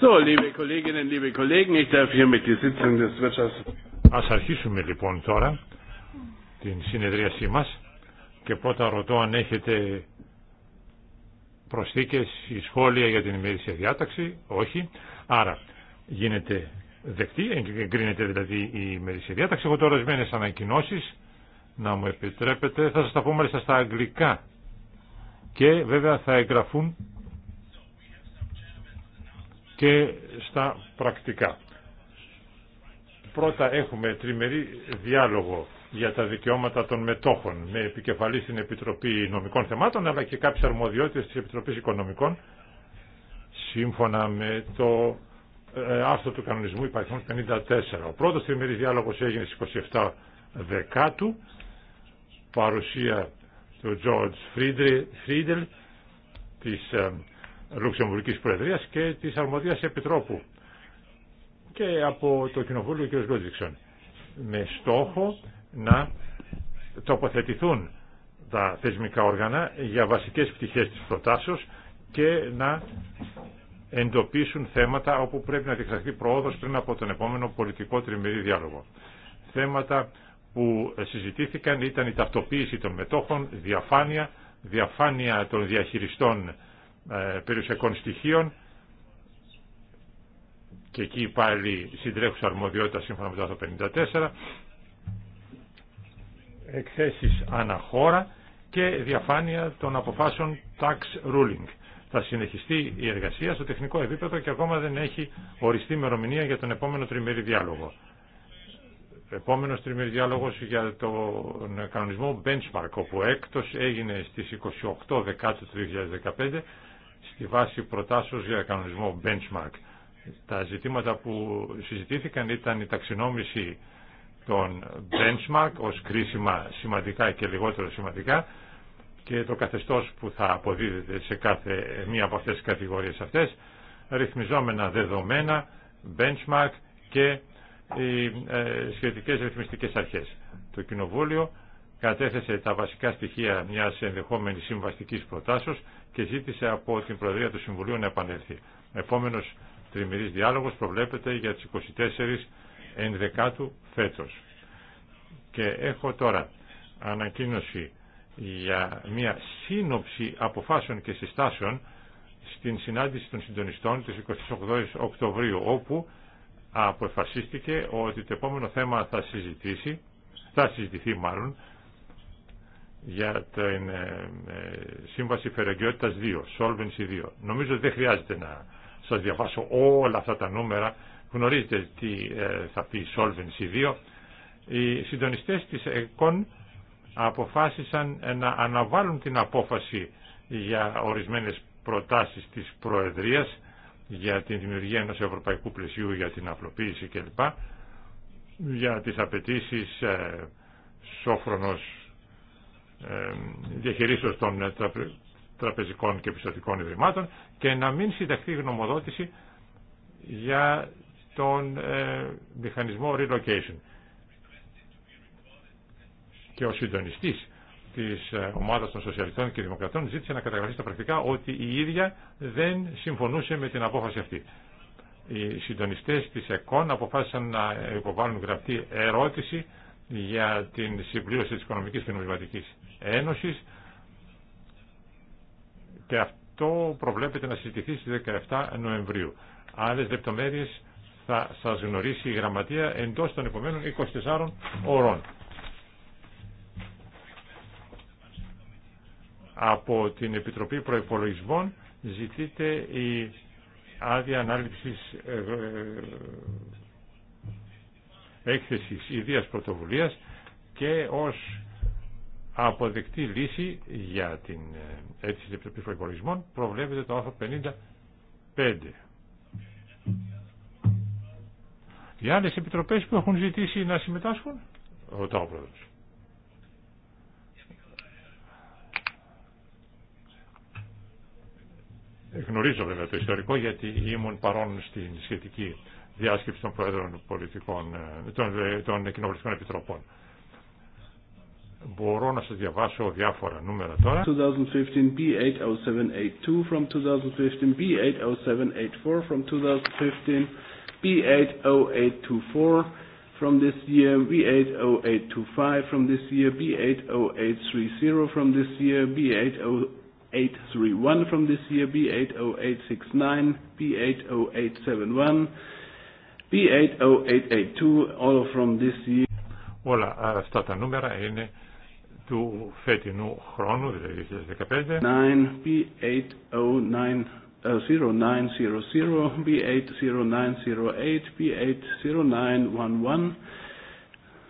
So, liebe Kolleginnen, liebe Kollegen, ich darf hier Ας αρχίσουμε λοιπόν τώρα την συνεδρίασή μας και πρώτα ρωτώ αν έχετε προσθήκες ή σχόλια για την ημερήσια διάταξη. Όχι. Άρα γίνεται δεκτή, εγκρίνεται δηλαδή η ημερήσια διάταξη. Έχω τώρα ορισμένε ανακοινώσει να μου επιτρέπετε. Θα σας τα πω μάλιστα στα αγγλικά και βέβαια θα εγγραφούν και στα πρακτικά. Πρώτα έχουμε τριμερή διάλογο για τα δικαιώματα των μετόχων με επικεφαλή στην Επιτροπή Νομικών Θεμάτων αλλά και κάποιες αρμοδιότητες της Επιτροπής Οικονομικών σύμφωνα με το ε, άρθρο του κανονισμού υπαριθμών 54. Ο πρώτος τριμερής διάλογος έγινε στις 27 Δεκάτου παρουσία του George Friedel της ε, Λουξεμβουργικής Προεδρίας και της Αρμοδίας Επιτρόπου και από το Κοινοβούλιο κ. Λούντζιξον με στόχο να τοποθετηθούν τα θεσμικά όργανα για βασικές πτυχές της προτάσεως και να εντοπίσουν θέματα όπου πρέπει να διεξαχθεί προόδος πριν από τον επόμενο πολιτικό τριμερή διάλογο. Θέματα που συζητήθηκαν ήταν η ταυτοποίηση των μετόχων, διαφάνεια, διαφάνεια των διαχειριστών ε, περιουσιακών στοιχείων και εκεί πάλι συντρέχουσα αρμοδιότητα σύμφωνα με το 54 εκθέσεις αναχώρα και διαφάνεια των αποφάσεων tax ruling. Θα συνεχιστεί η εργασία στο τεχνικό επίπεδο και ακόμα δεν έχει οριστεί ημερομηνία για τον επόμενο τριμερή διάλογο. Επόμενο τριμήρι διάλογο για τον κανονισμό benchmark, όπου έκτος έγινε στις 28 Δεκάτου 2015 στη βάση προτάσεως για κανονισμό benchmark. Τα ζητήματα που συζητήθηκαν ήταν η ταξινόμηση των benchmark ως κρίσιμα σημαντικά και λιγότερο σημαντικά και το καθεστώς που θα αποδίδεται σε κάθε μία από αυτές τις κατηγορίες αυτές, ρυθμιζόμενα δεδομένα, benchmark και οι ε, σχετικές ρυθμιστικές αρχές. Το Κοινοβούλιο κατέθεσε τα βασικά στοιχεία μιας ενδεχόμενης συμβαστικής προτάσεως και ζήτησε από την Προεδρία του Συμβουλίου να επανέλθει. Επόμενος τριμηρής διάλογος προβλέπεται για τις 24 ενδεκάτου φέτος. Και έχω τώρα ανακοίνωση για μια σύνοψη αποφάσεων και συστάσεων στην συνάντηση των συντονιστών της 28 Οκτωβρίου όπου αποφασίστηκε ότι το επόμενο θέμα θα συζητήσει θα συζητηθεί μάλλον για την ε, ε, Σύμβαση φερογκαιότητας 2, Solvency 2. Νομίζω δεν χρειάζεται να σας διαβάσω όλα αυτά τα νούμερα. Γνωρίζετε τι ε, θα πει Solvency 2. Οι συντονιστές της ΕΚΟΝ αποφάσισαν να αναβάλουν την απόφαση για ορισμένες προτάσεις της Προεδρίας για την δημιουργία ενός ευρωπαϊκού πλαισίου για την απλοποίηση κλπ. Για τις απαιτήσει σόφρονος ε, διαχειρίσεως των ε, τραπεζικών και πιστοτικών ιδρυμάτων και να μην συνταχθεί γνωμοδότηση για τον ε, μηχανισμό relocation. Και ο συντονιστής της ομάδας των Σοσιαλιστών και Δημοκρατών ζήτησε να καταγραφεί στα πρακτικά ότι η ίδια δεν συμφωνούσε με την απόφαση αυτή. Οι συντονιστές της ΕΚΟΝ αποφάσισαν να υποβάλουν γραπτή ερώτηση για την συμπλήρωση της Οικονομικής και Ένωσης και αυτό προβλέπεται να συζητηθεί στις 17 Νοεμβρίου. Άλλες λεπτομέρειες θα σας γνωρίσει η Γραμματεία εντός των επομένων 24 ώρων. Από την Επιτροπή Προϋπολογισμών ζητείται η άδεια ανάληψης ε, ε, έκθεσης ιδίας πρωτοβουλίας και ως αποδεκτή λύση για την αίτηση ε, της Επιτροπής Προϋπολογισμών προβλέπεται το άρθρο 55. Οι άλλες επιτροπές που έχουν ζητήσει να συμμετάσχουν, ρωτάω πρόεδρος. Γνωρίζω βέβαια το ιστορικό γιατί ήμουν παρόν στην σχετική διάσκεψη των Προέδρων ε, των, ε, των Κοινοβουλευτικών Επιτροπών. Μπορώ να σας διαβάσω διάφορα νούμερα τώρα. 2015 B80782 from 2015 B80784 from 2015 B80824 from this year B80825 from this year B80830 from this year B80831 from this year B80869 B80871 B80882 all from this year Όλα αυτά τα νούμερα είναι του φετινού χρόνου, δηλαδή 2015. 9 b 80900 B80908 B80911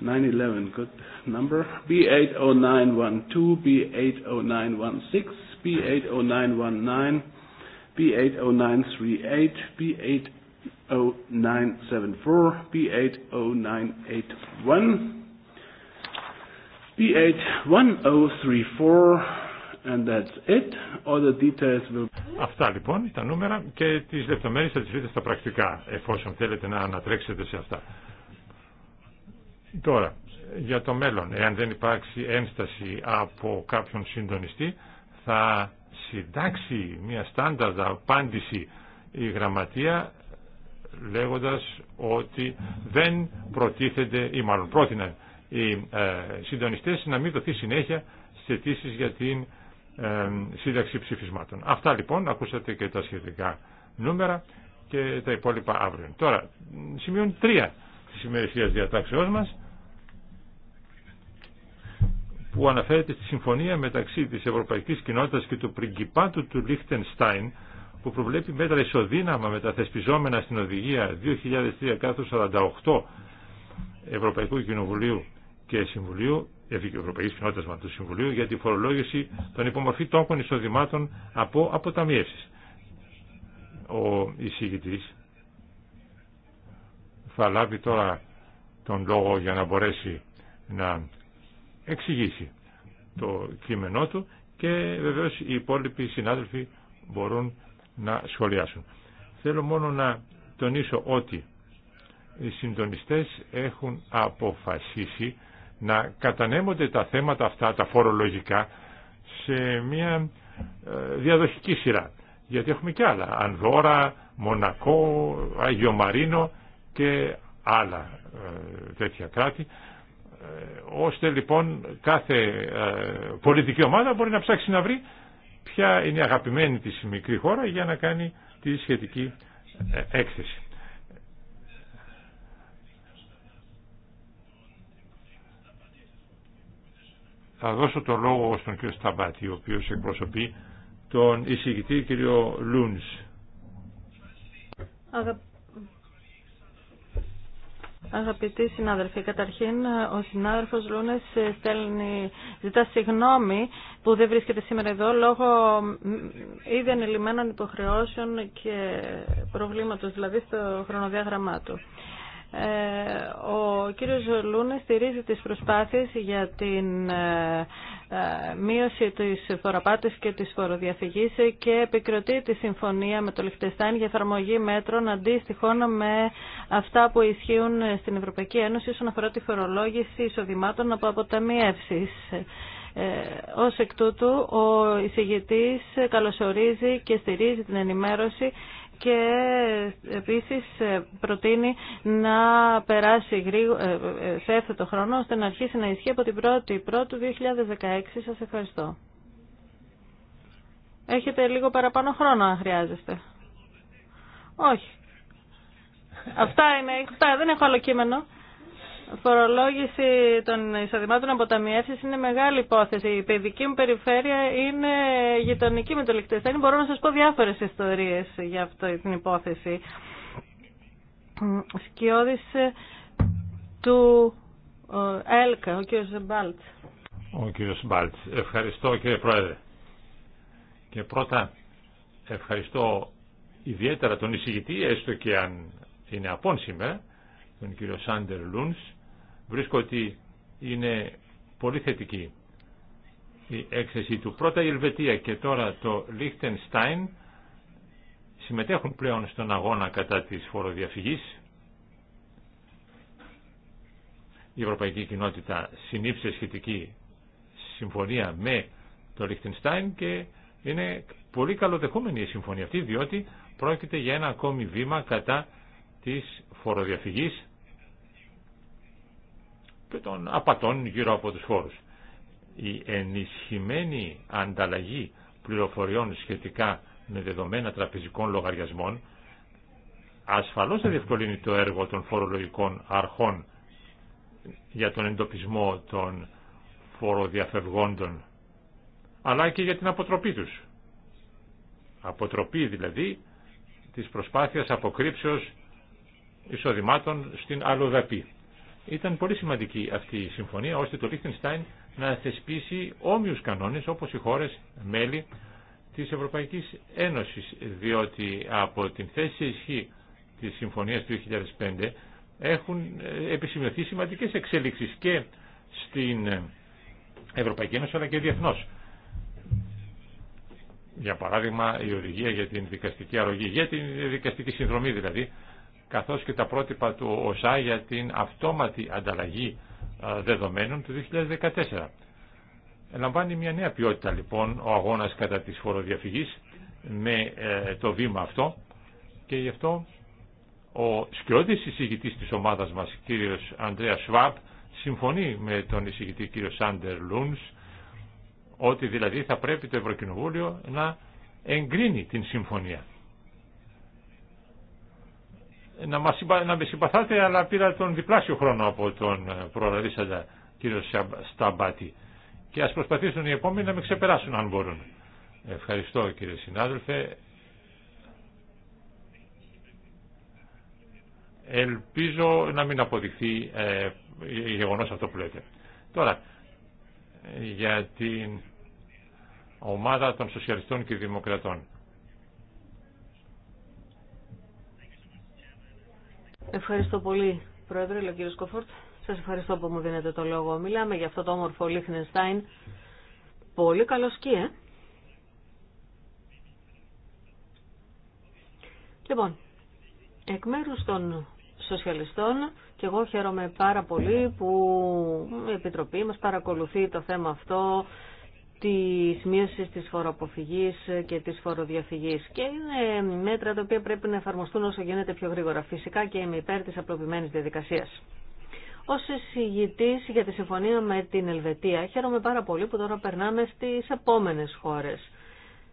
911 good number B80912 B80916 B80919 B80938 B80974 B80981 Oh and that's it. Αυτά λοιπόν τα νούμερα και τις λεπτομέρειες θα τις δείτε στα πρακτικά εφόσον θέλετε να ανατρέξετε σε αυτά. Τώρα, για το μέλλον, εάν δεν υπάρξει ένσταση από κάποιον συντονιστή, θα συντάξει μια στάνταρδα απάντηση η γραμματεία λέγοντας ότι δεν προτίθεται ή μάλλον πρότειναν οι ε, συντονιστές να μην δοθεί συνέχεια στις αιτήσει για την ε, σύνταξη ψηφισμάτων. Αυτά λοιπόν, ακούσατε και τα σχετικά νούμερα και τα υπόλοιπα αύριο. Τώρα, σημειώνει τρία της ημερησίας διατάξεώς μας που αναφέρεται στη συμφωνία μεταξύ της Ευρωπαϊκής Κοινότητας και του Πριγκιπάτου του Λίχτενστάιν που προβλέπει μέτρα ισοδύναμα με τα θεσπιζόμενα στην Οδηγία 2003-48 Ευρωπαϊκού Κοινοβουλίου και Συμβουλίου, ευρωπαϊκή Κοινότητα του Συμβουλίου για τη φορολόγηση των υπομορφή τόκων εισοδημάτων από αποταμιεύσει. Ο εισήγητη θα λάβει τώρα τον λόγο για να μπορέσει να εξηγήσει το κείμενό του και βεβαίως οι υπόλοιποι συνάδελφοι μπορούν να σχολιάσουν. Θέλω μόνο να τονίσω ότι οι συντονιστές έχουν αποφασίσει να κατανέμονται τα θέματα αυτά, τα φορολογικά, σε μια ε, διαδοχική σειρά. Γιατί έχουμε και άλλα. Ανδόρα, Μονακό, Άγιο Μαρίνο και άλλα ε, τέτοια κράτη ε, ώστε λοιπόν κάθε πολιτική ομάδα μπορεί να ψάξει να βρει ποια είναι η αγαπημένη της μικρή χώρα για να κάνει τη σχετική έκθεση. Θα δώσω το λόγο στον κύριο Σταμπάτη, ο οποίος εκπροσωπεί τον εισηγητή κύριο Λούνς. Αγαπητοί συνάδελφοι, καταρχήν ο συνάδελφος Λούνες στέλνει, ζητά συγγνώμη που δεν βρίσκεται σήμερα εδώ λόγω ήδη ανελημμένων υποχρεώσεων και προβλήματος δηλαδή στο χρονοδιάγραμμά του. Ε, ο κύριος λούνε στηρίζει τις προσπάθειες για την ε, ε, μείωση της φοροπάτης και της φοροδιαφυγής και επικροτεί τη συμφωνία με το Λιχτεστάιν για εφαρμογή μέτρων αντίστοιχων με αυτά που ισχύουν στην Ευρωπαϊκή Ένωση όσον αφορά τη φορολόγηση εισοδημάτων από αποταμιεύσεις. Ε, ως εκ τούτου, ο εισηγητής καλωσορίζει και στηρίζει την ενημέρωση και επίσης ε, προτείνει να περάσει ε, ε, σε το χρόνο ώστε να αρχίσει να ισχύει από την 1η Πρώτου 2016. Σας ευχαριστώ. Έχετε λίγο παραπάνω χρόνο αν χρειάζεστε. Όχι. Αυτά είναι, αυτά, δεν έχω άλλο κείμενο φορολόγηση των εισοδημάτων από είναι μεγάλη υπόθεση. Η παιδική μου περιφέρεια είναι γειτονική με το Λιχτεστάνι. Μπορώ να σας πω διάφορες ιστορίες για αυτή την υπόθεση. Σκιώδης ε, του ε, ΕΛΚΑ, ο κύριος Μπάλτ. Ο κύριος Μπάλτ. Ευχαριστώ κύριε Πρόεδρε. Και πρώτα ευχαριστώ ιδιαίτερα τον εισηγητή, έστω και αν είναι απόν σήμερα, τον κύριο Σάντερ Λούνς, βρίσκω ότι είναι πολύ θετική η έκθεση του. Πρώτα η Ελβετία και τώρα το Λίχτενστάιν συμμετέχουν πλέον στον αγώνα κατά της φοροδιαφυγής. Η Ευρωπαϊκή Κοινότητα συνήψε σχετική συμφωνία με το Λίχτενστάιν και είναι πολύ καλοδεχούμενη η συμφωνία αυτή διότι πρόκειται για ένα ακόμη βήμα κατά της φοροδιαφυγής και των απατών γύρω από τους φόρους. Η ενισχυμένη ανταλλαγή πληροφοριών σχετικά με δεδομένα τραπεζικών λογαριασμών ασφαλώς θα διευκολύνει το έργο των φορολογικών αρχών για τον εντοπισμό των φοροδιαφευγόντων αλλά και για την αποτροπή τους. Αποτροπή δηλαδή της προσπάθειας αποκρύψεως εισοδημάτων στην αλλοδαπή. Ήταν πολύ σημαντική αυτή η συμφωνία ώστε το Λίχτενστάιν να θεσπίσει όμοιους κανόνες όπως οι χώρες μέλη της Ευρωπαϊκής Ένωσης διότι από την θέση ισχύ τη συμφωνίας του 2005 έχουν ε, επισημειωθεί σημαντικές εξέλιξεις και στην Ευρωπαϊκή Ένωση αλλά και διεθνώς. Για παράδειγμα η οδηγία για την δικαστική αρρωγή, για την δικαστική συνδρομή δηλαδή, καθώς και τα πρότυπα του ΟΣΑ για την αυτόματη ανταλλαγή δεδομένων του 2014. Ελαμβάνει μια νέα ποιότητα λοιπόν ο αγώνας κατά της φοροδιαφυγής με ε, το βήμα αυτό και γι' αυτό ο σκιώδης εισηγητής της ομάδας μας κύριος Ανδρέα Σβάπ συμφωνεί με τον εισηγητή κύριο Σάντερ Λούνς ότι δηλαδή θα πρέπει το Ευρωκοινοβούλιο να εγκρίνει την συμφωνία να, μας, να με συμπαθάτε αλλά πήρα τον διπλάσιο χρόνο από τον ε, προορίσαντα κύριο Σταμπάτη και ας προσπαθήσουν οι επόμενοι να με ξεπεράσουν αν μπορούν. Ευχαριστώ κύριε συνάδελφε. Ελπίζω να μην αποδειχθεί ε, η γεγονός αυτό που λέτε. Τώρα, για την ομάδα των Σοσιαλιστών και Δημοκρατών. Ευχαριστώ πολύ, Πρόεδρε, λέει ο Σας ευχαριστώ που μου δίνετε το λόγο. Μιλάμε για αυτό το όμορφο Λίχνενστάιν. Πολύ καλό σκι, ε. Λοιπόν, εκ μέρου των σοσιαλιστών και εγώ χαίρομαι πάρα πολύ που η Επιτροπή μας παρακολουθεί το θέμα αυτό της μείωσης της φοροαποφυγής και της φοροδιαφυγής και είναι μέτρα τα οποία πρέπει να εφαρμοστούν όσο γίνεται πιο γρήγορα. Φυσικά και είμαι υπέρ της απλοποιημένης διαδικασίας. Ω εισηγητή για τη συμφωνία με την Ελβετία, χαίρομαι πάρα πολύ που τώρα περνάμε στι επόμενε χώρε.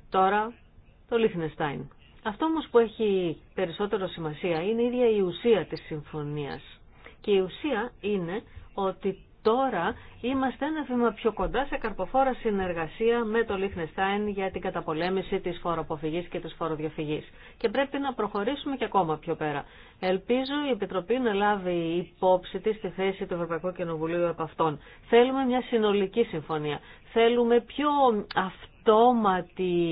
Τώρα το Λίχνεστάιν. Αυτό όμω που έχει περισσότερο σημασία είναι η ίδια η ουσία τη συμφωνία. Και η ουσία είναι ότι Τώρα είμαστε ένα βήμα πιο κοντά σε καρποφόρα συνεργασία με το Λίχνεστάιν για την καταπολέμηση της φοροποφυγής και της φοροδιαφυγής. Και πρέπει να προχωρήσουμε και ακόμα πιο πέρα. Ελπίζω η Επιτροπή να λάβει υπόψη της τη θέση του Ευρωπαϊκού Κοινοβουλίου από αυτόν. Θέλουμε μια συνολική συμφωνία. Θέλουμε πιο αυτόματη,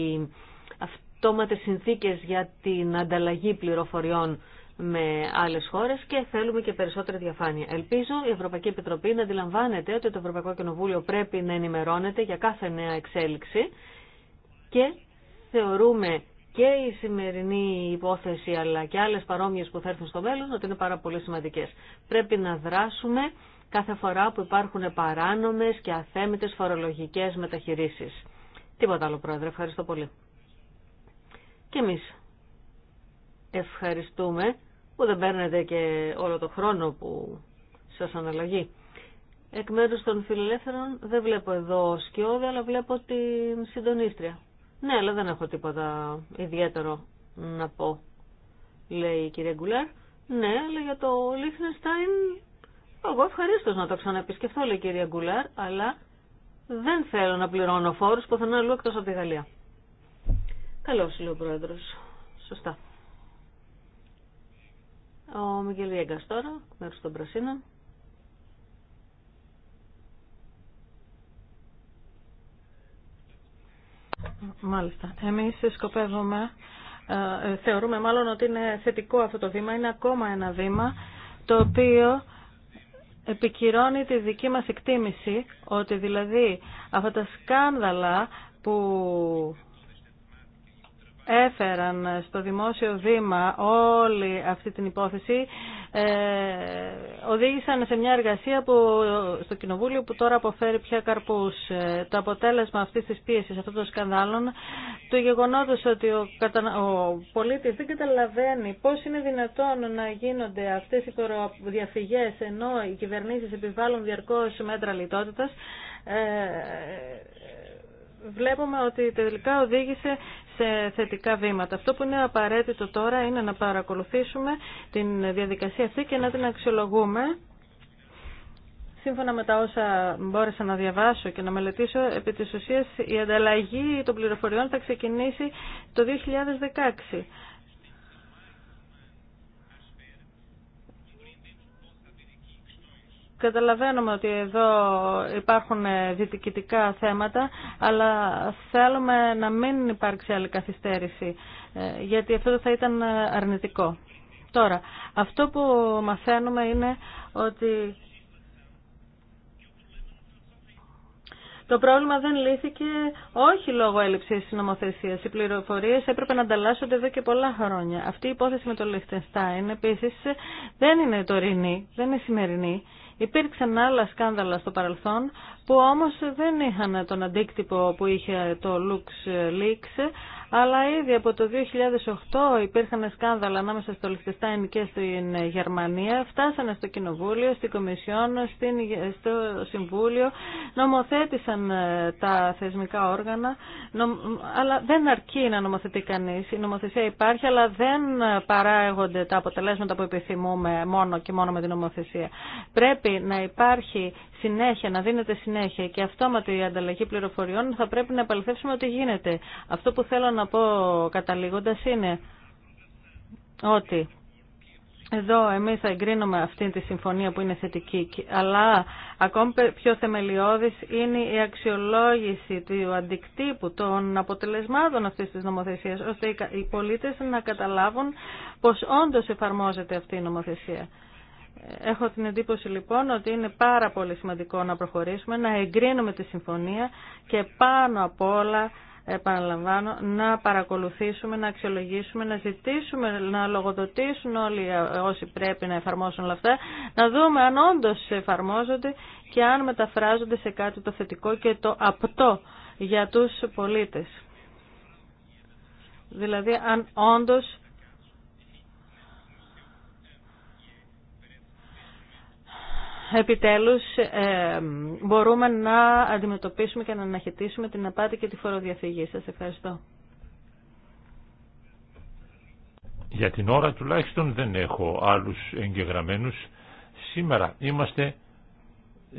αυτόματες συνθήκες για την ανταλλαγή πληροφοριών με άλλε χώρε και θέλουμε και περισσότερη διαφάνεια. Ελπίζω η Ευρωπαϊκή Επιτροπή να αντιλαμβάνεται ότι το Ευρωπαϊκό Κοινοβούλιο πρέπει να ενημερώνεται για κάθε νέα εξέλιξη και θεωρούμε και η σημερινή υπόθεση αλλά και άλλε παρόμοιε που θα έρθουν στο μέλλον ότι είναι πάρα πολύ σημαντικέ. Πρέπει να δράσουμε κάθε φορά που υπάρχουν παράνομε και αθέμητε φορολογικέ μεταχειρήσει. Τίποτα άλλο, Πρόεδρε. Ευχαριστώ πολύ. Και εμείς ευχαριστούμε που δεν παίρνετε και όλο το χρόνο που σας αναλογεί. Εκ μέρους των φιλελεύθερων δεν βλέπω εδώ σκιώδη, αλλά βλέπω την συντονίστρια. Ναι, αλλά δεν έχω τίποτα ιδιαίτερο να πω, λέει η κυρία Γκουλάρ. Ναι, αλλά για το Λίχνεστάιν εγώ ευχαρίστω να το ξαναεπισκεφθώ, λέει η κυρία Γκουλάρ, αλλά δεν θέλω να πληρώνω φόρου είναι αλλού εκτός από τη Γαλλία. Καλώ, λέει ο πρόεδρος. Σωστά. Ο Μιγγελ Ιέγκας τώρα, μέρος των Πρασίνων. Μάλιστα. Εμείς σκοπεύουμε, ε, ε, θεωρούμε μάλλον ότι είναι θετικό αυτό το βήμα, είναι ακόμα ένα βήμα το οποίο επικυρώνει τη δική μας εκτίμηση ότι δηλαδή αυτά τα σκάνδαλα που έφεραν στο δημόσιο βήμα όλη αυτή την υπόθεση ε, οδήγησαν σε μια εργασία που, στο Κοινοβούλιο που τώρα αποφέρει πια καρπούς. Ε, το αποτέλεσμα αυτής της πίεσης, αυτών των σκανδάλων, του γεγονότος ότι ο, ο πολίτης δεν καταλαβαίνει πώς είναι δυνατόν να γίνονται αυτές οι διαφυγές ενώ οι κυβερνήσεις επιβάλλουν διαρκώς μέτρα λιτότητας, ε, βλέπουμε ότι τελικά οδήγησε σε θετικά βήματα. Αυτό που είναι απαραίτητο τώρα είναι να παρακολουθήσουμε την διαδικασία αυτή και να την αξιολογούμε. Σύμφωνα με τα όσα μπόρεσα να διαβάσω και να μελετήσω, επί της ουσίας η ανταλλαγή των πληροφοριών θα ξεκινήσει το 2016. Καταλαβαίνουμε ότι εδώ υπάρχουν διοικητικά θέματα, αλλά θέλουμε να μην υπάρξει άλλη καθυστέρηση, ε, γιατί αυτό θα ήταν αρνητικό. Τώρα, αυτό που μαθαίνουμε είναι ότι Το πρόβλημα δεν λύθηκε όχι λόγω έλλειψη νομοθεσίας. Οι πληροφορίε έπρεπε να ανταλλάσσονται εδώ και πολλά χρόνια. Αυτή η υπόθεση με το Λιχτενστάιν επίση δεν είναι τωρινή, δεν είναι σημερινή. Υπήρξαν άλλα σκάνδαλα στο παρελθόν που όμως δεν είχαν τον αντίκτυπο που είχε το Leaks» αλλά ήδη από το 2008 υπήρχαν σκάνδαλα ανάμεσα στο Λιχτεστάιν και στην Γερμανία. Φτάσανε στο Κοινοβούλιο, στην Κομισιόν, στο Συμβούλιο, νομοθέτησαν ε, τα θεσμικά όργανα, αλλά δεν αρκεί να νομοθετεί κανεί. Η νομοθεσία υπάρχει, αλλά δεν παράγονται τα αποτελέσματα που επιθυμούμε μόνο και μόνο με την νομοθεσία. Πρέπει να υπάρχει συνέχεια, να δίνεται συνέχεια και αυτόματη η ανταλλαγή πληροφοριών θα πρέπει να επαληθεύσουμε ότι γίνεται. Αυτό που θέλω να πω καταλήγοντας είναι ότι εδώ εμείς θα εγκρίνουμε αυτή τη συμφωνία που είναι θετική, αλλά ακόμη πιο θεμελιώδης είναι η αξιολόγηση του αντικτύπου των αποτελεσμάτων αυτής της νομοθεσίας, ώστε οι πολίτες να καταλάβουν πως όντως εφαρμόζεται αυτή η νομοθεσία. Έχω την εντύπωση λοιπόν ότι είναι πάρα πολύ σημαντικό να προχωρήσουμε, να εγκρίνουμε τη συμφωνία και πάνω απ' όλα επαναλαμβάνω, να παρακολουθήσουμε, να αξιολογήσουμε, να ζητήσουμε, να λογοδοτήσουν όλοι όσοι πρέπει να εφαρμόσουν όλα αυτά, να δούμε αν όντω εφαρμόζονται και αν μεταφράζονται σε κάτι το θετικό και το απτό για τους πολίτες. Δηλαδή, αν όντως επιτέλους ε, μπορούμε να αντιμετωπίσουμε και να αναχαιτήσουμε την απάτη και τη φοροδιαφυγή. Σας ευχαριστώ. Για την ώρα τουλάχιστον δεν έχω άλλους εγγεγραμμένους. Σήμερα είμαστε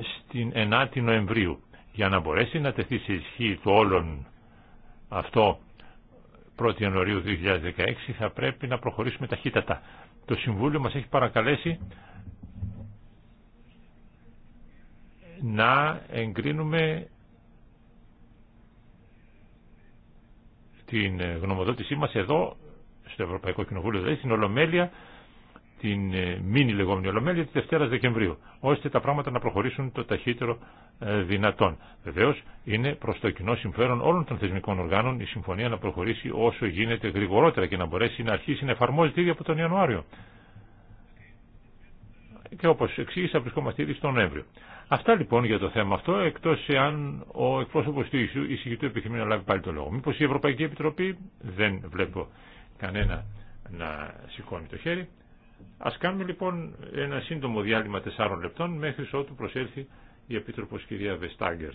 στην 9η Νοεμβρίου. Για να μπορέσει να τεθεί σε ισχύ το όλον αυτό 1η Ιανουαρίου 2016 θα πρέπει να προχωρήσουμε ταχύτατα. Το Συμβούλιο μας έχει παρακαλέσει να εγκρίνουμε την γνωμοδότησή μας εδώ στο Ευρωπαϊκό Κοινοβούλιο, δηλαδή στην Ολομέλεια, την ε, μήνυ λεγόμενη Ολομέλεια τη Δευτέρα Δεκεμβρίου, ώστε τα πράγματα να προχωρήσουν το ταχύτερο ε, δυνατόν. Βεβαίω, είναι προ το κοινό συμφέρον όλων των θεσμικών οργάνων η συμφωνία να προχωρήσει όσο γίνεται γρηγορότερα και να μπορέσει να αρχίσει να εφαρμόζεται ήδη από τον Ιανουάριο. Και όπω εξήγησα, βρισκόμαστε ήδη στον Νοέμβριο. Αυτά λοιπόν για το θέμα αυτό, εκτός εάν ο εκπρόσωπος του εισηγητού επιθυμεί να λάβει πάλι το λόγο. Μήπως η Ευρωπαϊκή Επιτροπή δεν βλέπω κανένα να σηκώνει το χέρι. Ας κάνουμε λοιπόν ένα σύντομο διάλειμμα τεσσάρων λεπτών μέχρι ότου προσέλθει η Επίτροπος κυρία Βεστάγκερ.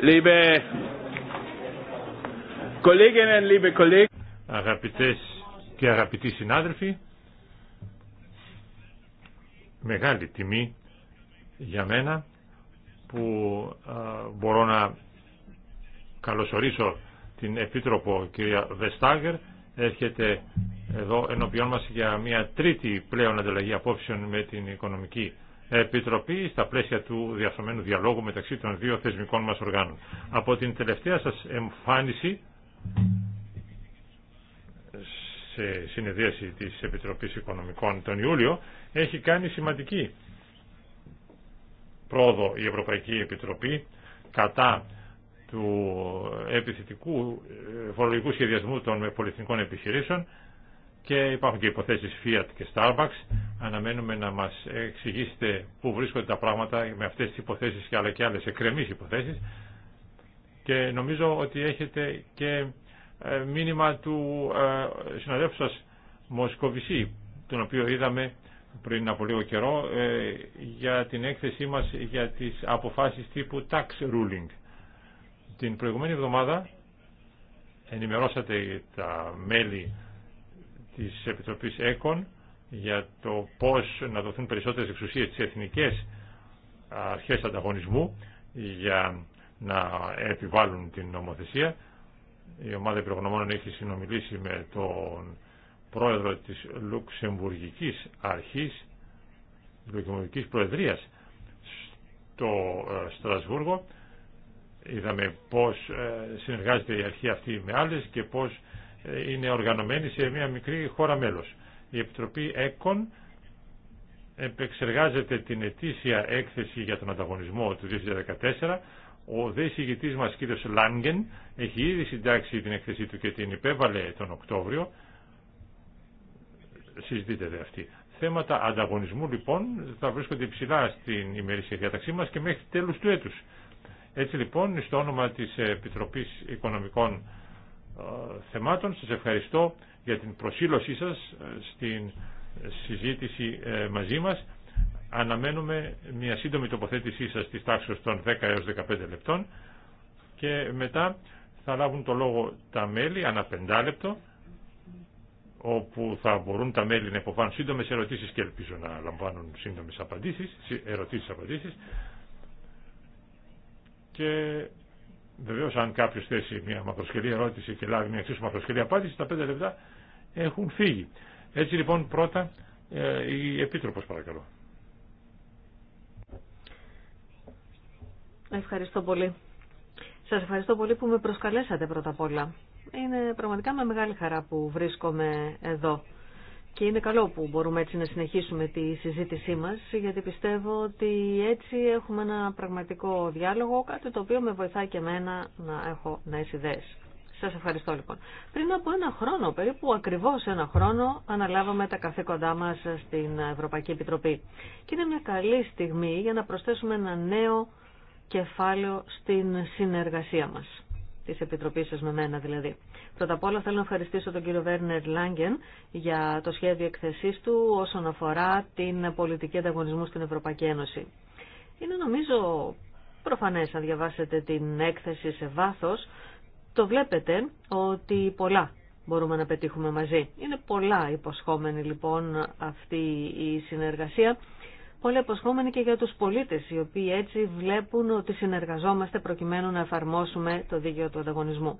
Liebe Kolleginnen, liebe Kollegen. Αγαπητές και αγαπητοί συνάδελφοι, μεγάλη τιμή για μένα που μπορώ να καλωσορίσω την Επίτροπο κυρία Βεστάγκερ. Έρχεται εδώ ενώπιόν μας για μια τρίτη πλέον ανταλλαγή απόψεων με την Οικονομική Επιτροπή στα πλαίσια του διασωμένου διαλόγου μεταξύ των δύο θεσμικών μας οργάνων. Από την τελευταία σας εμφάνιση σε συνεδρίαση της Επιτροπής Οικονομικών τον Ιούλιο έχει κάνει σημαντική πρόοδο η Ευρωπαϊκή Επιτροπή κατά του επιθετικού ε, φορολογικού σχεδιασμού των πολυεθνικών επιχειρήσεων και υπάρχουν και υποθέσεις Fiat και Starbucks Αναμένουμε να μας εξηγήσετε πού βρίσκονται τα πράγματα με αυτές τις υποθέσεις και άλλα και άλλες εκκρεμείς υποθέσεις και νομίζω ότι έχετε και ε, μήνυμα του ε, συναδέλφου σας Μοσκοβισή, τον οποίο είδαμε πριν από λίγο καιρό ε, για την έκθεσή μας για τις αποφάσεις τύπου tax ruling. Την προηγούμενη εβδομάδα ενημερώσατε τα μέλη της Επιτροπής ΕΚΟΝ για το πώς να δοθούν περισσότερες εξουσίες στις εθνικές αρχές ανταγωνισμού για να επιβάλλουν την νομοθεσία. Η ομάδα υπηρεγνωμόνων έχει συνομιλήσει με τον πρόεδρο της Λουξεμβουργικής Αρχής, Λουξεμβουργικής Προεδρίας στο ε, Στρασβούργο. Είδαμε πώς ε, συνεργάζεται η αρχή αυτή με άλλες και πώς ε, είναι οργανωμένη σε μια μικρή χώρα μέλος η Επιτροπή ΕΚΟΝ επεξεργάζεται την ετήσια έκθεση για τον ανταγωνισμό του 2014. Ο δε συγητής μας κύριος Λάνγκεν έχει ήδη συντάξει την έκθεσή του και την υπέβαλε τον Οκτώβριο. Συζητείτε δε αυτή. Θέματα ανταγωνισμού λοιπόν θα βρίσκονται υψηλά στην ημερήσια διάταξή μας και μέχρι τέλους του έτους. Έτσι λοιπόν, στο όνομα της Επιτροπής Οικονομικών ε, Θεμάτων, σας ευχαριστώ για την προσήλωσή σας ε, στην συζήτηση ε, μαζί μας. Αναμένουμε μια σύντομη τοποθέτησή σας της τάξης των 10 έως 15 λεπτών και μετά θα λάβουν το λόγο τα μέλη ανά όπου θα μπορούν τα μέλη να υποβάλουν σύντομες ερωτήσεις και ελπίζω να λαμβάνουν σύντομες απαντήσεις, ερωτήσεις απαντήσεις και βεβαίως αν κάποιος θέσει μια μακροσκελή ερώτηση και λάβει μια εξίσου μακροσκελή απάντηση τα 5 λεπτά έχουν φύγει. Έτσι λοιπόν πρώτα ε, η Επίτροπος παρακαλώ. Ευχαριστώ πολύ. Σας ευχαριστώ πολύ που με προσκαλέσατε πρώτα απ' όλα. Είναι πραγματικά με μεγάλη χαρά που βρίσκομαι εδώ. Και είναι καλό που μπορούμε έτσι να συνεχίσουμε τη συζήτησή μας, γιατί πιστεύω ότι έτσι έχουμε ένα πραγματικό διάλογο, κάτι το οποίο με βοηθάει και εμένα να έχω νέες ιδέες. Σας ευχαριστώ λοιπόν. Πριν από ένα χρόνο, περίπου ακριβώς ένα χρόνο, αναλάβαμε τα καθήκοντά μας στην Ευρωπαϊκή Επιτροπή. Και είναι μια καλή στιγμή για να προσθέσουμε ένα νέο κεφάλαιο στην συνεργασία μας. Τη Επιτροπή σα με μένα δηλαδή. Πρώτα απ' όλα θέλω να ευχαριστήσω τον κύριο Βέρνερ Λάγκεν για το σχέδιο εκθεσή του όσον αφορά την πολιτική ανταγωνισμού στην Ευρωπαϊκή Ένωση. Είναι νομίζω προφανέ να διαβάσετε την έκθεση σε βάθο το βλέπετε ότι πολλά μπορούμε να πετύχουμε μαζί. Είναι πολλά υποσχόμενη λοιπόν αυτή η συνεργασία. πολύ υποσχόμενη και για τους πολίτες, οι οποίοι έτσι βλέπουν ότι συνεργαζόμαστε προκειμένου να εφαρμόσουμε το δίκαιο του ανταγωνισμού.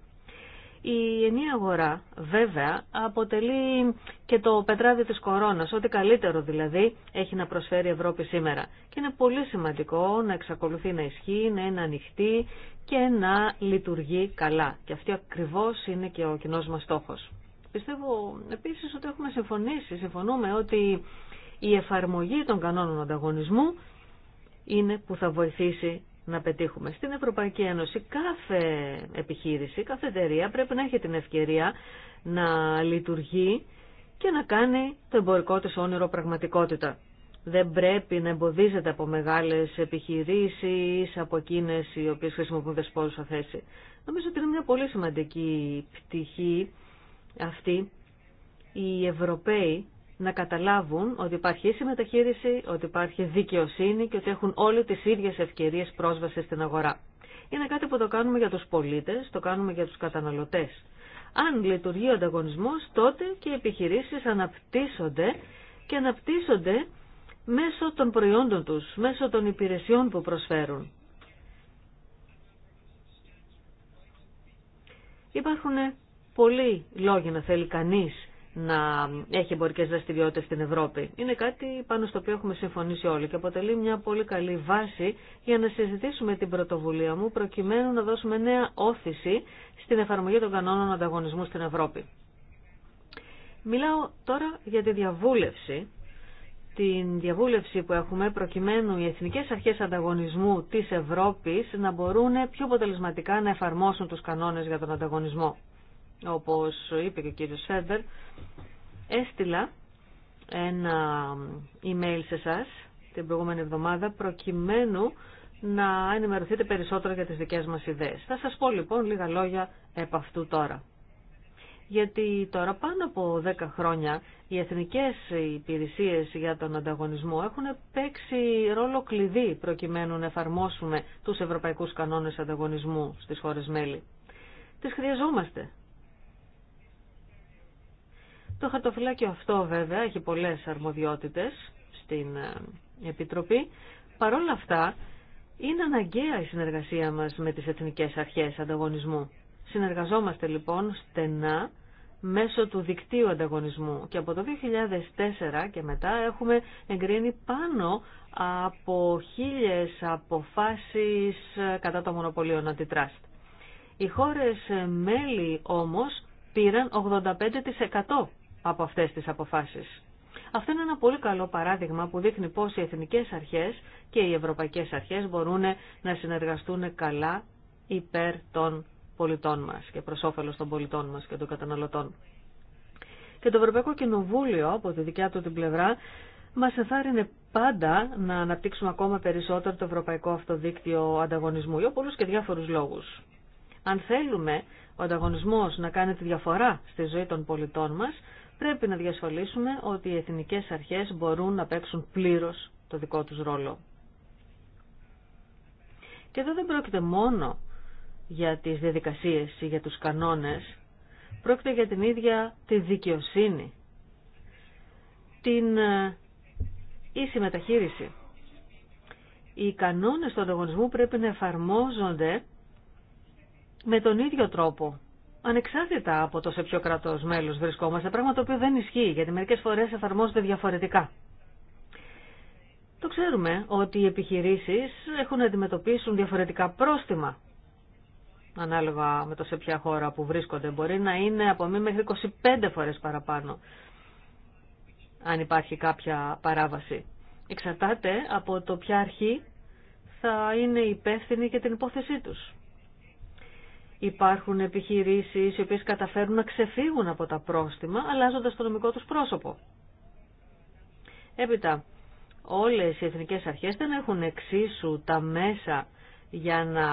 Η ενιαία αγορά βέβαια αποτελεί και το πετράδι της κορώνας, ό,τι καλύτερο δηλαδή έχει να προσφέρει η Ευρώπη σήμερα. Και είναι πολύ σημαντικό να εξακολουθεί να ισχύει, να είναι ανοιχτή και να λειτουργεί καλά. Και αυτό ακριβώς είναι και ο κοινό μας στόχος. Πιστεύω επίσης ότι έχουμε συμφωνήσει, συμφωνούμε ότι η εφαρμογή των κανόνων ανταγωνισμού είναι που θα βοηθήσει να πετύχουμε. Στην Ευρωπαϊκή Ένωση κάθε επιχείρηση, κάθε εταιρεία πρέπει να έχει την ευκαιρία να λειτουργεί και να κάνει το εμπορικό της όνειρο πραγματικότητα. Δεν πρέπει να εμποδίζεται από μεγάλες επιχειρήσεις, από εκείνες οι οποίες χρησιμοποιούν δεσπόζουσα θέση. Νομίζω ότι είναι μια πολύ σημαντική πτυχή αυτή. Οι Ευρωπαίοι να καταλάβουν ότι υπάρχει ίση μεταχείριση, ότι υπάρχει δικαιοσύνη και ότι έχουν όλοι τις ίδιες ευκαιρίες πρόσβαση στην αγορά. Είναι κάτι που το κάνουμε για τους πολίτες, το κάνουμε για τους καταναλωτές. Αν λειτουργεί ο ανταγωνισμός, τότε και οι επιχειρήσεις αναπτύσσονται και αναπτύσσονται μέσω των προϊόντων τους, μέσω των υπηρεσιών που προσφέρουν. Υπάρχουν πολλοί λόγοι να θέλει κανείς να έχει εμπορικέ δραστηριότητε στην Ευρώπη. Είναι κάτι πάνω στο οποίο έχουμε συμφωνήσει όλοι και αποτελεί μια πολύ καλή βάση για να συζητήσουμε την πρωτοβουλία μου προκειμένου να δώσουμε νέα όθηση στην εφαρμογή των κανόνων ανταγωνισμού στην Ευρώπη. Μιλάω τώρα για τη διαβούλευση την διαβούλευση που έχουμε προκειμένου οι εθνικέ αρχέ ανταγωνισμού τη Ευρώπη, να μπορούν πιο αποτελεσματικά να εφαρμόσουν του κανόνε για τον ανταγωνισμό όπως είπε και ο κύριος Φέντερ, έστειλα ένα email σε εσά την προηγούμενη εβδομάδα προκειμένου να ενημερωθείτε περισσότερο για τις δικές μας ιδέες. Θα σας πω λοιπόν λίγα λόγια επ' αυτού τώρα. Γιατί τώρα πάνω από 10 χρόνια οι εθνικές υπηρεσίες για τον ανταγωνισμό έχουν παίξει ρόλο κλειδί προκειμένου να εφαρμόσουμε τους ευρωπαϊκούς κανόνες ανταγωνισμού στις χώρες μέλη. Τις χρειαζόμαστε το χαρτοφυλάκιο αυτό βέβαια έχει πολλές αρμοδιότητες στην ε, Επιτροπή. Παρόλα αυτά είναι αναγκαία η συνεργασία μας με τις Εθνικές Αρχές Ανταγωνισμού. Συνεργαζόμαστε λοιπόν στενά μέσω του δικτύου ανταγωνισμού και από το 2004 και μετά έχουμε εγκρίνει πάνω από χίλιες αποφάσεις ε, κατά το μονοπώλιο Antitrust. Οι χώρες ε, μέλη όμως πήραν 85% από αυτές τις αποφάσεις. Αυτό είναι ένα πολύ καλό παράδειγμα που δείχνει πώς οι εθνικές αρχές και οι ευρωπαϊκές αρχές μπορούν να συνεργαστούν καλά υπέρ των πολιτών μας και προς όφελος των πολιτών μας και των καταναλωτών. Και το Ευρωπαϊκό Κοινοβούλιο από τη δικιά του την πλευρά μας εθάρρυνε πάντα να αναπτύξουμε ακόμα περισσότερο το Ευρωπαϊκό Αυτοδίκτυο Ανταγωνισμού για πολλούς και διάφορους λόγους. Αν θέλουμε ο ανταγωνισμός να κάνει τη διαφορά στη ζωή των πολιτών μας, Πρέπει να διασφαλίσουμε ότι οι εθνικές αρχές μπορούν να παίξουν πλήρως το δικό τους ρόλο. Και εδώ δεν πρόκειται μόνο για τις διαδικασίες ή για τους κανόνες, πρόκειται για την ίδια τη δικαιοσύνη, την ε, ίση μεταχείριση. Οι κανόνες του ανταγωνισμού πρέπει να εφαρμόζονται με τον ίδιο τρόπο ανεξάρτητα από το σε ποιο κρατό μέλο βρισκόμαστε, πράγμα το οποίο δεν ισχύει, γιατί μερικέ φορέ εφαρμόζεται διαφορετικά. Το ξέρουμε ότι οι επιχειρήσει έχουν να αντιμετωπίσουν διαφορετικά πρόστιμα ανάλογα με το σε ποια χώρα που βρίσκονται. Μπορεί να είναι από μη μέχρι 25 φορές παραπάνω, αν υπάρχει κάποια παράβαση. Εξαρτάται από το ποια αρχή θα είναι υπεύθυνη και την υπόθεσή τους. Υπάρχουν επιχειρήσεις οι οποίες καταφέρουν να ξεφύγουν από τα πρόστιμα αλλάζοντας το νομικό τους πρόσωπο. Έπειτα, όλες οι εθνικές αρχές δεν έχουν εξίσου τα μέσα για να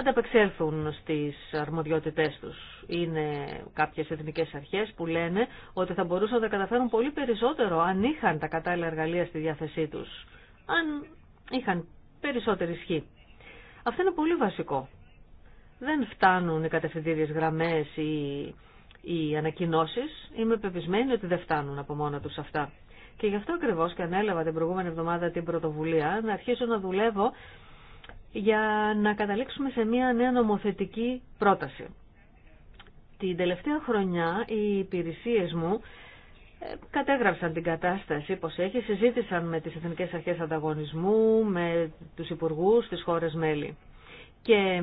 ανταπεξέλθουν στις αρμοδιότητές τους. Είναι κάποιες εθνικές αρχές που λένε ότι θα μπορούσαν να τα καταφέρουν πολύ περισσότερο αν είχαν τα κατάλληλα εργαλεία στη διάθεσή τους, αν είχαν περισσότερη ισχύ. Αυτό είναι πολύ βασικό δεν φτάνουν οι κατευθυντήριες γραμμές ή οι ανακοινώσεις. Είμαι πεπισμένη ότι δεν φτάνουν από μόνα τους αυτά. Και γι' αυτό ακριβώς και ανέλαβα την προηγούμενη εβδομάδα την πρωτοβουλία να αρχίσω να δουλεύω για να καταλήξουμε σε μια νέα νομοθετική πρόταση. Την τελευταία χρονιά οι υπηρεσίε μου ε, κατέγραψαν την κατάσταση πως έχει, συζήτησαν με τις Εθνικές Αρχές Ανταγωνισμού, με τους Υπουργούς, τις χώρες μέλη. Και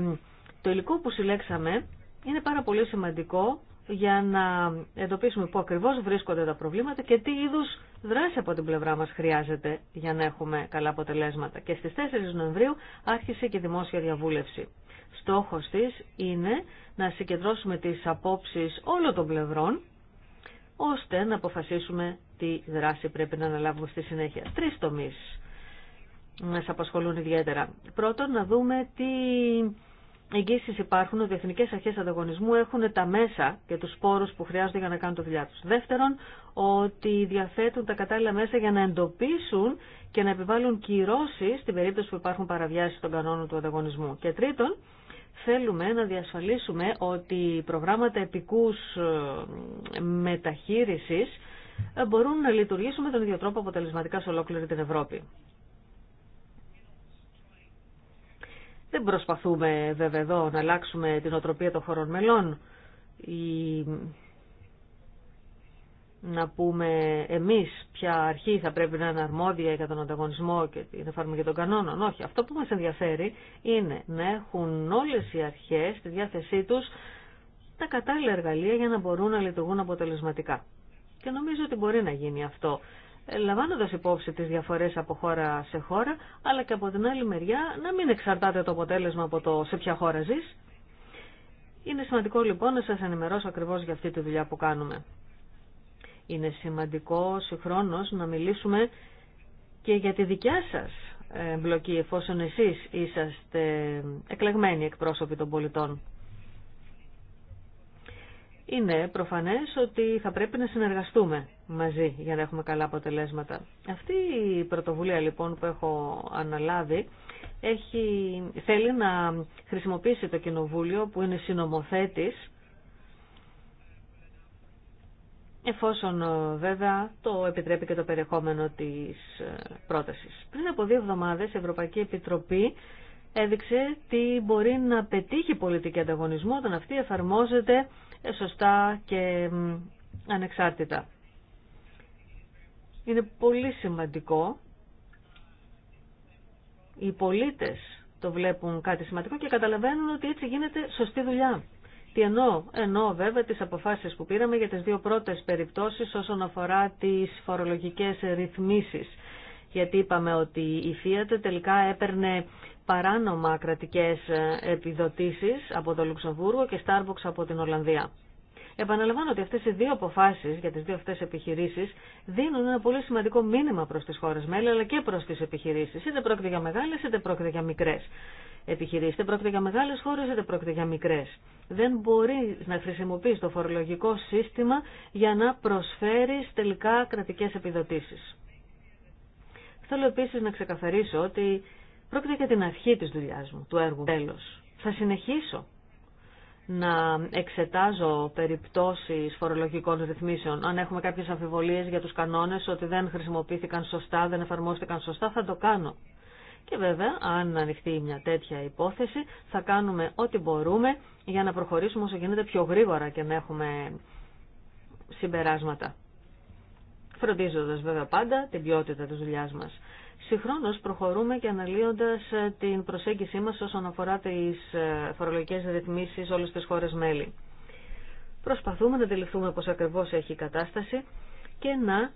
το υλικό που συλλέξαμε είναι πάρα πολύ σημαντικό για να εντοπίσουμε πού ακριβώ βρίσκονται τα προβλήματα και τι είδους δράση από την πλευρά μας χρειάζεται για να έχουμε καλά αποτελέσματα. Και στις 4 Νοεμβρίου άρχισε και η δημόσια διαβούλευση. Στόχος της είναι να συγκεντρώσουμε τις απόψει όλων των πλευρών ώστε να αποφασίσουμε τι δράση πρέπει να αναλάβουμε στη συνέχεια. Τρει τομεί μας απασχολούν ιδιαίτερα. Πρώτον, να δούμε τι εγγύσει υπάρχουν ότι οι εθνικέ αρχέ ανταγωνισμού έχουν τα μέσα και του πόρου που χρειάζονται για να κάνουν το δουλειά του. Δεύτερον, ότι διαθέτουν τα κατάλληλα μέσα για να εντοπίσουν και να επιβάλλουν κυρώσει στην περίπτωση που υπάρχουν παραβιάσει των κανόνων του ανταγωνισμού. Και τρίτον, θέλουμε να διασφαλίσουμε ότι προγράμματα επικούς ε, μεταχείρισης ε, μπορούν να λειτουργήσουν με τον ίδιο τρόπο αποτελεσματικά σε ολόκληρη την Ευρώπη. Δεν προσπαθούμε βέβαια εδώ να αλλάξουμε την οτροπία των χωρών μελών ή να πούμε εμείς ποια αρχή θα πρέπει να είναι αρμόδια για τον ανταγωνισμό και την εφαρμογή των κανόνων. Όχι, αυτό που μας ενδιαφέρει είναι να έχουν όλες οι αρχές στη διάθεσή τους τα κατάλληλα εργαλεία για να μπορούν να λειτουργούν αποτελεσματικά. Και νομίζω ότι μπορεί να γίνει αυτό λαμβάνοντας υπόψη τι διαφορέ από χώρα σε χώρα, αλλά και από την άλλη μεριά να μην εξαρτάται το αποτέλεσμα από το σε ποια χώρα ζεις. Είναι σημαντικό λοιπόν να σα ενημερώσω ακριβώ για αυτή τη δουλειά που κάνουμε. Είναι σημαντικό συγχρόνως να μιλήσουμε και για τη δικιά σα εμπλοκή, εφόσον εσείς είσαστε εκλεγμένοι εκπρόσωποι των πολιτών είναι προφανές ότι θα πρέπει να συνεργαστούμε μαζί για να έχουμε καλά αποτελέσματα. Αυτή η πρωτοβουλία λοιπόν που έχω αναλάβει έχει, θέλει να χρησιμοποιήσει το Κοινοβούλιο που είναι συνομοθέτης εφόσον ε, βέβαια το επιτρέπει και το περιεχόμενο της ε, πρότασης. Πριν από δύο εβδομάδες η Ευρωπαϊκή Επιτροπή έδειξε τι μπορεί να πετύχει πολιτική ανταγωνισμό όταν αυτή εφαρμόζεται σωστά και ανεξάρτητα. Είναι πολύ σημαντικό. Οι πολίτες το βλέπουν κάτι σημαντικό και καταλαβαίνουν ότι έτσι γίνεται σωστή δουλειά. Τι εννοώ, εννοώ βέβαια τις αποφάσεις που πήραμε για τις δύο πρώτες περιπτώσεις όσον αφορά τις φορολογικές ρυθμίσεις. Γιατί είπαμε ότι η Fiat τελικά έπαιρνε παράνομα κρατικές ε, επιδοτήσεις από το Λουξεμβούργο και Starbucks από την Ολλανδία. Επαναλαμβάνω ότι αυτές οι δύο αποφάσεις για τις δύο αυτές επιχειρήσεις δίνουν ένα πολύ σημαντικό μήνυμα προς τις χώρες μέλη αλλά και προς τις επιχειρήσεις. Είτε πρόκειται για μεγάλες είτε πρόκειται για μικρές επιχειρήσεις. Είτε πρόκειται για μεγάλες χώρες είτε πρόκειται για μικρές. Δεν μπορεί να χρησιμοποιείς το φορολογικό σύστημα για να προσφέρεις τελικά κρατικές επιδοτήσεις. Θέλω επίση να ξεκαθαρίσω ότι Πρόκειται για την αρχή της δουλειά μου, του έργου. Τέλος. Θα συνεχίσω να εξετάζω περιπτώσεις φορολογικών ρυθμίσεων. Αν έχουμε κάποιες αμφιβολίες για τους κανόνες ότι δεν χρησιμοποιήθηκαν σωστά, δεν εφαρμόστηκαν σωστά, θα το κάνω. Και βέβαια, αν ανοιχτεί μια τέτοια υπόθεση, θα κάνουμε ό,τι μπορούμε για να προχωρήσουμε όσο γίνεται πιο γρήγορα και να έχουμε συμπεράσματα. Φροντίζοντας βέβαια πάντα την ποιότητα της δουλειά μα. Συγχρόνως προχωρούμε και αναλύοντας ε, την προσέγγιση μα όσον αφορά τι ε, φορολογικές ρυθμίσει όλε τι χώρε μέλη. Προσπαθούμε να αντιληφθούμε πώς ακριβώς έχει η κατάσταση και να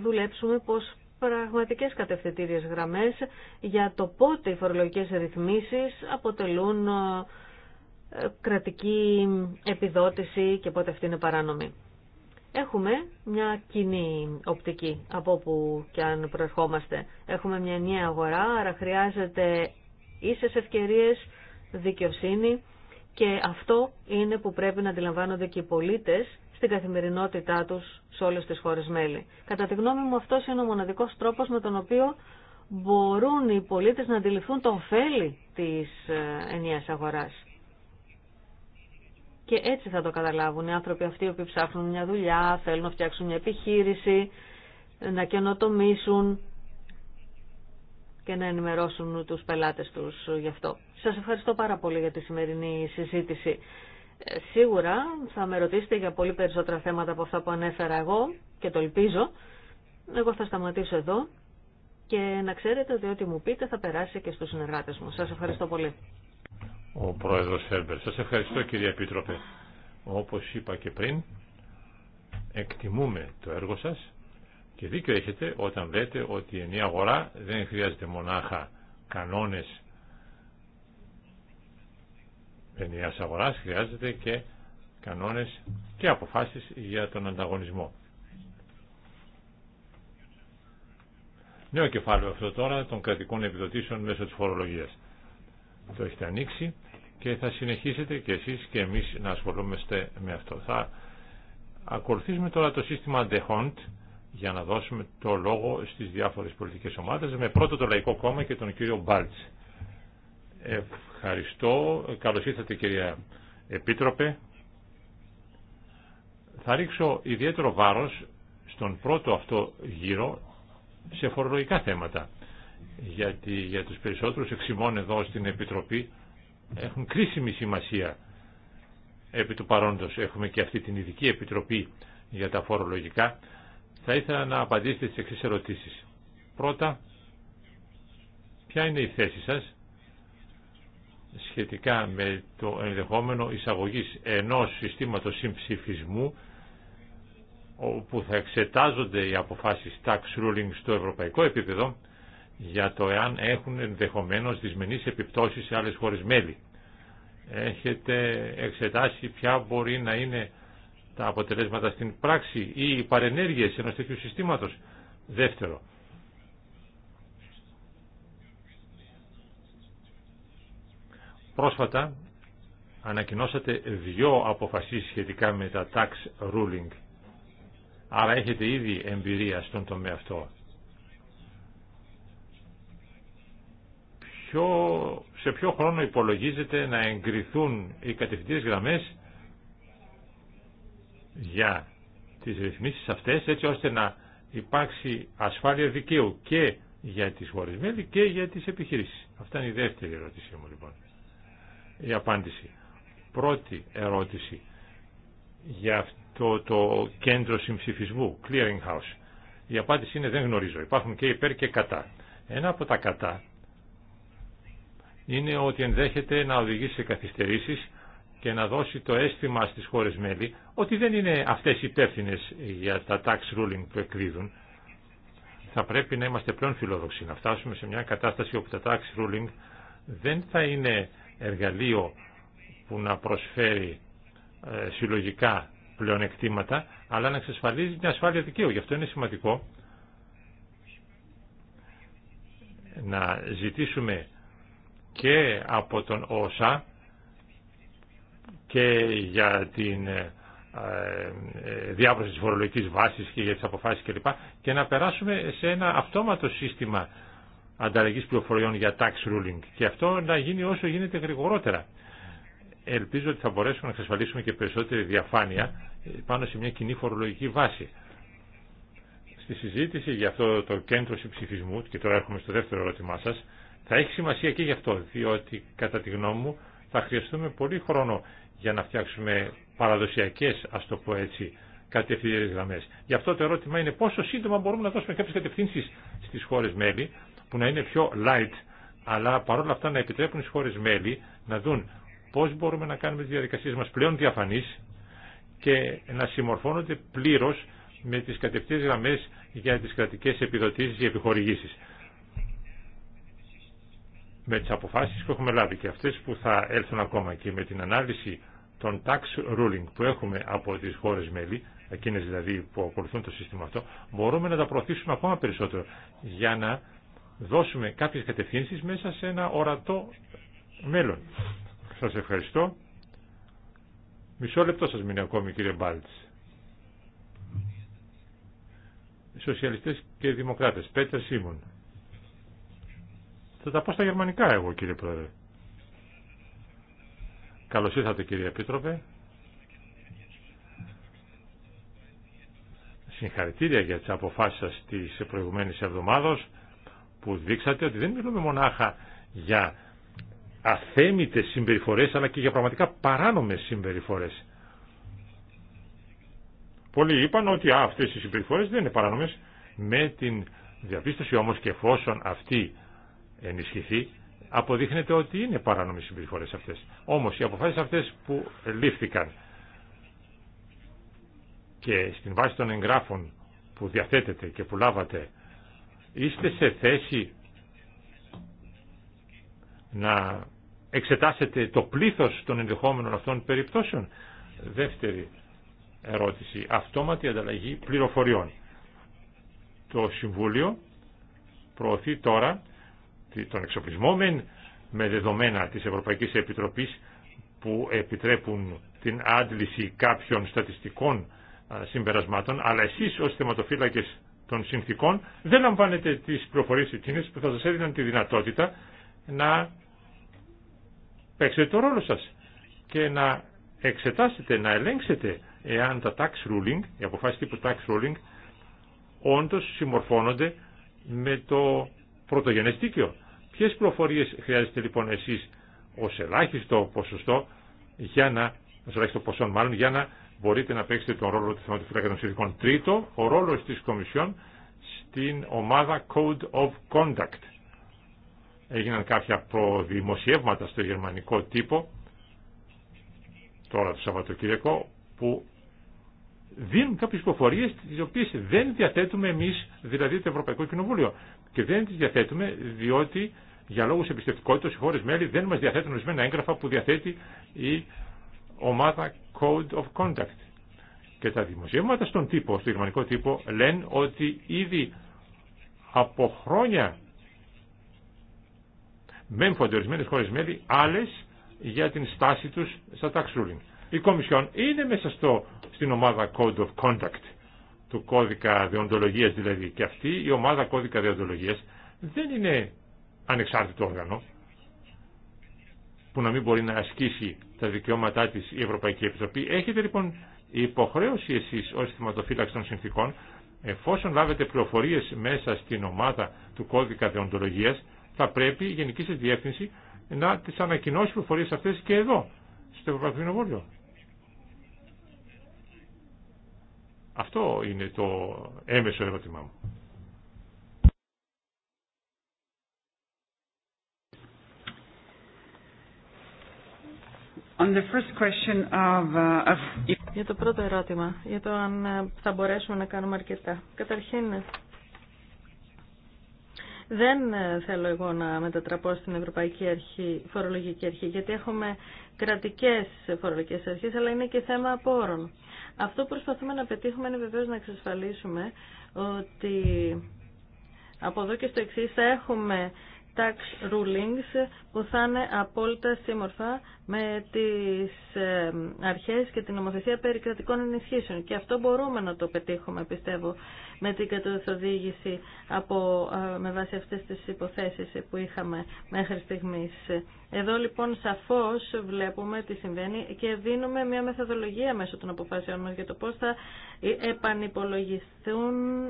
δουλέψουμε πως πραγματικέ κατευθυντήριε γραμμές για το πότε οι φορολογικές ρυθμίσει αποτελούν ε, κρατική επιδότηση και πότε αυτή είναι παράνομη. Έχουμε μια κοινή οπτική από όπου και αν προερχόμαστε. Έχουμε μια νέα αγορά, άρα χρειάζεται ίσες ευκαιρίες, δικαιοσύνη και αυτό είναι που πρέπει να αντιλαμβάνονται και οι πολίτες στην καθημερινότητά τους σε όλες τις χώρες μέλη. Κατά τη γνώμη μου αυτός είναι ο μοναδικός τρόπος με τον οποίο μπορούν οι πολίτες να αντιληφθούν το ωφέλη της ε, ενιαίας αγοράς. Και έτσι θα το καταλάβουν οι άνθρωποι αυτοί οι οποίοι ψάχνουν μια δουλειά, θέλουν να φτιάξουν μια επιχείρηση, να καινοτομήσουν και να ενημερώσουν τους πελάτες τους γι' αυτό. Σας ευχαριστώ πάρα πολύ για τη σημερινή συζήτηση. Ε, σίγουρα θα με ρωτήσετε για πολύ περισσότερα θέματα από αυτά που ανέφερα εγώ και το ελπίζω. Εγώ θα σταματήσω εδώ και να ξέρετε ότι ό,τι μου πείτε θα περάσει και στους συνεργάτες μου. Σας ευχαριστώ πολύ ο πρόεδρος Φέρμπερ. Σας ευχαριστώ κύριε Επίτροπε. Όπως είπα και πριν, εκτιμούμε το έργο σας και δίκιο έχετε όταν λέτε ότι η ενιαία αγορά δεν χρειάζεται μονάχα κανόνες ενιαίας αγοράς, χρειάζεται και κανόνες και αποφάσεις για τον ανταγωνισμό. Νέο κεφάλαιο αυτό τώρα των κρατικών επιδοτήσεων μέσω της φορολογίας. Το έχετε ανοίξει και θα συνεχίσετε και εσείς και εμείς να ασχολούμαστε με αυτό. Θα ακολουθήσουμε τώρα το σύστημα DEHONT για να δώσουμε το λόγο στις διάφορες πολιτικές ομάδες με πρώτο το Λαϊκό Κόμμα και τον κύριο Μπάλτς. Ευχαριστώ. Καλώς ήρθατε κυρία Επίτροπε. Θα ρίξω ιδιαίτερο βάρος στον πρώτο αυτό γύρο σε φορολογικά θέματα. Γιατί για τους περισσότερους εξημών εδώ στην Επιτροπή έχουν κρίσιμη σημασία επί του παρόντος. Έχουμε και αυτή την ειδική επιτροπή για τα φορολογικά. Θα ήθελα να απαντήσετε στις εξής ερωτήσεις. Πρώτα, ποια είναι η θέση σας σχετικά με το ενδεχόμενο εισαγωγής ενός συστήματος συμψηφισμού όπου θα εξετάζονται οι αποφάσεις tax ruling στο ευρωπαϊκό επίπεδο για το εάν έχουν ενδεχομένως δυσμενείς επιπτώσεις σε άλλες χώρες μέλη. Έχετε εξετάσει ποια μπορεί να είναι τα αποτελέσματα στην πράξη ή οι παρενέργειες ενός τέτοιου συστήματος. Δεύτερο, πρόσφατα ανακοινώσατε δύο αποφασίσεις σχετικά με τα tax ruling. Άρα έχετε ήδη εμπειρία στον τομέα αυτό. ποιο, σε ποιο χρόνο υπολογίζεται να εγκριθούν οι κατευθυντές γραμμές για τις ρυθμίσεις αυτές έτσι ώστε να υπάρξει ασφάλεια δικαίου και για τις χώρες και για τις επιχειρήσεις. Αυτά είναι η δεύτερη ερώτησή μου λοιπόν. Η απάντηση. Πρώτη ερώτηση για αυτό το κέντρο συμψηφισμού, clearing house. Η απάντηση είναι δεν γνωρίζω. Υπάρχουν και υπέρ και κατά. Ένα από τα κατά είναι ότι ενδέχεται να οδηγήσει σε καθυστερήσεις και να δώσει το αίσθημα στις χώρες μέλη ότι δεν είναι αυτές υπεύθυνε για τα tax ruling που εκδίδουν. Θα πρέπει να είμαστε πλέον φιλόδοξοι, να φτάσουμε σε μια κατάσταση όπου τα tax ruling δεν θα είναι εργαλείο που να προσφέρει ε, συλλογικά πλεονεκτήματα, αλλά να εξασφαλίζει μια ασφάλεια δικαίου. Γι' αυτό είναι σημαντικό να ζητήσουμε και από τον ΩΣΑ και για την ε, ε, διάβρωση της φορολογικής βάσης και για τις αποφάσεις κλπ. Και να περάσουμε σε ένα αυτόματο σύστημα ανταλλαγής πληροφοριών για tax ruling και αυτό να γίνει όσο γίνεται γρηγορότερα. Ελπίζω ότι θα μπορέσουμε να εξασφαλίσουμε και περισσότερη διαφάνεια πάνω σε μια κοινή φορολογική βάση. Στη συζήτηση για αυτό το κέντρο συμψηφισμού, και τώρα έρχομαι στο δεύτερο ερώτημά σας, θα έχει σημασία και γι' αυτό, διότι κατά τη γνώμη μου θα χρειαστούμε πολύ χρόνο για να φτιάξουμε παραδοσιακές, ας το πω έτσι, κατευθυντήρες γραμμές. Γι' αυτό το ερώτημα είναι πόσο σύντομα μπορούμε να δώσουμε κάποιες κατευθύνσεις στις χώρες μέλη που να είναι πιο light, αλλά παρόλα αυτά να επιτρέπουν στις χώρες μέλη να δουν πώς μπορούμε να κάνουμε τις διαδικασίες μας πλέον διαφανείς και να συμμορφώνονται πλήρως με τις κατευθύνσεις γραμμές για τις κρατικές επιδοτήσεις και επιχορηγήσεις με τις αποφάσεις που έχουμε λάβει και αυτές που θα έλθουν ακόμα και με την ανάλυση των tax ruling που έχουμε από τις χώρες μέλη, εκείνες δηλαδή που ακολουθούν το σύστημα αυτό, μπορούμε να τα προωθήσουμε ακόμα περισσότερο για να δώσουμε κάποιες κατευθύνσεις μέσα σε ένα ορατό μέλλον. Σας ευχαριστώ. Μισό λεπτό σας μείνει ακόμη κύριε Μπάλτς. Σοσιαλιστές και Δημοκράτες. Πέτρα Σίμων. Θα τα πω στα γερμανικά εγώ κύριε Πρόεδρε. Καλώς ήρθατε κύριε Επίτροπε. Συγχαρητήρια για τις αποφάσεις σας της προηγουμένης εβδομάδος που δείξατε ότι δεν μιλούμε μονάχα για αθέμητες συμπεριφορές αλλά και για πραγματικά παράνομες συμπεριφορές. Πολλοί είπαν ότι α, αυτές οι συμπεριφορές δεν είναι παράνομες με την διαπίστωση όμως και εφόσον αυτή ενισχυθεί, αποδείχνεται ότι είναι παράνομες συμπεριφορές αυτές. Όμως οι αποφάσεις αυτές που λήφθηκαν και στην βάση των εγγράφων που διαθέτετε και που λάβατε, είστε σε θέση να εξετάσετε το πλήθος των ενδεχόμενων αυτών περιπτώσεων. Δεύτερη ερώτηση. Αυτόματη ανταλλαγή πληροφοριών. Το Συμβούλιο προωθεί τώρα τον εξοπλισμό με δεδομένα της Ευρωπαϊκής Επιτροπής που επιτρέπουν την άντληση κάποιων στατιστικών συμπερασμάτων, αλλά εσείς ως θεματοφύλακες των συνθήκων δεν λαμβάνετε τις προφορίες εκείνες που θα σας έδιναν τη δυνατότητα να παίξετε το ρόλο σας και να εξετάσετε, να ελέγξετε εάν τα tax ruling, οι αποφάσεις τύπου tax ruling, όντως συμμορφώνονται με το πρωτογενές δίκαιο. Ποιες πληροφορίες χρειάζεστε λοιπόν εσείς ως ελάχιστο ποσοστό για να, ως ελάχιστο ποσό μάλλον, για να μπορείτε να παίξετε τον ρόλο του θεματοφύλακα των Συνδικών. Τρίτο, ο ρόλος της Κομισιόν στην ομάδα Code of Conduct. Έγιναν κάποια προδημοσιεύματα στο γερμανικό τύπο, τώρα το Σαββατοκύριακο, που δίνουν κάποιες υποφορίε τις οποίες δεν διαθέτουμε εμείς, δηλαδή το Ευρωπαϊκό Κοινοβούλιο. Και δεν τις διαθέτουμε διότι για λόγους εμπιστευτικότητας οι χώρες μέλη δεν μας διαθέτουν ορισμένα έγγραφα που διαθέτει η ομάδα Code of Conduct. Και τα δημοσιεύματα στον τύπο, στο γερμανικό τύπο, λένε ότι ήδη από χρόνια μέμφονται ορισμένες χώρε μέλη, άλλε για την στάση τους στα tax ruling η Κομισιόν είναι μέσα στο, στην ομάδα Code of Conduct, του κώδικα διοντολογίας δηλαδή. Και αυτή η ομάδα κώδικα διοντολογίας δεν είναι ανεξάρτητο όργανο που να μην μπορεί να ασκήσει τα δικαιώματά της η Ευρωπαϊκή Επιτροπή. Έχετε λοιπόν υποχρέωση εσείς ως θυματοφύλαξη των συνθήκων, εφόσον λάβετε πληροφορίες μέσα στην ομάδα του κώδικα διοντολογίας, θα πρέπει η Γενική Σας Διεύθυνση να τις ανακοινώσει πληροφορίες αυτές και εδώ, στο Ευρωπαϊκό Κοινοβούλιο. Αυτό είναι το έμεσο ερώτημά μου. On uh, Για το πρώτο ερώτημα, για το αν ε, θα μπορέσουμε να κάνουμε αρκετά. Καταρχήν, δεν ε, θέλω εγώ να μετατραπώ στην Ευρωπαϊκή Αρχή, Φορολογική Αρχή, γιατί έχουμε κρατικές φορολογικές αρχές, αλλά είναι και θέμα απόρων. Αυτό που προσπαθούμε να πετύχουμε είναι βεβαίως να εξασφαλίσουμε ότι από εδώ και στο εξή θα έχουμε tax rulings που θα είναι απόλυτα σύμμορφα με τις ε, αρχές και την νομοθεσία περί κρατικών ενισχύσεων. Και αυτό μπορούμε να το πετύχουμε, πιστεύω με την καθοδήγηση από, με βάση αυτές τις υποθέσεις που είχαμε μέχρι στιγμής. Εδώ λοιπόν σαφώς βλέπουμε τι συμβαίνει και δίνουμε μια μεθοδολογία μέσω των αποφάσεων μας για το πώς θα επανυπολογιστούν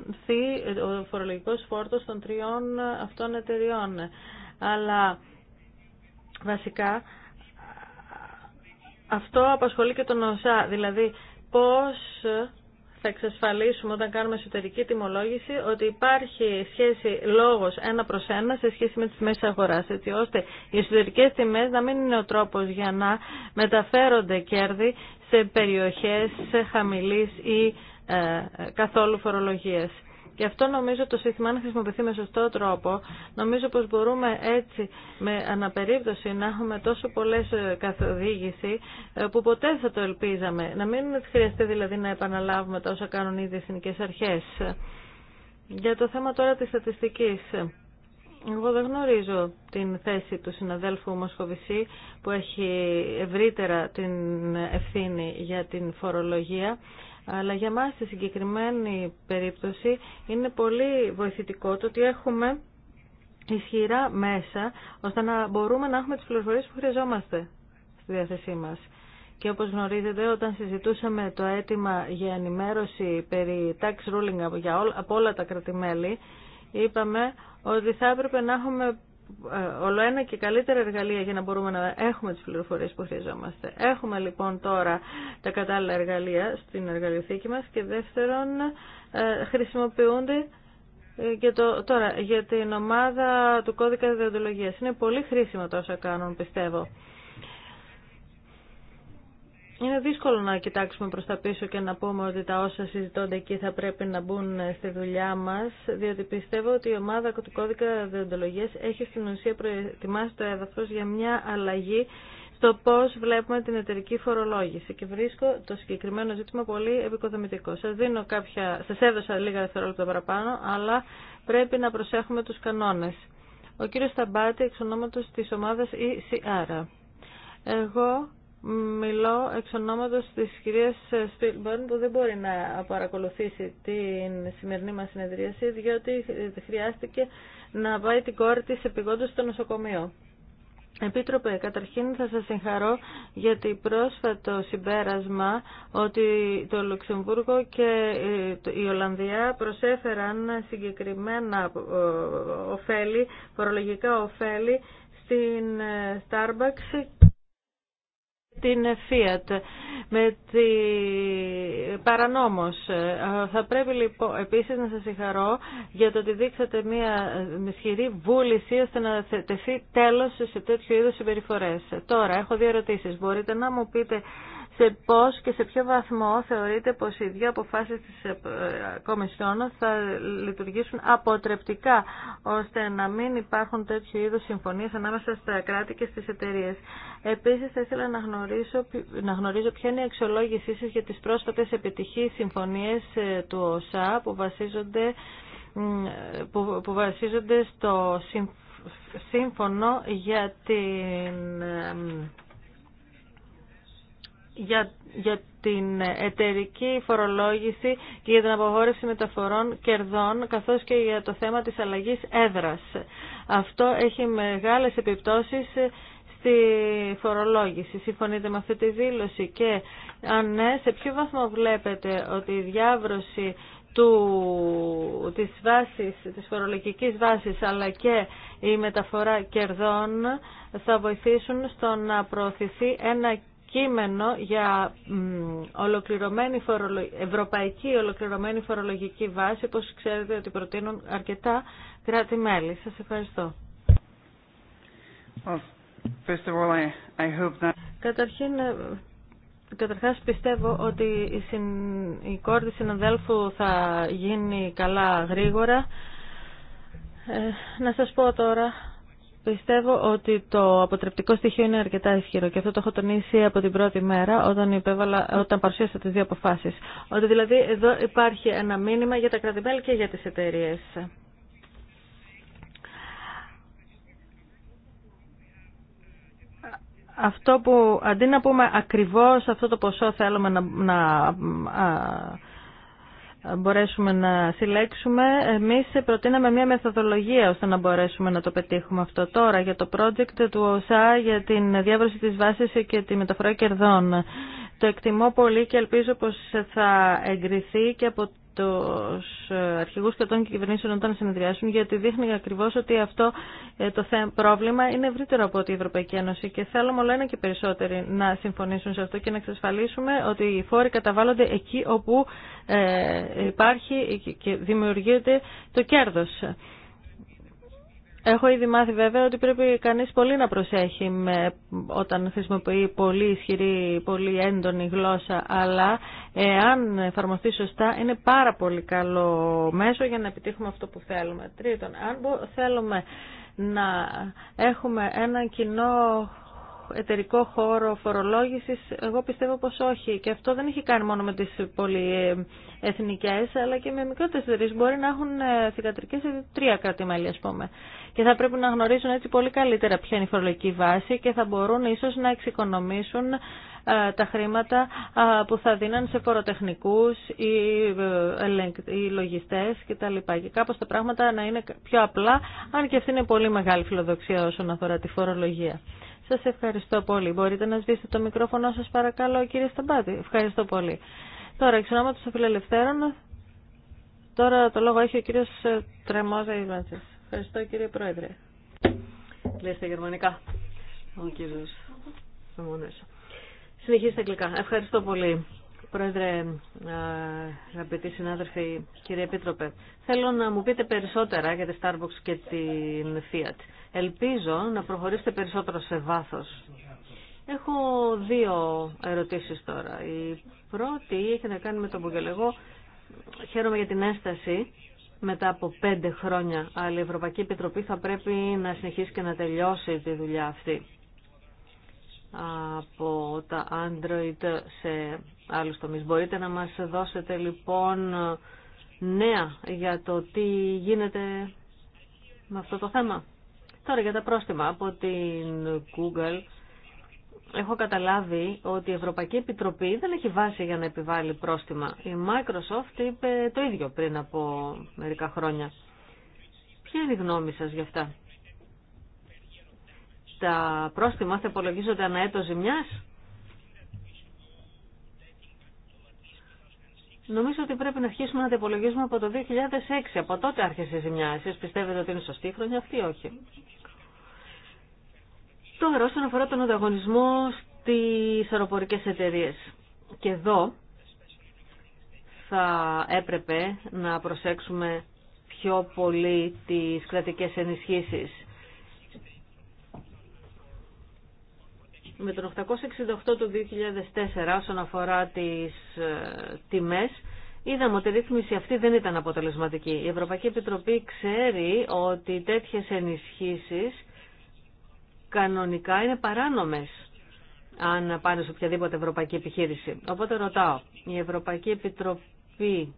ο φορολογικός φόρτος των τριών αυτών εταιριών. Αλλά βασικά αυτό απασχολεί και τον ΟΣΑ, δηλαδή πώς θα εξασφαλίσουμε όταν κάνουμε εσωτερική τιμολόγηση ότι υπάρχει σχέση λόγος ένα προς ένα σε σχέση με τις τιμές αγοράς, έτσι ώστε οι εσωτερικές τιμές να μην είναι ο τρόπος για να μεταφέρονται κέρδη σε περιοχές χαμηλής ή ε, καθόλου φορολογίας. Και αυτό νομίζω το σύστημα, αν χρησιμοποιηθεί με σωστό τρόπο, νομίζω πως μπορούμε έτσι με αναπερίπτωση να έχουμε τόσο πολλές ε, καθοδήγηση ε, που ποτέ θα το ελπίζαμε. Να μην χρειαστεί δηλαδή να επαναλάβουμε τα όσα κάνουν οι εθνικές αρχές. Για το θέμα τώρα της στατιστικής. Εγώ δεν γνωρίζω την θέση του συναδέλφου Μοσχοβησή που έχει ευρύτερα την ευθύνη για την φορολογία. Αλλά για μας στη συγκεκριμένη περίπτωση είναι πολύ βοηθητικό το ότι έχουμε ισχυρά μέσα ώστε να μπορούμε να έχουμε τις πληροφορίες που χρειαζόμαστε στη διάθεσή μας. Και όπως γνωρίζετε, όταν συζητούσαμε το αίτημα για ενημέρωση περί tax ruling από όλα τα κρατημέλη, είπαμε ότι θα έπρεπε να έχουμε ε, όλο ένα και καλύτερα εργαλεία για να μπορούμε να έχουμε τις πληροφορίες που χρειαζόμαστε. Έχουμε λοιπόν τώρα τα κατάλληλα εργαλεία στην εργαλειοθήκη μας και δεύτερον ε, χρησιμοποιούνται ε, για το, τώρα, για την ομάδα του κώδικα διοντολογίας. Είναι πολύ χρήσιμο τόσα κάνουν, πιστεύω. Είναι δύσκολο να κοιτάξουμε προς τα πίσω και να πούμε ότι τα όσα συζητώνται εκεί θα πρέπει να μπουν στη δουλειά μας, διότι πιστεύω ότι η ομάδα του κώδικα διοντολογίας έχει στην ουσία προετοιμάσει το έδαφος για μια αλλαγή στο πώς βλέπουμε την εταιρική φορολόγηση και βρίσκω το συγκεκριμένο ζήτημα πολύ επικοδομητικό. Σας, δίνω κάποια... Σας έδωσα λίγα δευτερόλεπτα παραπάνω, αλλά πρέπει να προσέχουμε τους κανόνες. Ο κύριος Σταμπάτη, εξ ονόματος της ομάδας ECR. Εγώ Μιλώ εξ ονόματος της κυρίας Σπίλμπορν που δεν μπορεί να παρακολουθήσει την σημερινή μας συνεδρίαση διότι χρειάστηκε να πάει την κόρη τη επιγόντως στο νοσοκομείο. Επίτροπε, καταρχήν θα σας συγχαρώ για το πρόσφατο συμπέρασμα ότι το Λουξεμβούργο και ε, η Ολλανδία προσέφεραν συγκεκριμένα ε, ωφέλη, φορολογικά ωφέλη στην ε, Starbucks την Fiat με τη... παρανόμως. Ε, θα πρέπει λοιπόν επίσης να σας συγχαρώ για το ότι δείξατε μια ισχυρή βούληση ώστε να τεθεί τέλος σε τέτοιου είδους συμπεριφορές. Τώρα έχω δύο ερωτήσεις. Μπορείτε να μου πείτε σε πώς και σε ποιο βαθμό θεωρείτε πως οι δύο αποφάσεις της ε, Κομισιόν θα λειτουργήσουν αποτρεπτικά ώστε να μην υπάρχουν τέτοιου είδους συμφωνίες ανάμεσα στα κράτη και στις εταιρείε. Επίσης θα ήθελα να να γνωρίζω ποια είναι η αξιολόγησή σας για τις πρόσφατες επιτυχείς συμφωνίες ε, του ΟΣΑ που βασίζονται, που βασίζονται στο σύμφωνο για την ε, για, την εταιρική φορολόγηση και για την απογόρευση μεταφορών κερδών, καθώς και για το θέμα της αλλαγής έδρας. Αυτό έχει μεγάλες επιπτώσεις στη φορολόγηση. Συμφωνείτε με αυτή τη δήλωση και αν ναι, σε ποιο βαθμό βλέπετε ότι η διάβρωση του, της, βάσης, της φορολογικής βάσης αλλά και η μεταφορά κερδών θα βοηθήσουν στο να προωθηθεί ένα κείμενο για ολοκληρωμενη φορολογική, ευρωπαϊκή ολοκληρωμένη φορολογική βάση, όπως ξέρετε ότι προτείνουν αρκετά κράτη-μέλη. Σας ευχαριστώ. I, hope that... Καταρχήν, ε, καταρχάς πιστεύω ότι η, συν, η κόρη συναδέλφου θα γίνει καλά γρήγορα. Ε, να σας πω τώρα Πιστεύω ότι το αποτρεπτικό στοιχείο είναι αρκετά ισχυρό και αυτό το έχω τονίσει από την πρώτη μέρα όταν, υπέβαλα, όταν παρουσίασα τις δύο αποφάσεις. Ότι δηλαδή εδώ υπάρχει ένα μήνυμα για τα κρατημέλη και για τις εταιρείε. Αυτό που αντί να πούμε ακριβώς αυτό το ποσό θέλουμε να, να μπορέσουμε να συλλέξουμε. Εμείς προτείναμε μια μεθοδολογία ώστε να μπορέσουμε να το πετύχουμε αυτό. Τώρα για το project του ΟΣΑ για την διάβρωση τη βάση και τη μεταφορά κερδών. Το εκτιμώ πολύ και ελπίζω πως θα εγκριθεί και από τους ε, αρχηγούς κρατών και κυβερνήσεων όταν συνεδριάσουν γιατί δείχνει ακριβώς ότι αυτό ε, το πρόβλημα είναι ευρύτερο από ότι η Ευρωπαϊκή Ένωση και θέλουμε όλο ένα και περισσότεροι να συμφωνήσουν σε αυτό και να εξασφαλίσουμε ότι οι φόροι καταβάλλονται εκεί όπου ε, υπάρχει και δημιουργείται το κέρδο. Έχω ήδη μάθει βέβαια ότι πρέπει κανείς πολύ να προσέχει με, όταν χρησιμοποιεί πολύ ισχυρή, πολύ έντονη γλώσσα, αλλά εάν εφαρμοστεί σωστά είναι πάρα πολύ καλό μέσο για να επιτύχουμε αυτό που θέλουμε. Τρίτον, αν θέλουμε να έχουμε ένα κοινό εταιρικό χώρο φορολόγησης, εγώ πιστεύω πως όχι. Και αυτό δεν έχει κάνει μόνο με τις ε, εθνικές, αλλά και με μικρότερες εταιρείε μπορεί να έχουν ε, θηκατρικες σε τρία κράτη-μέλη, ας πούμε και θα πρέπει να γνωρίζουν έτσι πολύ καλύτερα ποια είναι η φορολογική βάση και θα μπορούν ίσως να εξοικονομήσουν ε, τα χρήματα ε, που θα δίναν σε φοροτεχνικούς ε, ή λογιστές κτλ. Και κάπως τα πράγματα να είναι πιο απλά, αν και αυτή είναι πολύ μεγάλη φιλοδοξία όσον αφορά τη φορολογία. Σας ευχαριστώ πολύ. Μπορείτε να σβήσετε το μικρόφωνο σας παρακαλώ κύριε Σταμπάτη. Ευχαριστώ πολύ. Τώρα, εξ ονόματος των φιλελευθέρων, τώρα το λόγο έχει ο κύριος Τρεμόζα Ιβάντσες. Ευχαριστώ κύριε Πρόεδρε. Λέστε γερμανικά ο κύριος Σαμονές. Συνεχίστε αγγλικά. Ευχαριστώ πολύ. Πρόεδρε, ε, αγαπητοί συνάδελφοι, κύριε Επίτροπε, θέλω να μου πείτε περισσότερα για τη Starbucks και την Fiat. Ελπίζω να προχωρήσετε περισσότερο σε βάθος. Έχω δύο ερωτήσεις τώρα. Η πρώτη έχει να κάνει με τον Μπογκελεγό. Χαίρομαι για την έσταση μετά από πέντε χρόνια, αλλά η Ευρωπαϊκή Επιτροπή θα πρέπει να συνεχίσει και να τελειώσει τη δουλειά αυτή από τα Android σε άλλους τομείς. Μπορείτε να μας δώσετε λοιπόν νέα για το τι γίνεται με αυτό το θέμα. Τώρα για τα πρόστιμα από την Google έχω καταλάβει ότι η Ευρωπαϊκή Επιτροπή δεν έχει βάση για να επιβάλλει πρόστιμα. Η Microsoft είπε το ίδιο πριν από μερικά χρόνια. Ποια είναι η γνώμη σας γι' αυτά. Τα πρόστιμα θα υπολογίζονται ανά έτος ζημιάς. Νομίζω ότι πρέπει να αρχίσουμε να τα υπολογίζουμε από το 2006. Από τότε άρχισε η ζημιά. Εσείς πιστεύετε ότι είναι σωστή η χρονιά αυτή, όχι. Τώρα, όσον αφορά τον ανταγωνισμό στις αεροπορικές εταιρείες. Και εδώ θα έπρεπε να προσέξουμε πιο πολύ τις κρατικές ενισχύσεις. Με τον 868 του 2004 όσον αφορά τις ε, τιμές, είδαμε ότι η ρύθμιση αυτή δεν ήταν αποτελεσματική. Η Ευρωπαϊκή Επιτροπή ξέρει ότι τέτοιες ενισχύσεις κανονικά είναι παράνομες αν πάνε σε οποιαδήποτε ευρωπαϊκή επιχείρηση. Οπότε ρωτάω, η Ευρωπαϊκή Επιτροπή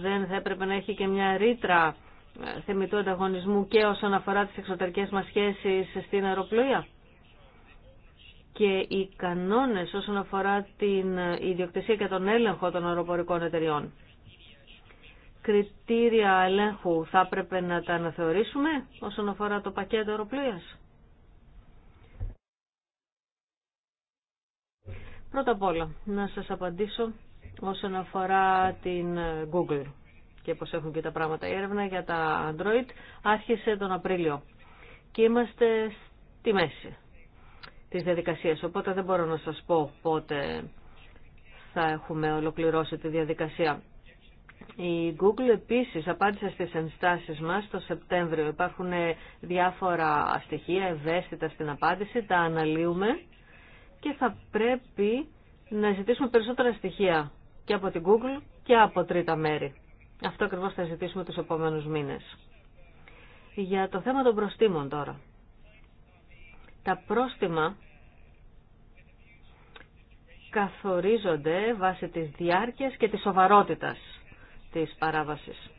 δεν θα έπρεπε να έχει και μια ρήτρα ε, θεμητού ανταγωνισμού και όσον αφορά τις εξωτερικές μας σχέσεις στην αεροπλοεία. Και οι κανόνες όσον αφορά την ιδιοκτησία και τον έλεγχο των αεροπορικών εταιριών κριτήρια ελέγχου θα έπρεπε να τα αναθεωρήσουμε όσον αφορά το πακέτο αεροπλοίας. Πρώτα απ' όλα, να σας απαντήσω όσον αφορά την Google και πώς έχουν και τα πράγματα. Η έρευνα για τα Android άρχισε τον Απρίλιο και είμαστε στη μέση της διαδικασίας, οπότε δεν μπορώ να σας πω πότε θα έχουμε ολοκληρώσει τη διαδικασία. Η Google επίσης απάντησε στις ενστάσεις μας το Σεπτέμβριο. Υπάρχουν διάφορα στοιχεία ευαίσθητα στην απάντηση, τα αναλύουμε και θα πρέπει να ζητήσουμε περισσότερα στοιχεία και από την Google και από τρίτα μέρη. Αυτό ακριβώς θα ζητήσουμε τους επόμενους μήνες. Για το θέμα των προστήμων τώρα. Τα πρόστιμα καθορίζονται βάσει της διάρκειας και της σοβαρότητας της παράβασης.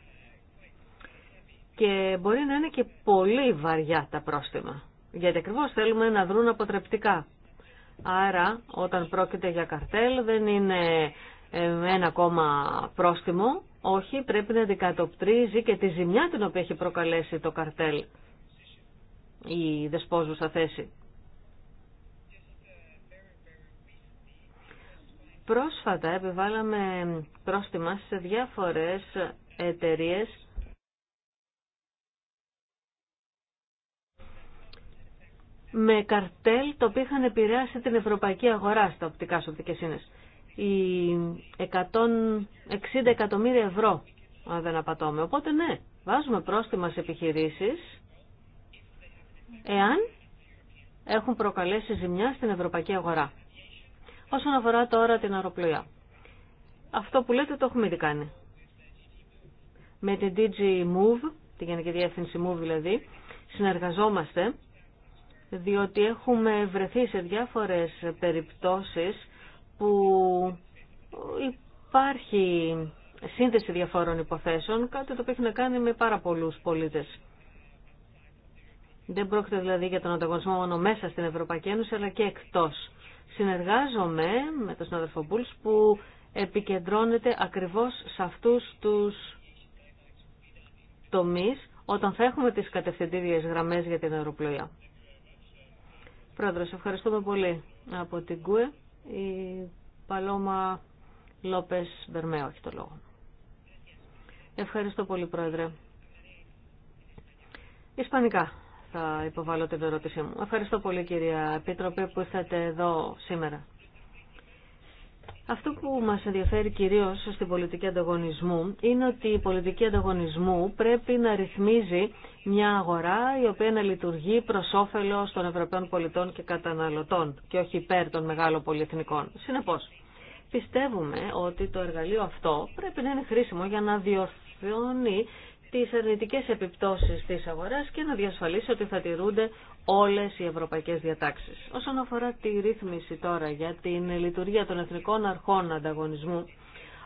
Και μπορεί να είναι και πολύ βαριά τα πρόστιμα, γιατί ακριβώ θέλουμε να δρουν αποτρεπτικά. Άρα, όταν πρόκειται για καρτέλ δεν είναι ε, ένα ακόμα πρόστιμο, όχι, πρέπει να αντικατοπτρίζει και τη ζημιά την οποία έχει προκαλέσει το καρτέλ η δεσπόζουσα θέση. Πρόσφατα επιβάλαμε πρόστιμα σε διάφορες εταιρείες με καρτέλ το οποίο είχαν επηρεάσει την ευρωπαϊκή αγορά στα οπτικά σου οπτικές Οι 160 εκατομμύρια ευρώ, αν δεν απατώμε. Οπότε ναι, βάζουμε πρόστιμα σε επιχειρήσεις εάν έχουν προκαλέσει ζημιά στην ευρωπαϊκή αγορά. Όσον αφορά τώρα την αεροπλοία. Αυτό που λέτε το έχουμε ήδη κάνει. Με την DG Move, τη Γενική Διεύθυνση Move δηλαδή, συνεργαζόμαστε διότι έχουμε βρεθεί σε διάφορες περιπτώσεις που υπάρχει σύνδεση διαφόρων υποθέσεων, κάτι το οποίο έχει να κάνει με πάρα πολλούς πολίτες. Δεν πρόκειται δηλαδή για τον ανταγωνισμό μόνο μέσα στην Ευρωπαϊκή Ένωση, αλλά και εκτός συνεργάζομαι με τον συνάδελφο Μπούλς που επικεντρώνεται ακριβώς σε αυτούς τους τομείς όταν θα έχουμε τις κατευθυντήριες γραμμές για την αεροπλοεία. Πρόεδρος, ευχαριστούμε πολύ από την ΚΟΕ. Η Παλώμα Λόπες Μπερμέο έχει το λόγο. Ευχαριστώ πολύ, Πρόεδρε. Ισπανικά θα υποβάλω την ερώτησή μου. Ευχαριστώ πολύ κυρία Επίτροπε που είστε εδώ σήμερα. Αυτό που μας ενδιαφέρει κυρίως στην πολιτική ανταγωνισμού είναι ότι η πολιτική ανταγωνισμού πρέπει να ρυθμίζει μια αγορά η οποία να λειτουργεί προς όφελος των Ευρωπαίων πολιτών και καταναλωτών και όχι υπέρ των μεγάλων πολυεθνικών. Συνεπώς, πιστεύουμε ότι το εργαλείο αυτό πρέπει να είναι χρήσιμο για να διορθώνει τις αρνητικές επιπτώσεις της αγοράς και να διασφαλίσει ότι θα τηρούνται όλες οι ευρωπαϊκές διατάξεις. Όσον αφορά τη ρύθμιση τώρα για την λειτουργία των εθνικών αρχών ανταγωνισμού,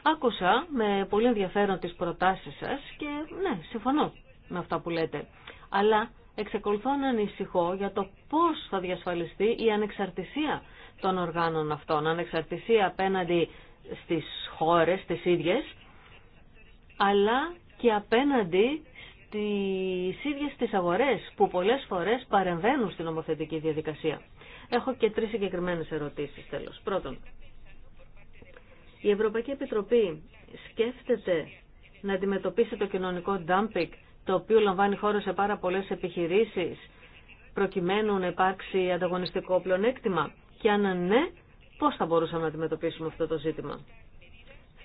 άκουσα με πολύ ενδιαφέρον τις προτάσεις σας και ναι, συμφωνώ με αυτά που λέτε. Αλλά εξακολουθώ να ανησυχώ για το πώς θα διασφαλιστεί η ανεξαρτησία των οργάνων αυτών, ανεξαρτησία απέναντι στις χώρες, τις ίδιες, αλλά και απέναντι στις ίδιες τις αγορές που πολλές φορές παρεμβαίνουν στην νομοθετική διαδικασία. Έχω και τρεις συγκεκριμένες ερωτήσεις τέλος. Πρώτον, η Ευρωπαϊκή Επιτροπή σκέφτεται να αντιμετωπίσει το κοινωνικό dumping, το οποίο λαμβάνει χώρο σε πάρα πολλές επιχειρήσεις προκειμένου να υπάρξει ανταγωνιστικό πλεονέκτημα και αν ναι, πώς θα μπορούσαμε να αντιμετωπίσουμε αυτό το ζήτημα.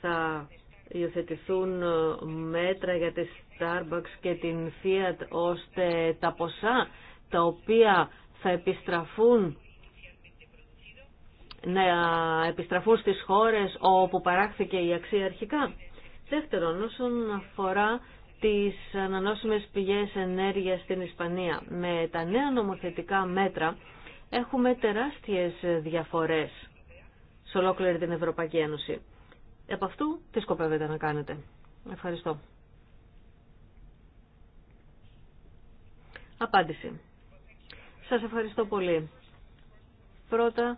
Θα υιοθετηθούν ε, μέτρα για τη Starbucks και την Fiat ώστε τα ποσά τα οποία θα επιστραφούν να επιστραφούν στις χώρες όπου παράχθηκε η αξία αρχικά. Δεύτερον, όσον αφορά τις ανανόσιμες πηγές ενέργειας στην Ισπανία, με τα νέα νομοθετικά μέτρα έχουμε τεράστιες διαφορές σε ολόκληρη την Ευρωπαϊκή Ένωση. Επ' αυτού τι σκοπεύετε να κάνετε. Ευχαριστώ. Απάντηση. Σας ευχαριστώ πολύ. Πρώτα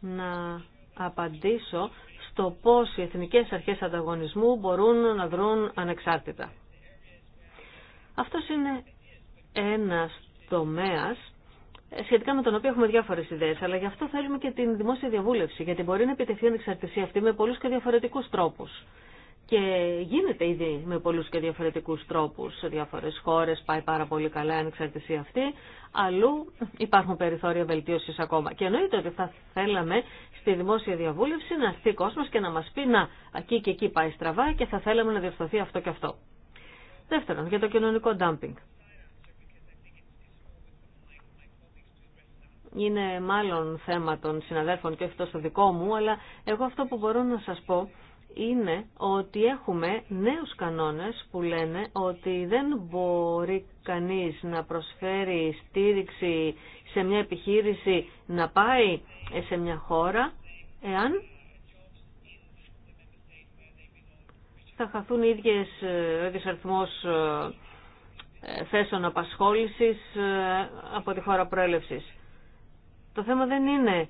να απαντήσω στο πώς οι εθνικές αρχές ανταγωνισμού μπορούν να δρουν ανεξάρτητα. Αυτός είναι ένας τομέας σχετικά με τον οποίο έχουμε διάφορε ιδέε, αλλά γι' αυτό θέλουμε και την δημόσια διαβούλευση, γιατί μπορεί να επιτεθεί η ανεξαρτησία αυτή με πολλού και διαφορετικού τρόπου. Και γίνεται ήδη με πολλού και διαφορετικού τρόπου σε διάφορε χώρε. Πάει πάρα πολύ καλά η ανεξαρτησία αυτή. Αλλού υπάρχουν περιθώρια βελτίωση ακόμα. Και εννοείται ότι θα θέλαμε στη δημόσια διαβούλευση να έρθει κόσμο και να μα πει να, εκεί και εκεί πάει στραβά και θα θέλαμε να διορθωθεί αυτό και αυτό. Δεύτερον, για το κοινωνικό ντάμπινγκ. είναι μάλλον θέμα των συναδέλφων και όχι τόσο δικό μου, αλλά εγώ αυτό που μπορώ να σας πω είναι ότι έχουμε νέους κανόνες που λένε ότι δεν μπορεί κανείς να προσφέρει στήριξη σε μια επιχείρηση να πάει σε μια χώρα εάν θα χαθούν οι ίδιες, ε, ο ίδιος αριθμός ε, θέσεων απασχόλησης ε, από τη χώρα προέλευσης. Το θέμα δεν είναι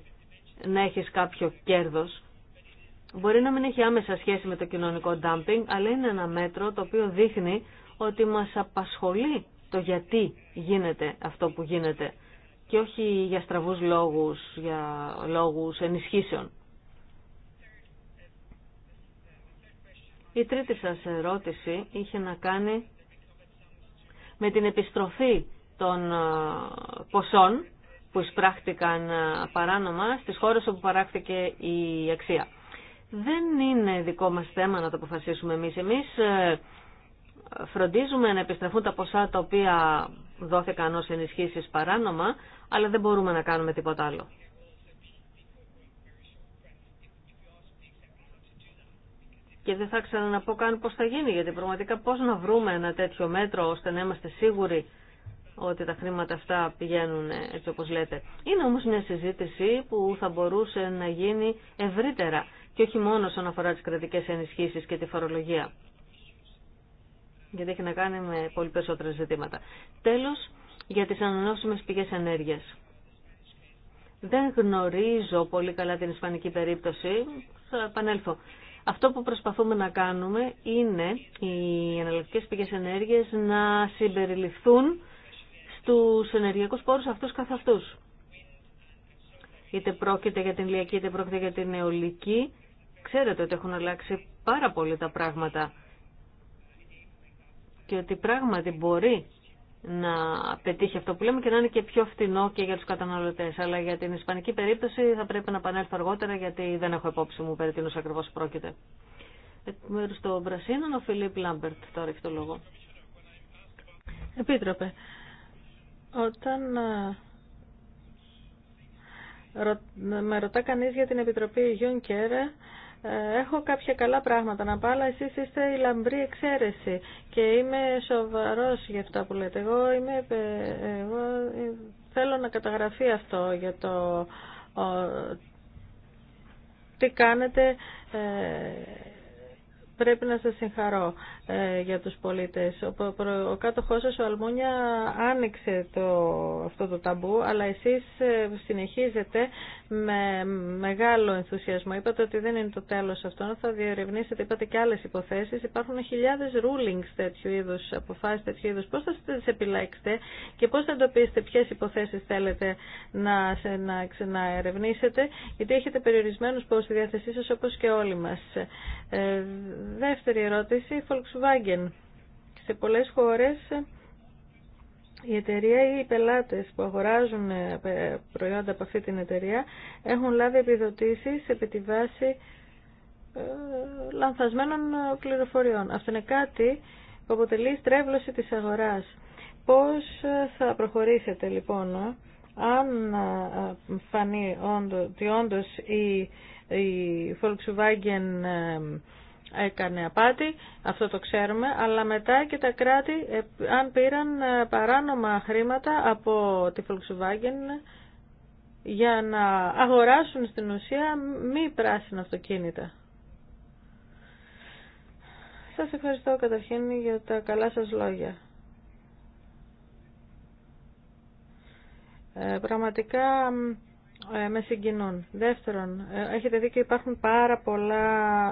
να έχεις κάποιο κέρδος. Μπορεί να μην έχει άμεσα σχέση με το κοινωνικό ντάμπινγκ, αλλά είναι ένα μέτρο το οποίο δείχνει ότι μας απασχολεί το γιατί γίνεται αυτό που γίνεται και όχι για στραβούς λόγους, για λόγους ενισχύσεων. Η τρίτη σας ερώτηση είχε να κάνει με την επιστροφή των ε, ποσών που εισπράχτηκαν ε, παράνομα στις χώρες όπου παράχθηκε η αξία. Δεν είναι δικό μας θέμα να το αποφασίσουμε εμείς. Εμείς ε, φροντίζουμε να επιστραφούν τα ποσά τα οποία δόθηκαν ως ενισχύσεις παράνομα, αλλά δεν μπορούμε να κάνουμε τίποτα άλλο. Και δεν θα ξαναπώ καν πώς θα γίνει, γιατί πραγματικά πώς να βρούμε ένα τέτοιο μέτρο ώστε να είμαστε σίγουροι ότι τα χρήματα αυτά πηγαίνουν έτσι όπως λέτε. Είναι όμως μια συζήτηση που θα μπορούσε να γίνει ευρύτερα και όχι μόνο όσον αφορά τις κρατικές ενισχύσεις και τη φορολογία. Γιατί έχει να κάνει με πολύ περισσότερα ζητήματα. Τέλος, για τις ανανεώσιμες πηγές ενέργειας. Δεν γνωρίζω πολύ καλά την ισπανική περίπτωση, θα επανέλθω. Αυτό που προσπαθούμε να κάνουμε είναι οι εναλλακτικές πηγές ενέργειας να συμπεριληφθούν στους ενεργειακούς πόρους αυτούς καθ' αυτούς. Είτε πρόκειται για την ηλιακή, είτε πρόκειται για την νεολική, Ξέρετε ότι έχουν αλλάξει πάρα πολύ τα πράγματα και ότι πράγματι μπορεί να πετύχει αυτό που λέμε και να είναι και πιο φτηνό και για τους καταναλωτές. Αλλά για την ισπανική περίπτωση θα πρέπει να επανέλθω αργότερα γιατί δεν έχω υπόψη μου περί τίνος ακριβώς πρόκειται. Εκ μέρου των Πρασίνων, ο Φιλίπ Λάμπερτ τώρα έχει το λόγο. Επίτροπε, όταν ε, με ρωτά κανείς για την Επιτροπή Γιούνκερ, έχω κάποια καλά πράγματα να πάω, αλλά εσείς είστε η λαμπρή εξαίρεση και είμαι σοβαρός για αυτά που λέτε. Εγώ, είμαι, ε, εγώ ε, θέλω να καταγραφεί αυτό για το τι κάνετε πρέπει να σας συγχαρώ ε, για τους πολίτες. Ο, ο κάτοχός σας, ο Αλμούνια, άνοιξε το, αυτό το ταμπού, αλλά εσείς ε, συνεχίζετε με μεγάλο ενθουσιασμό. Είπατε ότι δεν είναι το τέλος αυτό, θα διερευνήσετε, είπατε και άλλε υποθέσεις. Υπάρχουν χιλιάδε rulings τέτοιου είδους, αποφάσεις τέτοιου είδους. Πώς θα τις επιλέξετε και πώς θα εντοπίσετε ποιες υποθέσεις θέλετε να, να ξαναερευνήσετε, γιατί έχετε περιορισμένου πόρους στη διάθεσή σα, όπω και όλοι μα. Ε, δεύτερη ερώτηση, Volkswagen. Σε πολλέ χώρε η εταιρεία ή οι πελάτες που αγοράζουν ε, προϊόντα από αυτή την εταιρεία έχουν λάβει επιδοτήσεις επί τη βάση ε, λανθασμένων ε, πληροφοριών. Αυτό είναι κάτι που αποτελεί στρέβλωση της αγοράς. Πώς θα προχωρήσετε λοιπόν αν φανεί ότι όντως η Volkswagen έκανε απάτη, αυτό το ξέρουμε, αλλά μετά και τα κράτη ε, αν πήραν ε, παράνομα χρήματα από τη Volkswagen για να αγοράσουν στην ουσία μη πράσινα αυτοκίνητα. Σας ευχαριστώ καταρχήν για τα καλά σας λόγια. Ε, πραγματικά ε, με συγκινούν. Δεύτερον, ε, έχετε δει και υπάρχουν πάρα πολλά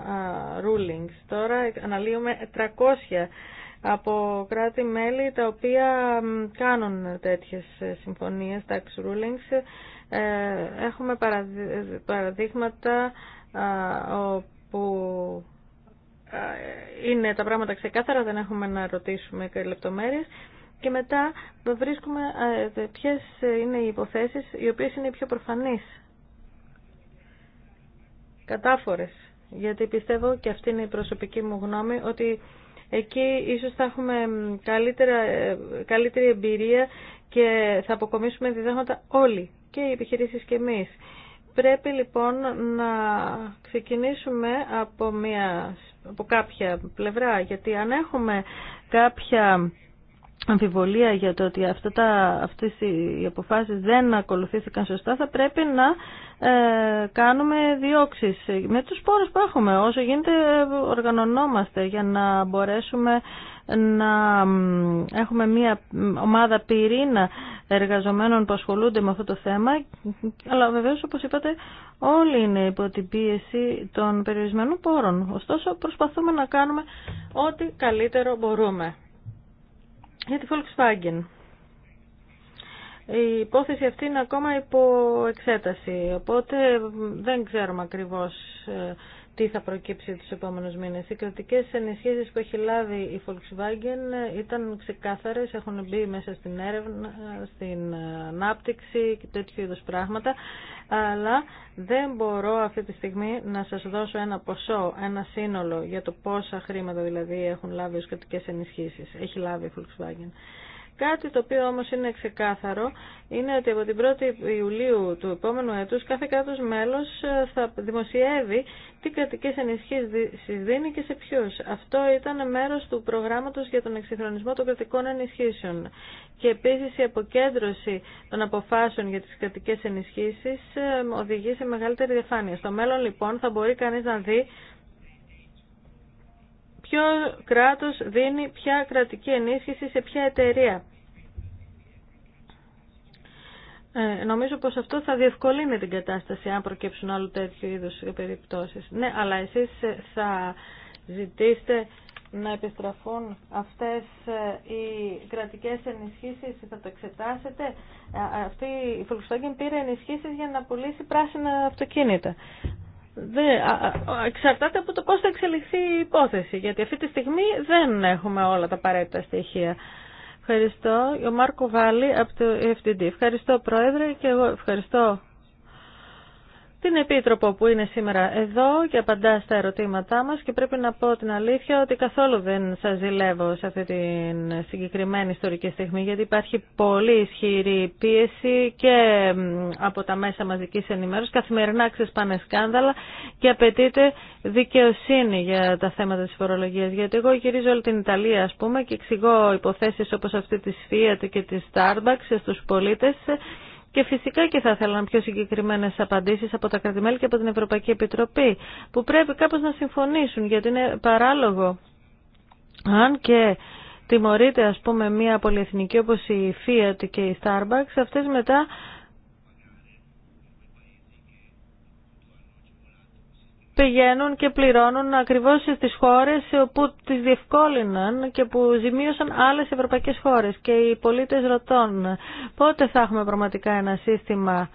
rulings. Τώρα αναλύουμε 300 από κράτη-μέλη τα οποία κάνουν τέτοιες ε, συμφωνίες, tax rulings. Έχουμε παραδείγματα όπου είναι τα πράγματα ξεκάθαρα, δεν έχουμε να ρωτήσουμε και λεπτομέρειες και μετά βρίσκουμε ε, ποιες είναι οι υποθέσεις οι οποίες είναι οι πιο προφανείς. Κατάφορες. Γιατί πιστεύω και αυτή είναι η προσωπική μου γνώμη ότι εκεί ίσως θα έχουμε καλύτερα, ε, καλύτερη εμπειρία και θα αποκομίσουμε διδάγματα όλοι και οι επιχειρήσεις και εμείς. Πρέπει λοιπόν να ξεκινήσουμε από, μια, από κάποια πλευρά γιατί αν έχουμε κάποια αμφιβολία για το ότι αυτά τα, αυτές οι αποφάσεις δεν ακολουθήθηκαν σωστά, θα πρέπει να ε, κάνουμε διώξεις με τους πόρους που έχουμε. Όσο γίνεται οργανωνόμαστε για να μπορέσουμε να έχουμε μια ομάδα πυρήνα εργαζομένων που ασχολούνται με αυτό το θέμα αλλά βεβαίως όπως είπατε όλοι είναι υπό την πίεση των περιορισμένων πόρων ωστόσο προσπαθούμε να κάνουμε ό,τι καλύτερο μπορούμε για τη Volkswagen. Η υπόθεση αυτή είναι ακόμα υπό εξέταση, οπότε δεν ξέρουμε ακριβώς ε, τι θα προκύψει τους επόμενους μήνες. Οι κρατικές ενισχύσεις που έχει λάβει η Volkswagen ήταν ξεκάθαρες, έχουν μπει μέσα στην έρευνα, στην ανάπτυξη και τέτοιου είδους πράγματα, αλλά δεν μπορώ αυτή τη στιγμή να σας δώσω ένα ποσό, ένα σύνολο για το πόσα χρήματα δηλαδή έχουν λάβει οι κρατικές ενισχύσεις, έχει λάβει η Volkswagen. Κάτι το οποίο όμως είναι ξεκάθαρο είναι ότι από την 1η Ιουλίου του επόμενου έτους κάθε κράτος μέλος ε, θα δημοσιεύει τι κρατικές ενισχύσεις δίνει και σε ποιους. Αυτό ήταν μέρος του προγράμματος για τον εξυγχρονισμό των κρατικών ενισχύσεων. Και επίσης η αποκέντρωση των αποφάσεων για τις κρατικές ενισχύσεις ε, οδηγεί σε μεγαλύτερη διαφάνεια. Στο μέλλον λοιπόν θα μπορεί κανείς να δει ποιο κράτος δίνει ποια κρατική ενίσχυση σε ποια εταιρεία. Ε, νομίζω πως αυτό θα διευκολύνει την κατάσταση αν προκύψουν άλλου τέτοιου είδους περιπτώσεις. Ναι, αλλά εσείς θα ζητήσετε να επιστραφούν αυτές ε, οι κρατικές ενισχύσεις, θα το εξετάσετε. Ε, αυτή η Volkswagen πήρε ενισχύσεις για να πουλήσει πράσινα αυτοκίνητα δεν, εξαρτάται από το πώς θα εξελιχθεί η υπόθεση, γιατί αυτή τη στιγμή δεν έχουμε όλα τα απαραίτητα στοιχεία. Ευχαριστώ. Ο Μάρκο Βάλλη από το FTD. Ευχαριστώ Πρόεδρε και εγώ ευχαριστώ την Επίτροπο που είναι σήμερα εδώ και απαντά στα ερωτήματά μας και πρέπει να πω την αλήθεια ότι καθόλου δεν σας ζηλεύω σε αυτή την συγκεκριμένη ιστορική στιγμή γιατί υπάρχει πολύ ισχυρή πίεση και από τα μέσα μαζικής ενημέρωσης καθημερινά ξεσπάνε σκάνδαλα και απαιτείται δικαιοσύνη για τα θέματα της φορολογίας γιατί εγώ γυρίζω όλη την Ιταλία ας πούμε και εξηγώ υποθέσεις όπως αυτή της Fiat και της Starbucks στους πολίτες και φυσικά και θα θέλαν πιο συγκεκριμένε απαντήσει από τα κρατημέλη και από την Ευρωπαϊκή Επιτροπή που πρέπει κάπως να συμφωνήσουν γιατί είναι παράλογο. Αν και τιμωρείται ας πούμε μια πολυεθνική όπως η Fiat και η Starbucks, αυτές μετά πηγαίνουν και πληρώνουν ακριβώς στις χώρες όπου τις διευκόλυναν και που ζημίωσαν άλλες ευρωπαϊκές χώρες. Και οι πολίτες ρωτών πότε θα έχουμε πραγματικά ένα σύστημα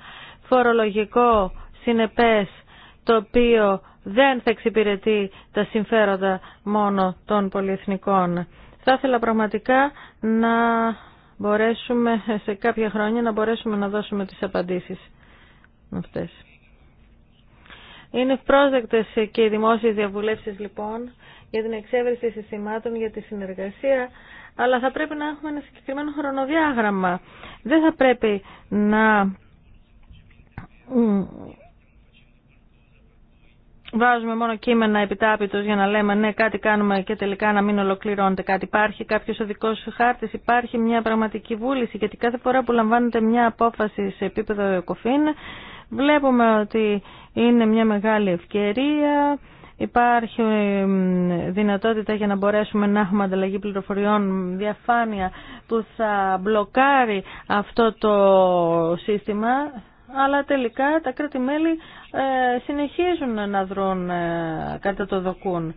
φορολογικό συνεπές το οποίο δεν θα εξυπηρετεί τα συμφέροντα μόνο των πολυεθνικών. Θα ήθελα πραγματικά να μπορέσουμε σε κάποια χρόνια να μπορέσουμε να δώσουμε τις απαντήσεις αυτές. Είναι ευπρόσδεκτες και οι δημόσιες διαβουλεύσεις λοιπόν για την εξέβρεση συστημάτων για τη συνεργασία, αλλά θα πρέπει να έχουμε ένα συγκεκριμένο χρονοδιάγραμμα. Δεν θα πρέπει να βάζουμε μόνο κείμενα επιτάπητος για να λέμε ναι κάτι κάνουμε και τελικά να μην ολοκληρώνεται κάτι. Υπάρχει κάποιος οδικό χάρτης, υπάρχει μια πραγματική βούληση γιατί κάθε φορά που λαμβάνεται μια απόφαση σε επίπεδο ΕΚΟΦΗΝ Βλέπουμε ότι είναι μια μεγάλη ευκαιρία, υπάρχει δυνατότητα για να μπορέσουμε να έχουμε ανταλλαγή πληροφοριών διαφάνεια που θα μπλοκάρει αυτό το σύστημα, αλλά τελικά τα κράτη-μέλη ε, συνεχίζουν να δρουν ε, κατά το δοκούν.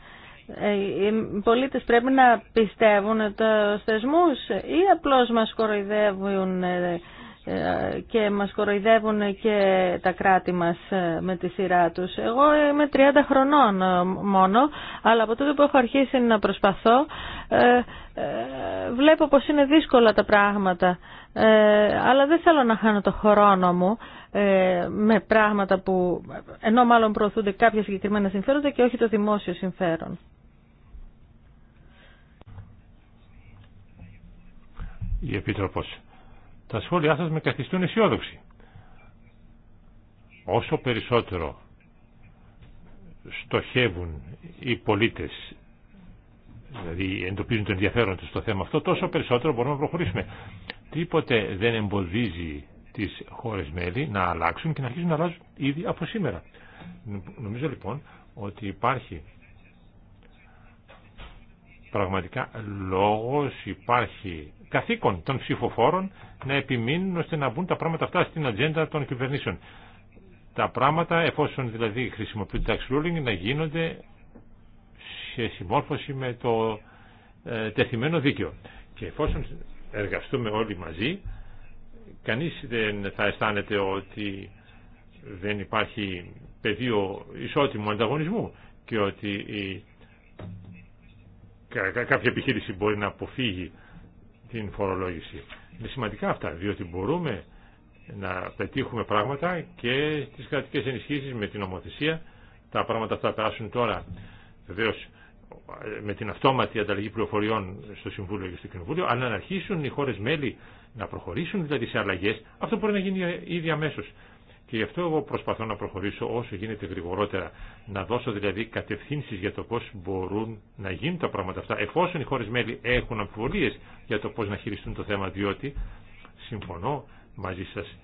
Ε, οι πολίτες πρέπει να πιστεύουν τους θεσμούς ή απλώς μας κοροϊδεύουν και μας κοροϊδεύουν και τα κράτη μας ε, με τη σειρά τους. Εγώ είμαι 30 χρονών ε, μόνο, αλλά από τότε που έχω αρχίσει να προσπαθώ ε, βλέπω πως είναι δύσκολα τα πράγματα. αλλά δεν θέλω να χάνω το χρόνο μου με πράγματα που ενώ μάλλον προωθούνται κάποια συγκεκριμένα συμφέροντα και όχι το δημόσιο συμφέρον. Η Επίτροπος τα σχόλιά σας με καθιστούν αισιόδοξοι. Όσο περισσότερο στοχεύουν οι πολίτες, δηλαδή εντοπίζουν το ενδιαφέρον τους στο θέμα αυτό, τόσο περισσότερο μπορούμε να προχωρήσουμε. Τίποτε δεν εμποδίζει τις χώρες μέλη να αλλάξουν και να αρχίσουν να αλλάζουν ήδη από σήμερα. Νομίζω λοιπόν ότι υπάρχει πραγματικά λόγος, υπάρχει καθήκον των ψηφοφόρων να επιμείνουν ώστε να μπουν τα πράγματα αυτά στην ατζέντα των κυβερνήσεων. Τα πράγματα, εφόσον δηλαδή χρησιμοποιούν tax ruling, να γίνονται σε συμμόρφωση με το ε, τεθειμένο δίκαιο. Και εφόσον εργαστούμε όλοι μαζί, κανείς δεν θα αισθάνεται ότι δεν υπάρχει πεδίο ισότιμου ανταγωνισμού και ότι η... κάποια επιχείρηση μπορεί να αποφύγει την φορολόγηση. Είναι σημαντικά αυτά, διότι μπορούμε να πετύχουμε πράγματα και στις κρατικές ενισχύσεις με την ομοθεσία. Τα πράγματα αυτά περάσουν τώρα βεβαίω με την αυτόματη ανταλλαγή πληροφοριών στο Συμβούλιο και στο Κοινοβούλιο, αλλά να αρχίσουν οι χώρες μέλη να προχωρήσουν δηλαδή σε αλλαγές, αυτό μπορεί να γίνει ήδη αμέσως. Και γι' αυτό εγώ προσπαθώ να προχωρήσω όσο γίνεται γρηγορότερα. Να δώσω δηλαδή κατευθύνσει για το πώ μπορούν να γίνουν τα πράγματα αυτά, εφόσον οι χώρε μέλη έχουν αμφιβολίε για το πώ να χειριστούν το θέμα, διότι συμφωνώ μαζί σα,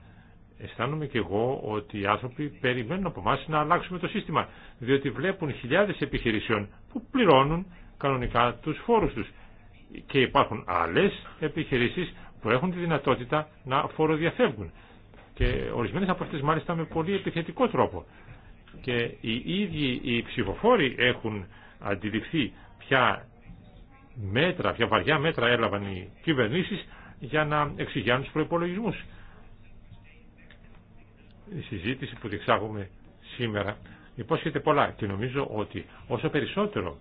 Αισθάνομαι και εγώ ότι οι άνθρωποι περιμένουν από εμά να αλλάξουμε το σύστημα, διότι βλέπουν χιλιάδε επιχειρήσεων που πληρώνουν κανονικά του φόρου του Και υπάρχουν άλλε επιχειρήσει που έχουν τη δυνατότητα να φοροδιαφεύγουν και ορισμένες από αυτές μάλιστα με πολύ επιθετικό τρόπο. Και οι ίδιοι οι ψηφοφόροι έχουν αντιληφθεί ποια μέτρα, ποια βαριά μέτρα έλαβαν οι κυβερνήσεις για να εξηγιάνουν τους προϋπολογισμούς. Η συζήτηση που διεξάγουμε σήμερα υπόσχεται πολλά και νομίζω ότι όσο περισσότερο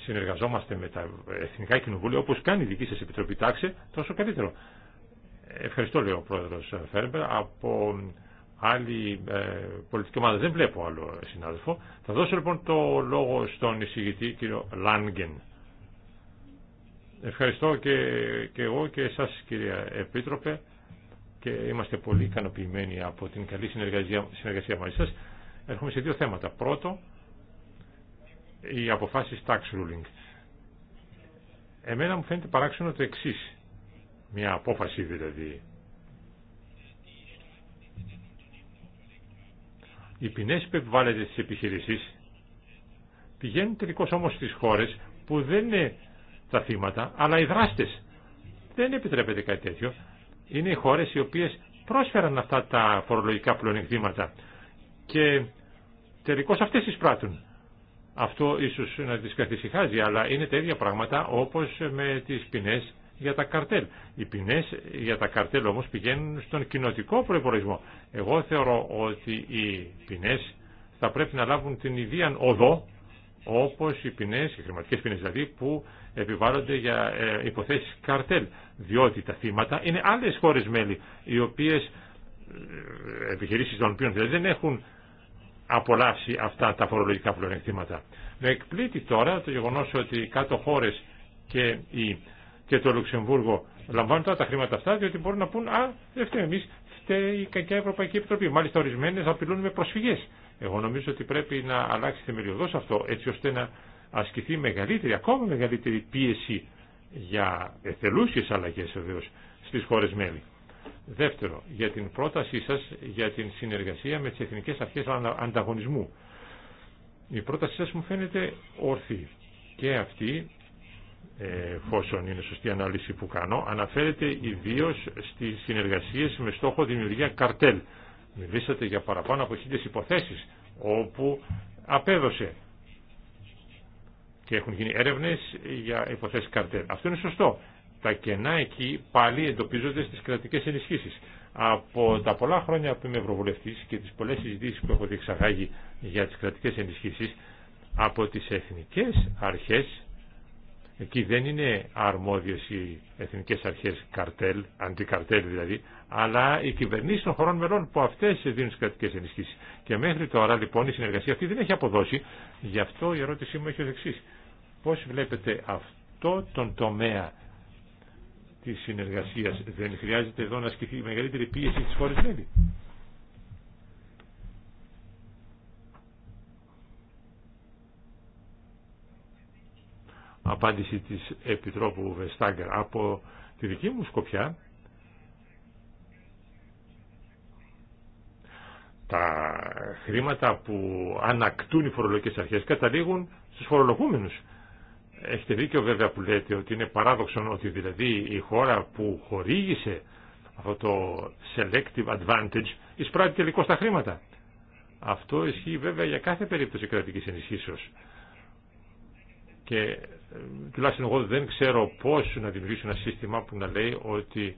συνεργαζόμαστε με τα Εθνικά Κοινοβούλια, όπως κάνει η δική σας Επιτροπή Τάξε, τόσο καλύτερο. Ευχαριστώ, λέει ο πρόεδρο Φέρμπερ. Από άλλη ε, πολιτική ομάδα δεν βλέπω άλλο συνάδελφο. Θα δώσω λοιπόν το λόγο στον εισηγητή, κύριο Λάνγκεν. Ευχαριστώ και, και εγώ και εσάς κυρία Επίτροπε και είμαστε πολύ ικανοποιημένοι από την καλή συνεργασία, συνεργασία μαζί σας. Έρχομαι σε δύο θέματα. Πρώτο, οι αποφάσεις tax ruling. Εμένα μου φαίνεται παράξενο το εξής μια απόφαση δηλαδή. Οι ποινές που επιβάλλεται στις επιχειρήσεις πηγαίνουν τελικώς όμως στις χώρες που δεν είναι τα θύματα, αλλά οι δράστες. Δεν επιτρέπεται κάτι τέτοιο. Είναι οι χώρες οι οποίες πρόσφεραν αυτά τα φορολογικά πλονεκτήματα και τελικώς αυτές πράττουν. Αυτό ίσως να τις καθησυχάζει, αλλά είναι τα ίδια πράγματα όπως με τις ποινές για τα καρτέλ. Οι ποινέ για τα καρτέλ όμω πηγαίνουν στον κοινοτικό προπολογισμό. Εγώ θεωρώ ότι οι ποινέ θα πρέπει να λάβουν την ιδία οδό όπω οι ποινέ, οι χρηματικέ ποινέ δηλαδή, που επιβάλλονται για ε, υποθέσει καρτέλ. Διότι τα θύματα είναι άλλε χώρε μέλη, οι οποίες ε, επιχειρήσει των οποίων δηλαδή δεν έχουν απολαύσει αυτά τα φορολογικά πλεονεκτήματα. Με εκπλήττει τώρα το γεγονό ότι κάτω χώρε και οι και το Λουξεμβούργο λαμβάνουν τώρα τα χρήματα αυτά, διότι μπορούν να πούν Α, δεν φταίει εμεί, φταίει η κακιά Ευρωπαϊκή Επιτροπή. Μάλιστα, ορισμένε απειλούν με προσφυγέ. Εγώ νομίζω ότι πρέπει να αλλάξει θεμελιωδώ αυτό, έτσι ώστε να ασκηθεί μεγαλύτερη, ακόμα μεγαλύτερη πίεση για εθελούσιε αλλαγέ βεβαίω στι χώρε μέλη. Δεύτερο, για την πρότασή σα για την συνεργασία με τι εθνικέ αρχέ Ανταγωνισμού. Η πρότασή σας μου φαίνεται όρθη και αυτή εφόσον είναι σωστή ανάλυση που κάνω, αναφέρεται ιδίω στι συνεργασίε με στόχο δημιουργία καρτέλ. Μιλήσατε για παραπάνω από χίλιε υποθέσει, όπου απέδωσε και έχουν γίνει έρευνε για υποθέσει καρτέλ. Αυτό είναι σωστό. Τα κενά εκεί πάλι εντοπίζονται στι κρατικέ ενισχύσει. Από τα πολλά χρόνια που είμαι ευρωβουλευτή και τι πολλέ συζητήσει που έχω διεξαγάγει για τι κρατικέ ενισχύσει από τι εθνικέ αρχέ. Εκεί δεν είναι αρμόδιες οι εθνικές αρχές καρτέλ, αντικαρτέλ δηλαδή, αλλά οι κυβερνήσει των χωρών μελών που αυτές δίνουν τι κρατικέ ενισχύσει. Και μέχρι τώρα λοιπόν η συνεργασία αυτή δεν έχει αποδώσει, γι' αυτό η ερώτησή μου έχει ως εξή. Πώς βλέπετε αυτό τον τομέα της συνεργασίας, δεν χρειάζεται εδώ να ασκηθεί η μεγαλύτερη πίεση της χώρε μέλη. απάντηση της Επιτρόπου Βεστάγκερ. Από τη δική μου σκοπιά, τα χρήματα που ανακτούν οι φορολογικές αρχές καταλήγουν στους φορολογούμενους. Έχετε δίκιο βέβαια που λέτε ότι είναι παράδοξο ότι δηλαδή η χώρα που χορήγησε αυτό το selective advantage εισπράττει τελικώ τα χρήματα. Αυτό ισχύει βέβαια για κάθε περίπτωση κρατικής ενισχύσεως και ε, τουλάχιστον εγώ δεν ξέρω πώς να δημιουργήσω ένα σύστημα που να λέει ότι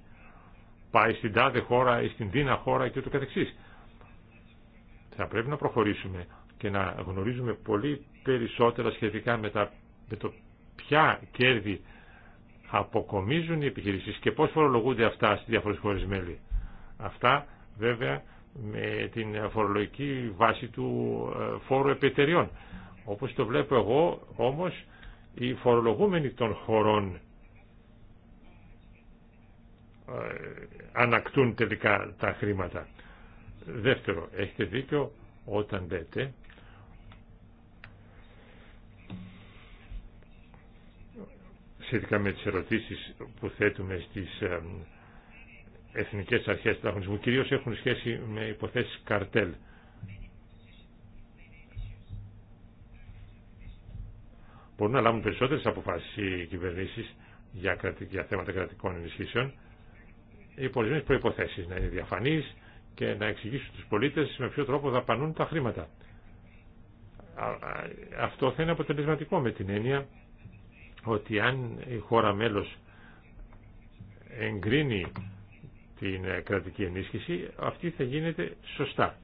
πάει στην τάδε χώρα ή στην δίνα χώρα και ούτω καθεξής. Θα πρέπει να προχωρήσουμε και να γνωρίζουμε πολύ περισσότερα σχετικά με, τα, με το ποια κέρδη αποκομίζουν οι επιχειρήσεις και πώς φορολογούνται αυτά στις διάφορες χώρες μέλη. Αυτά βέβαια με την φορολογική βάση του ε, φόρου επιτεριών. Όπως το βλέπω εγώ όμως οι φορολογούμενοι των χωρών ε, ανακτούν τελικά τα χρήματα. Δεύτερο, έχετε δίκιο όταν λέτε σχετικά με τις ερωτήσεις που θέτουμε στις ε, εθνικές αρχές του κυρίως έχουν σχέση με υποθέσεις καρτέλ. μπορούν να λάβουν περισσότερες αποφάσεις οι κυβερνήσεις για, για θέματα κρατικών ενισχύσεων οι πολιτική προϋποθέσεις να είναι διαφανείς και να εξηγήσουν τους πολίτες με ποιο τρόπο πανούν τα χρήματα. Αυτό θα είναι αποτελεσματικό με την έννοια ότι αν η χώρα μέλος εγκρίνει την ε, κρατική ενίσχυση, αυτή θα γίνεται σωστά.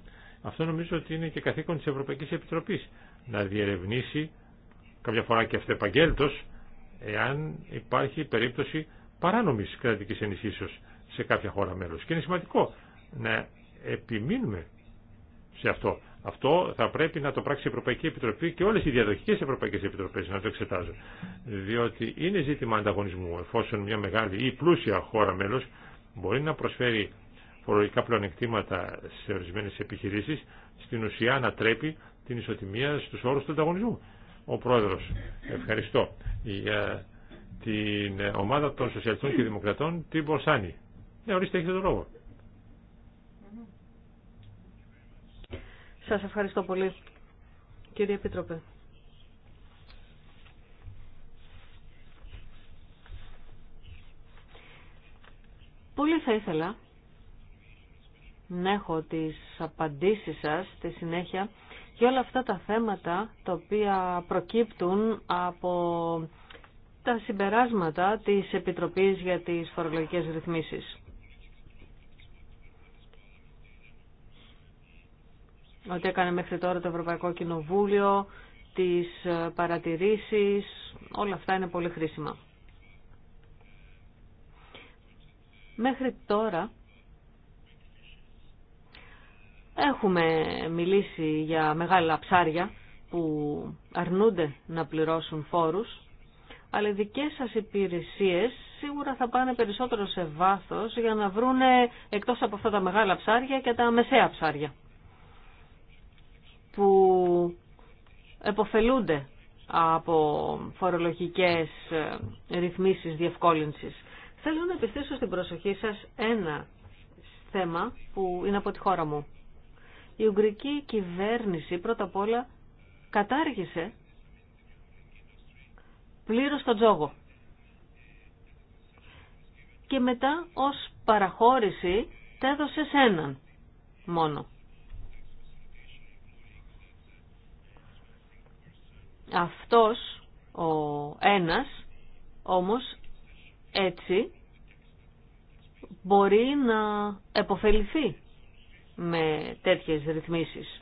Αυτό νομίζω ότι είναι και καθήκον της Ευρωπαϊκής Επιτροπής να διερευνήσει Κάποια φορά και αυτεπαγγέλτος, εάν υπάρχει περίπτωση παράνομης κρατικής ενισχύσεως σε κάποια χώρα μέλος. Και είναι σημαντικό να επιμείνουμε σε αυτό. Αυτό θα πρέπει να το πράξει η Ευρωπαϊκή Επιτροπή και όλες οι διαδοχικές Ευρωπαϊκές Επιτροπές να το εξετάζουν. Διότι είναι ζήτημα ανταγωνισμού εφόσον μια μεγάλη ή πλούσια χώρα μέλος μπορεί να προσφέρει φορολογικά πλεονεκτήματα σε ορισμένες επιχειρήσεις στην ουσία να τρέπει την ισοτιμία στους όρους του ανταγωνισμού. Ο Πρόεδρος, ευχαριστώ για την ομάδα των Σοσιαλιστών και Δημοκρατών, την Μπορσάνη. Ναι, ορίστε, έχετε τον λόγο. Σας ευχαριστώ πολύ, κύριε Επίτροπε. Πολύ θα ήθελα να έχω τις απαντήσεις σας στη συνέχεια και όλα αυτά τα θέματα τα οποία προκύπτουν από τα συμπεράσματα της Επιτροπής για τις Φορολογικές Ρυθμίσεις. Ό,τι έκανε μέχρι τώρα το Ευρωπαϊκό Κοινοβούλιο, τις παρατηρήσεις, όλα αυτά είναι πολύ χρήσιμα. Μέχρι τώρα Έχουμε μιλήσει για μεγάλα ψάρια που αρνούνται να πληρώσουν φόρους, αλλά οι δικές σας υπηρεσίες σίγουρα θα πάνε περισσότερο σε βάθος για να βρούνε εκτός από αυτά τα μεγάλα ψάρια και τα μεσαία ψάρια που εποφελούνται από φορολογικές ε, ρυθμίσεις διευκόλυνσης. Θέλω να επιστήσω στην προσοχή σας ένα θέμα που είναι από τη χώρα μου η Ουγγρική κυβέρνηση πρώτα απ' όλα κατάργησε πλήρως τον τζόγο. Και μετά ως παραχώρηση τέδωσε έναν μόνο. Αυτός ο ένας όμως έτσι μπορεί να επωφεληθεί με τέτοιες ρυθμίσεις.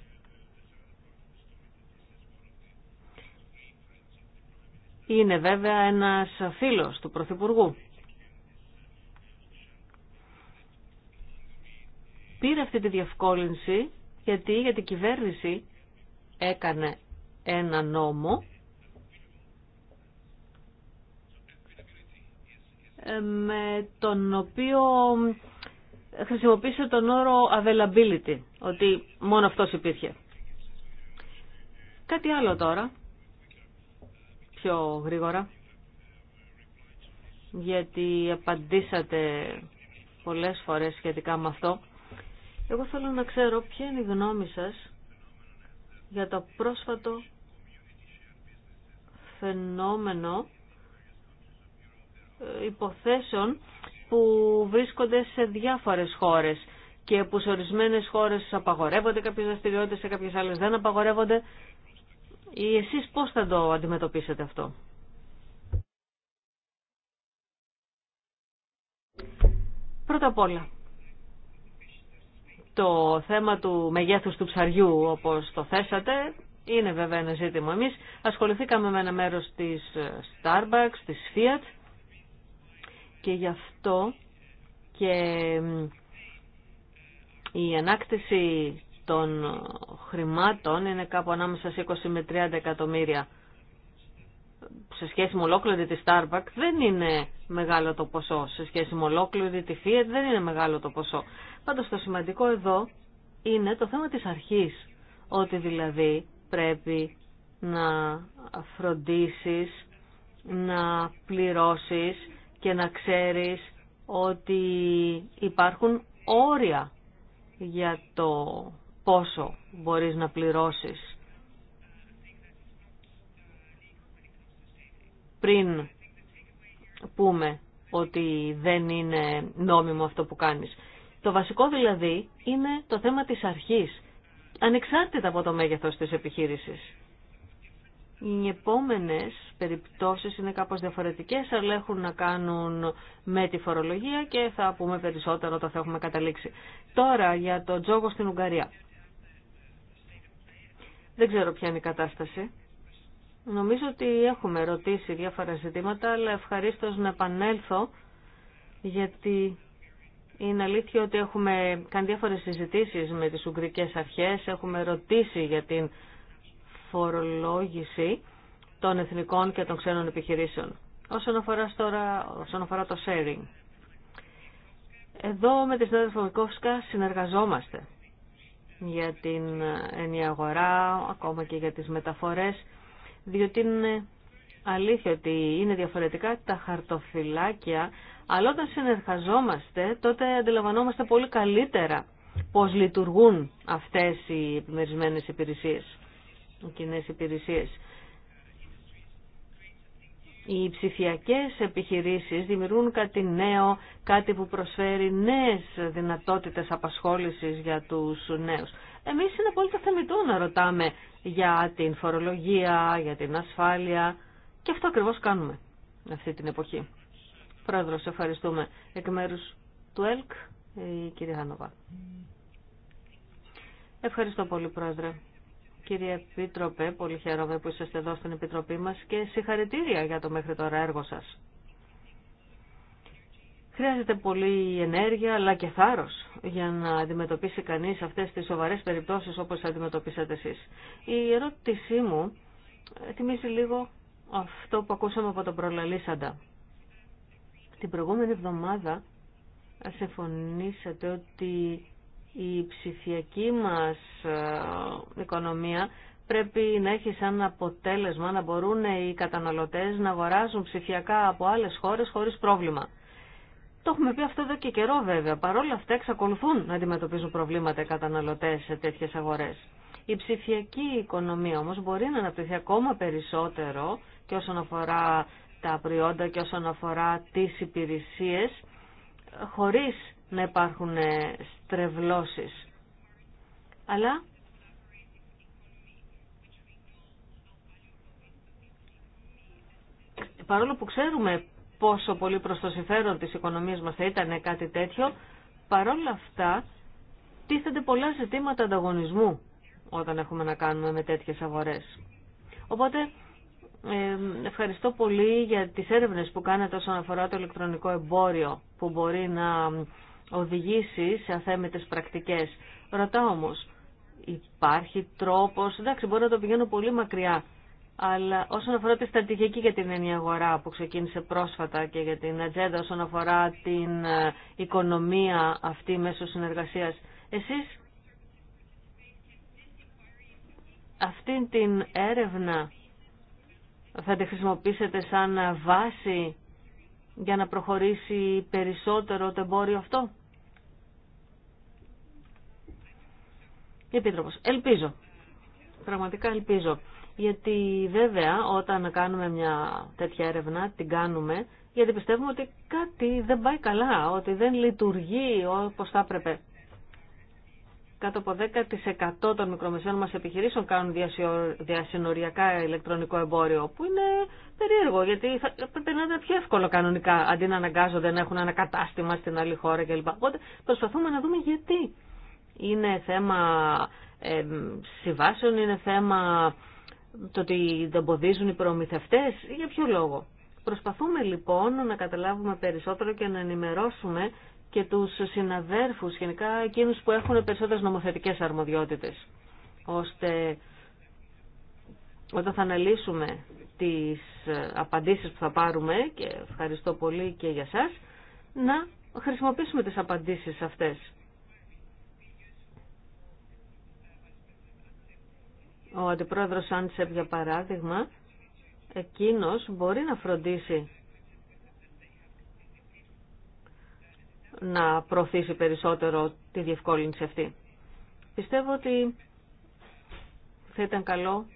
Είναι βέβαια ένας φίλος του Πρωθυπουργού. Πήρε αυτή τη διευκόλυνση γιατί, γιατί η κυβέρνηση έκανε ένα νόμο ε, με τον οποίο χρησιμοποίησε τον όρο availability, ότι μόνο αυτός υπήρχε. Κάτι άλλο τώρα, πιο γρήγορα, γιατί απαντήσατε πολλές φορές σχετικά με αυτό. Εγώ θέλω να ξέρω ποια είναι η γνώμη σας για το πρόσφατο φαινόμενο ε, υποθέσεων που βρίσκονται σε διάφορες χώρες και που σε ορισμένες χώρες απαγορεύονται κάποιες δραστηριότητες, σε κάποιες άλλες δεν απαγορεύονται. Εσείς πώς θα το αντιμετωπίσετε αυτό. Πρώτα απ' όλα, το θέμα του μεγέθους του ψαριού όπως το θέσατε είναι βέβαια ένα ζήτημα. Εμείς ασχοληθήκαμε με ένα μέρος της Starbucks, της Fiat και γι' αυτό και η ανάκτηση των χρημάτων είναι κάπου ανάμεσα σε 20 με 30 εκατομμύρια σε σχέση με ολόκληρη τη Starbucks δεν είναι μεγάλο το ποσό. Σε σχέση με ολόκληρη τη Fiat δεν είναι μεγάλο το ποσό. Πάντως το σημαντικό εδώ είναι το θέμα της αρχής. Ότι δηλαδή πρέπει να φροντίσεις, να πληρώσεις και να ξέρεις ότι υπάρχουν όρια για το πόσο μπορείς να πληρώσεις πριν πούμε ότι δεν είναι νόμιμο αυτό που κάνεις. Το βασικό δηλαδή είναι το θέμα της αρχής, ανεξάρτητα από το μέγεθος της επιχείρησης. Οι επόμενες περιπτώσεις είναι κάπως διαφορετικές, αλλά έχουν να κάνουν με τη φορολογία και θα πούμε περισσότερο όταν θα έχουμε καταλήξει. Τώρα για το τζόγο στην Ουγγαρία. Δεν ξέρω ποια είναι η κατάσταση. Νομίζω ότι έχουμε ρωτήσει διάφορα ζητήματα, αλλά ευχαριστώ να επανέλθω, γιατί είναι αλήθεια ότι έχουμε κάνει διάφορες συζητήσεις με τις Ουγγρικές Αρχές, έχουμε ρωτήσει για την φορολόγηση των εθνικών και των ξένων επιχειρήσεων. Όσον αφορά, τώρα, όσον το sharing. Εδώ με τη συνάδελφο Μικόφσκα συνεργαζόμαστε για την ενιαγορά αγορά, ακόμα και για τις μεταφορές, διότι είναι αλήθεια ότι είναι διαφορετικά τα χαρτοφυλάκια, αλλά όταν συνεργαζόμαστε τότε αντιλαμβανόμαστε πολύ καλύτερα πώς λειτουργούν αυτές οι επιμερισμένες υπηρεσίες κοινέ υπηρεσίες. Οι ψηφιακέ επιχειρήσεις δημιουργούν κάτι νέο, κάτι που προσφέρει νέες δυνατότητες απασχόλησης για τους νέους. Εμείς είναι απόλυτα θεμητό να ρωτάμε για την φορολογία, για την ασφάλεια και αυτό ακριβώ κάνουμε αυτή την εποχή. Πρόεδρος, ευχαριστούμε. Εκ μέρου του ΕΛΚ, η κυρία Χάνοβα. Ευχαριστώ πολύ, Πρόεδρε. Κύριε Επίτροπε, πολύ χαίρομαι που είσαστε εδώ στην Επιτροπή μας και συγχαρητήρια για το μέχρι τώρα έργο σας. Χρειάζεται πολύ ενέργεια αλλά και θάρρος για να αντιμετωπίσει κανείς αυτές τις σοβαρές περιπτώσεις όπως αντιμετωπίσατε εσείς. Η ερώτησή μου θυμίζει λίγο αυτό που ακούσαμε από τον προλαλήσαντα. Την προηγούμενη εβδομάδα συμφωνήσατε ότι η ψηφιακή μας ε, οικονομία πρέπει να έχει σαν αποτέλεσμα να μπορούν οι καταναλωτές να αγοράζουν ψηφιακά από άλλες χώρες χωρίς πρόβλημα. Το έχουμε πει αυτό εδώ και καιρό βέβαια. Παρόλα αυτά εξακολουθούν να αντιμετωπίζουν προβλήματα οι καταναλωτές σε τέτοιες αγορές. Η ψηφιακή οικονομία όμως μπορεί να αναπτυχθεί ακόμα περισσότερο και όσον αφορά τα προϊόντα και όσον αφορά τις υπηρεσίες χωρίς να υπάρχουν ε, στρεβλώσεις. Αλλά παρόλο που ξέρουμε πόσο πολύ προς το συμφέρον της οικονομίας μας θα ήταν κάτι τέτοιο, παρόλα αυτά τίθενται πολλά ζητήματα ανταγωνισμού όταν έχουμε να κάνουμε με τέτοιες αγορές. Οπότε ε, ευχαριστώ πολύ για τις έρευνες που κάνετε όσον αφορά το ηλεκτρονικό εμπόριο που μπορεί να οδηγήσει σε αθέμετες πρακτικές. Ρωτάω όμως, υπάρχει τρόπος, εντάξει μπορώ να το πηγαίνω πολύ μακριά, αλλά όσον αφορά τη στρατηγική για την ενιαία αγορά που ξεκίνησε πρόσφατα και για την ατζέντα όσον αφορά την ε, οικονομία αυτή μέσω συνεργασίας, εσείς αυτή την έρευνα θα τη χρησιμοποιήσετε σαν βάση για να προχωρήσει περισσότερο το εμπόριο αυτό. Επίτροπο, Ελπίζω. Πραγματικά ελπίζω. Γιατί βέβαια όταν κάνουμε μια τέτοια έρευνα την κάνουμε γιατί πιστεύουμε ότι κάτι δεν πάει καλά, ότι δεν λειτουργεί όπως θα έπρεπε. Κάτω από 10% των μικρομεσαίων μας επιχειρήσεων κάνουν διασυνοριακά ηλεκτρονικό εμπόριο, που είναι περίεργο, γιατί θα, πρέπει να είναι πιο εύκολο κανονικά, αντί να αναγκάζονται να έχουν ένα κατάστημα στην άλλη χώρα κλπ. Οπότε προσπαθούμε να δούμε γιατί. Είναι θέμα ε, συμβάσεων, είναι θέμα το ότι δεν ποδίζουν οι προμηθευτές, για ποιο λόγο. Προσπαθούμε λοιπόν να καταλάβουμε περισσότερο και να ενημερώσουμε και τους συναδέρφους, γενικά εκείνους που έχουν περισσότερες νομοθετικές αρμοδιότητες, ώστε όταν θα αναλύσουμε τις ε, απαντήσεις που θα πάρουμε, και ευχαριστώ πολύ και για σας, να χρησιμοποιήσουμε τις απαντήσεις αυτές. Ο αντιπρόεδρος Σάντσεπ, για παράδειγμα, εκείνος μπορεί να φροντίσει να προωθήσει περισσότερο τη διευκόλυνση αυτή. Πιστεύω ότι θα ήταν καλό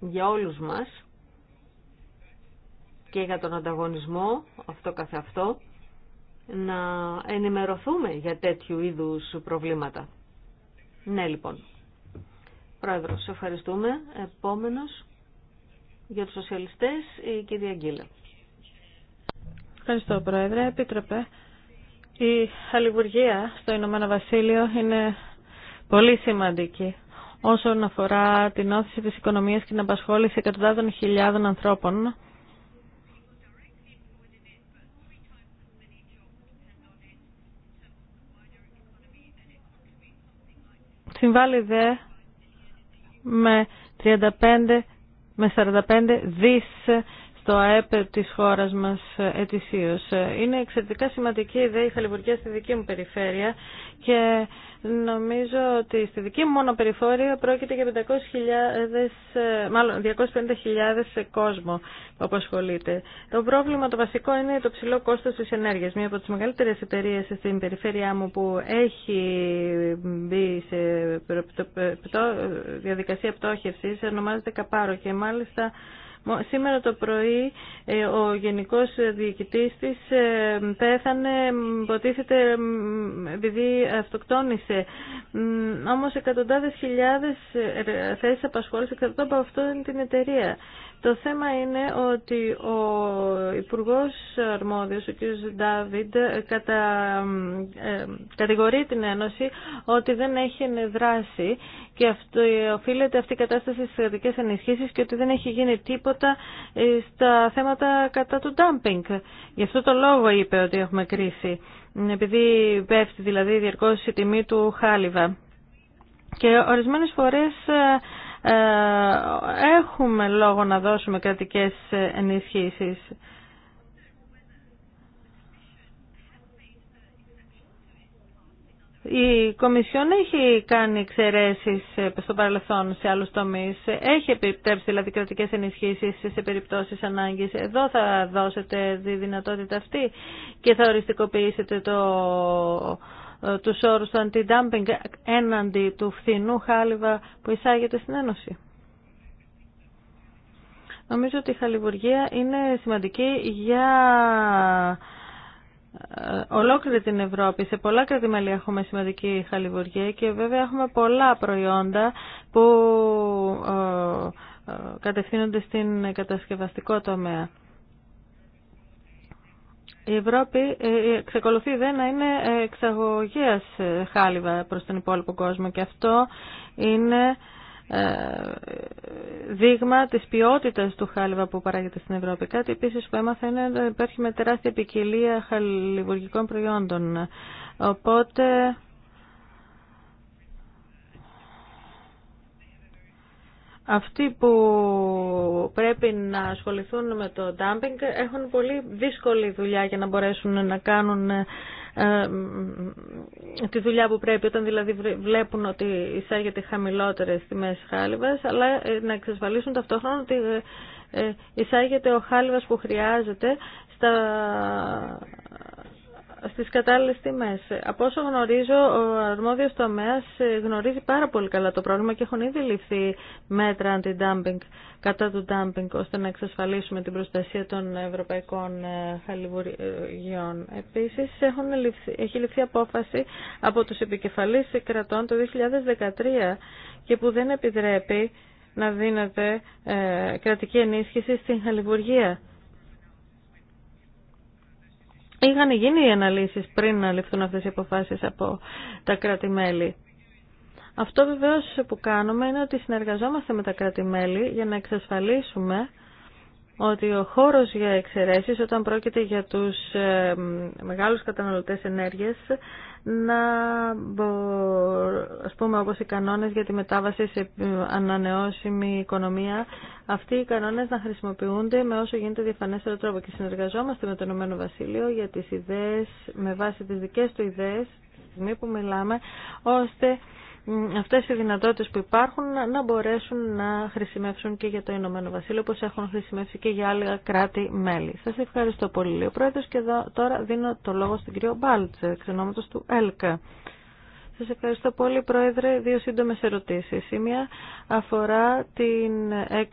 για όλους μας και για τον ανταγωνισμό, αυτό καθε αυτό, να ενημερωθούμε για τέτοιου είδους προβλήματα. Ναι, λοιπόν. Πρόεδρος, ευχαριστούμε. Επόμενος για τους σοσιαλιστές, η κυρία Γκίλα. Ευχαριστώ, Πρόεδρε. Επίτροπε, η αλληγουργία στο Ηνωμένο Βασίλειο είναι πολύ σημαντική όσον αφορά την όθηση της οικονομίας και την απασχόληση εκατοντάδων χιλιάδων ανθρώπων. Συμβάλλει δε με 35 με 45 δις στο ΑΕΠ της χώρας μας ετησίως. Είναι εξαιρετικά σημαντική ιδέα η χαλιβουργία στη δική μου περιφέρεια και νομίζω ότι στη δική μου μόνο περιφέρεια πρόκειται για 500.000, μάλλον 250.000 κόσμο που απασχολείται. Το πρόβλημα το βασικό είναι το ψηλό κόστος της ενέργειας. Μία από τις μεγαλύτερες εταιρείες στην περιφέρειά μου που έχει μπει σε διαδικασία πτώχευσης ονομάζεται Καπάρο και μάλιστα Σήμερα το πρωί ε, ο γενικός διοικητής της ε, πέθανε, υποτίθεται επειδή αυτοκτόνησε. Όμως εκατοντάδες χιλιάδες ε, θέσεις απασχόληση εξαρτάται από αυτό την εταιρεία. Το θέμα είναι ότι ο Υπουργός Αρμόδιος, ο κ. Ντάβιντ, κατά κατηγορεί την Ένωση ότι δεν έχει δράσει και αυτό, οφείλεται αυτή η κατάσταση στις κρατικές ενισχύσεις και ότι δεν έχει γίνει τίποτα ε, στα θέματα κατά του ντάμπινγκ. Γι' αυτό το λόγο είπε ότι έχουμε κρίση, επειδή πέφτει δηλαδή διαρκώς η τιμή του χάλιβα. Και ορισμένες φορές ε, ε, έχουμε λόγο να δώσουμε κρατικές ενισχύσεις. Η Κομισιόν έχει κάνει εξαιρέσει ε, στο παρελθόν σε άλλου τομεί. Έχει επιτρέψει δηλαδή κρατικέ ενισχύσει σε περιπτώσει ανάγκη. Εδώ θα δώσετε τη δυνατότητα αυτή και θα οριστικοποιήσετε το, ε, τους όρους του αντι έναντι του φθηνού χάλιβα που εισάγεται στην Ένωση. Νομίζω ότι η χαλιβουργία είναι σημαντική για ολόκληρη την Ευρώπη. Σε πολλά κρατημέλη έχουμε σημαντική χαλιβουργία και βέβαια έχουμε πολλά προϊόντα που ε, ε, κατευθύνονται στην κατασκευαστικό τομέα. Η Ευρώπη ε, εξακολουθεί δε να είναι εξαγωγέας χάλιβα προς τον υπόλοιπο κόσμο και αυτό είναι ε, δείγμα της ποιότητας του χάλιβα που παράγεται στην Ευρώπη. Κάτι επίσης που έμαθα είναι ότι υπάρχει με τεράστια ποικιλία χαλιβουργικών προϊόντων. Οπότε αυτοί που πρέπει να ασχοληθούν με το dumping έχουν πολύ δύσκολη δουλειά για να μπορέσουν να κάνουν ε, ε, τη δουλειά που πρέπει, όταν δηλαδή βλέπουν ότι εισάγεται χαμηλότερες τιμές χάλιβας, αλλά ε, να εξασφαλίσουν ταυτόχρονα ότι ε, εισάγεται ο χάλιβας που χρειάζεται στα στις κατάλληλες τιμές. Από όσο γνωρίζω, ο αρμόδιος τομέας ε, γνωρίζει πάρα πολύ καλά το πρόβλημα και έχουν ήδη ληφθεί μέτρα αντι-dumping, κατά του dumping, ώστε να εξασφαλίσουμε την προστασία των ευρωπαϊκών ε, χαλιβουργιών. Επίσης, έχουν ληφθεί, έχει ληφθεί απόφαση από τους επικεφαλείς κρατών το 2013 και που δεν επιτρέπει να δίνεται ε, κρατική ενίσχυση στην χαλιβουργία είχαν γίνει οι αναλύσεις πριν να ληφθούν αυτές οι αποφάσεις από τα κράτη-μέλη. Αυτό βεβαίως που κάνουμε είναι ότι συνεργαζόμαστε με τα κράτη-μέλη για να εξασφαλίσουμε ότι ο χώρος για εξαιρέσεις όταν πρόκειται για τους ε, μεγάλους καταναλωτές ενέργειας να ας πούμε όπως οι κανόνες για τη μετάβαση σε ανανεώσιμη οικονομία αυτοί οι κανόνες να χρησιμοποιούνται με όσο γίνεται διαφανέστερο τρόπο και συνεργαζόμαστε με το Ηνωμένο Βασίλειο για τις ιδέες με βάση τις δικές του ιδέες τη στιγμή που μιλάμε ώστε αυτές οι δυνατότητες που υπάρχουν να μπορέσουν να χρησιμεύσουν και για το Ηνωμένο Βασίλειο όπως έχουν χρησιμεύσει και για άλλα κράτη-μέλη. Σας ευχαριστώ πολύ, ο Πρόεδρος, και εδώ, τώρα δίνω το λόγο στην κυρία Μπάλτσε, εξενόματος του ΕΛΚΑ. Σας ευχαριστώ πολύ, Πρόεδρε. Δύο σύντομες ερωτήσεις. Η μία αφορά την, ε,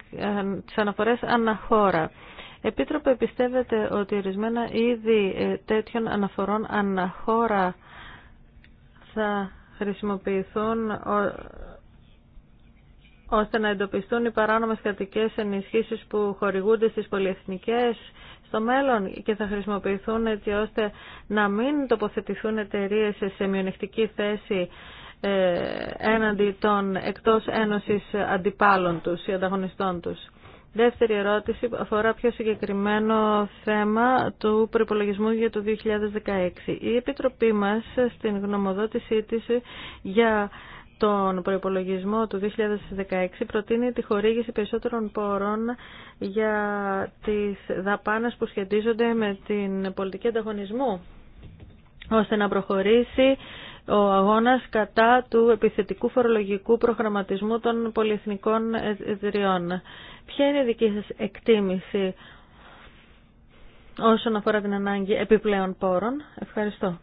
τις αναφορές αναχώρα. Επίτροπε, πιστεύετε ότι ορισμένα είδη ε, τέτοιων αναφορών αναχώρα θα χρησιμοποιηθούν ώστε να εντοπιστούν οι παράνομες κρατικές ενισχύσεις που χορηγούνται στις πολυεθνικές στο μέλλον και θα χρησιμοποιηθούν έτσι ώστε να μην τοποθετηθούν εταιρείε σε μειονεκτική θέση ε, έναντι των εκτός ένωσης αντιπάλων τους ή ανταγωνιστών τους. Δεύτερη ερώτηση αφορά πιο συγκεκριμένο θέμα του προπολογισμού για το 2016. Η Επιτροπή μας στην γνωμοδότησή της για τον προπολογισμό του 2016 προτείνει τη χορήγηση περισσότερων πόρων για τις δαπάνες που σχετίζονται με την πολιτική ανταγωνισμού ώστε να προχωρήσει ο αγώνας κατά του επιθετικού φορολογικού προγραμματισμού των πολυεθνικών εταιριών. Ποια είναι η δική σας εκτίμηση όσον αφορά την ανάγκη επιπλέον πόρων. Ευχαριστώ.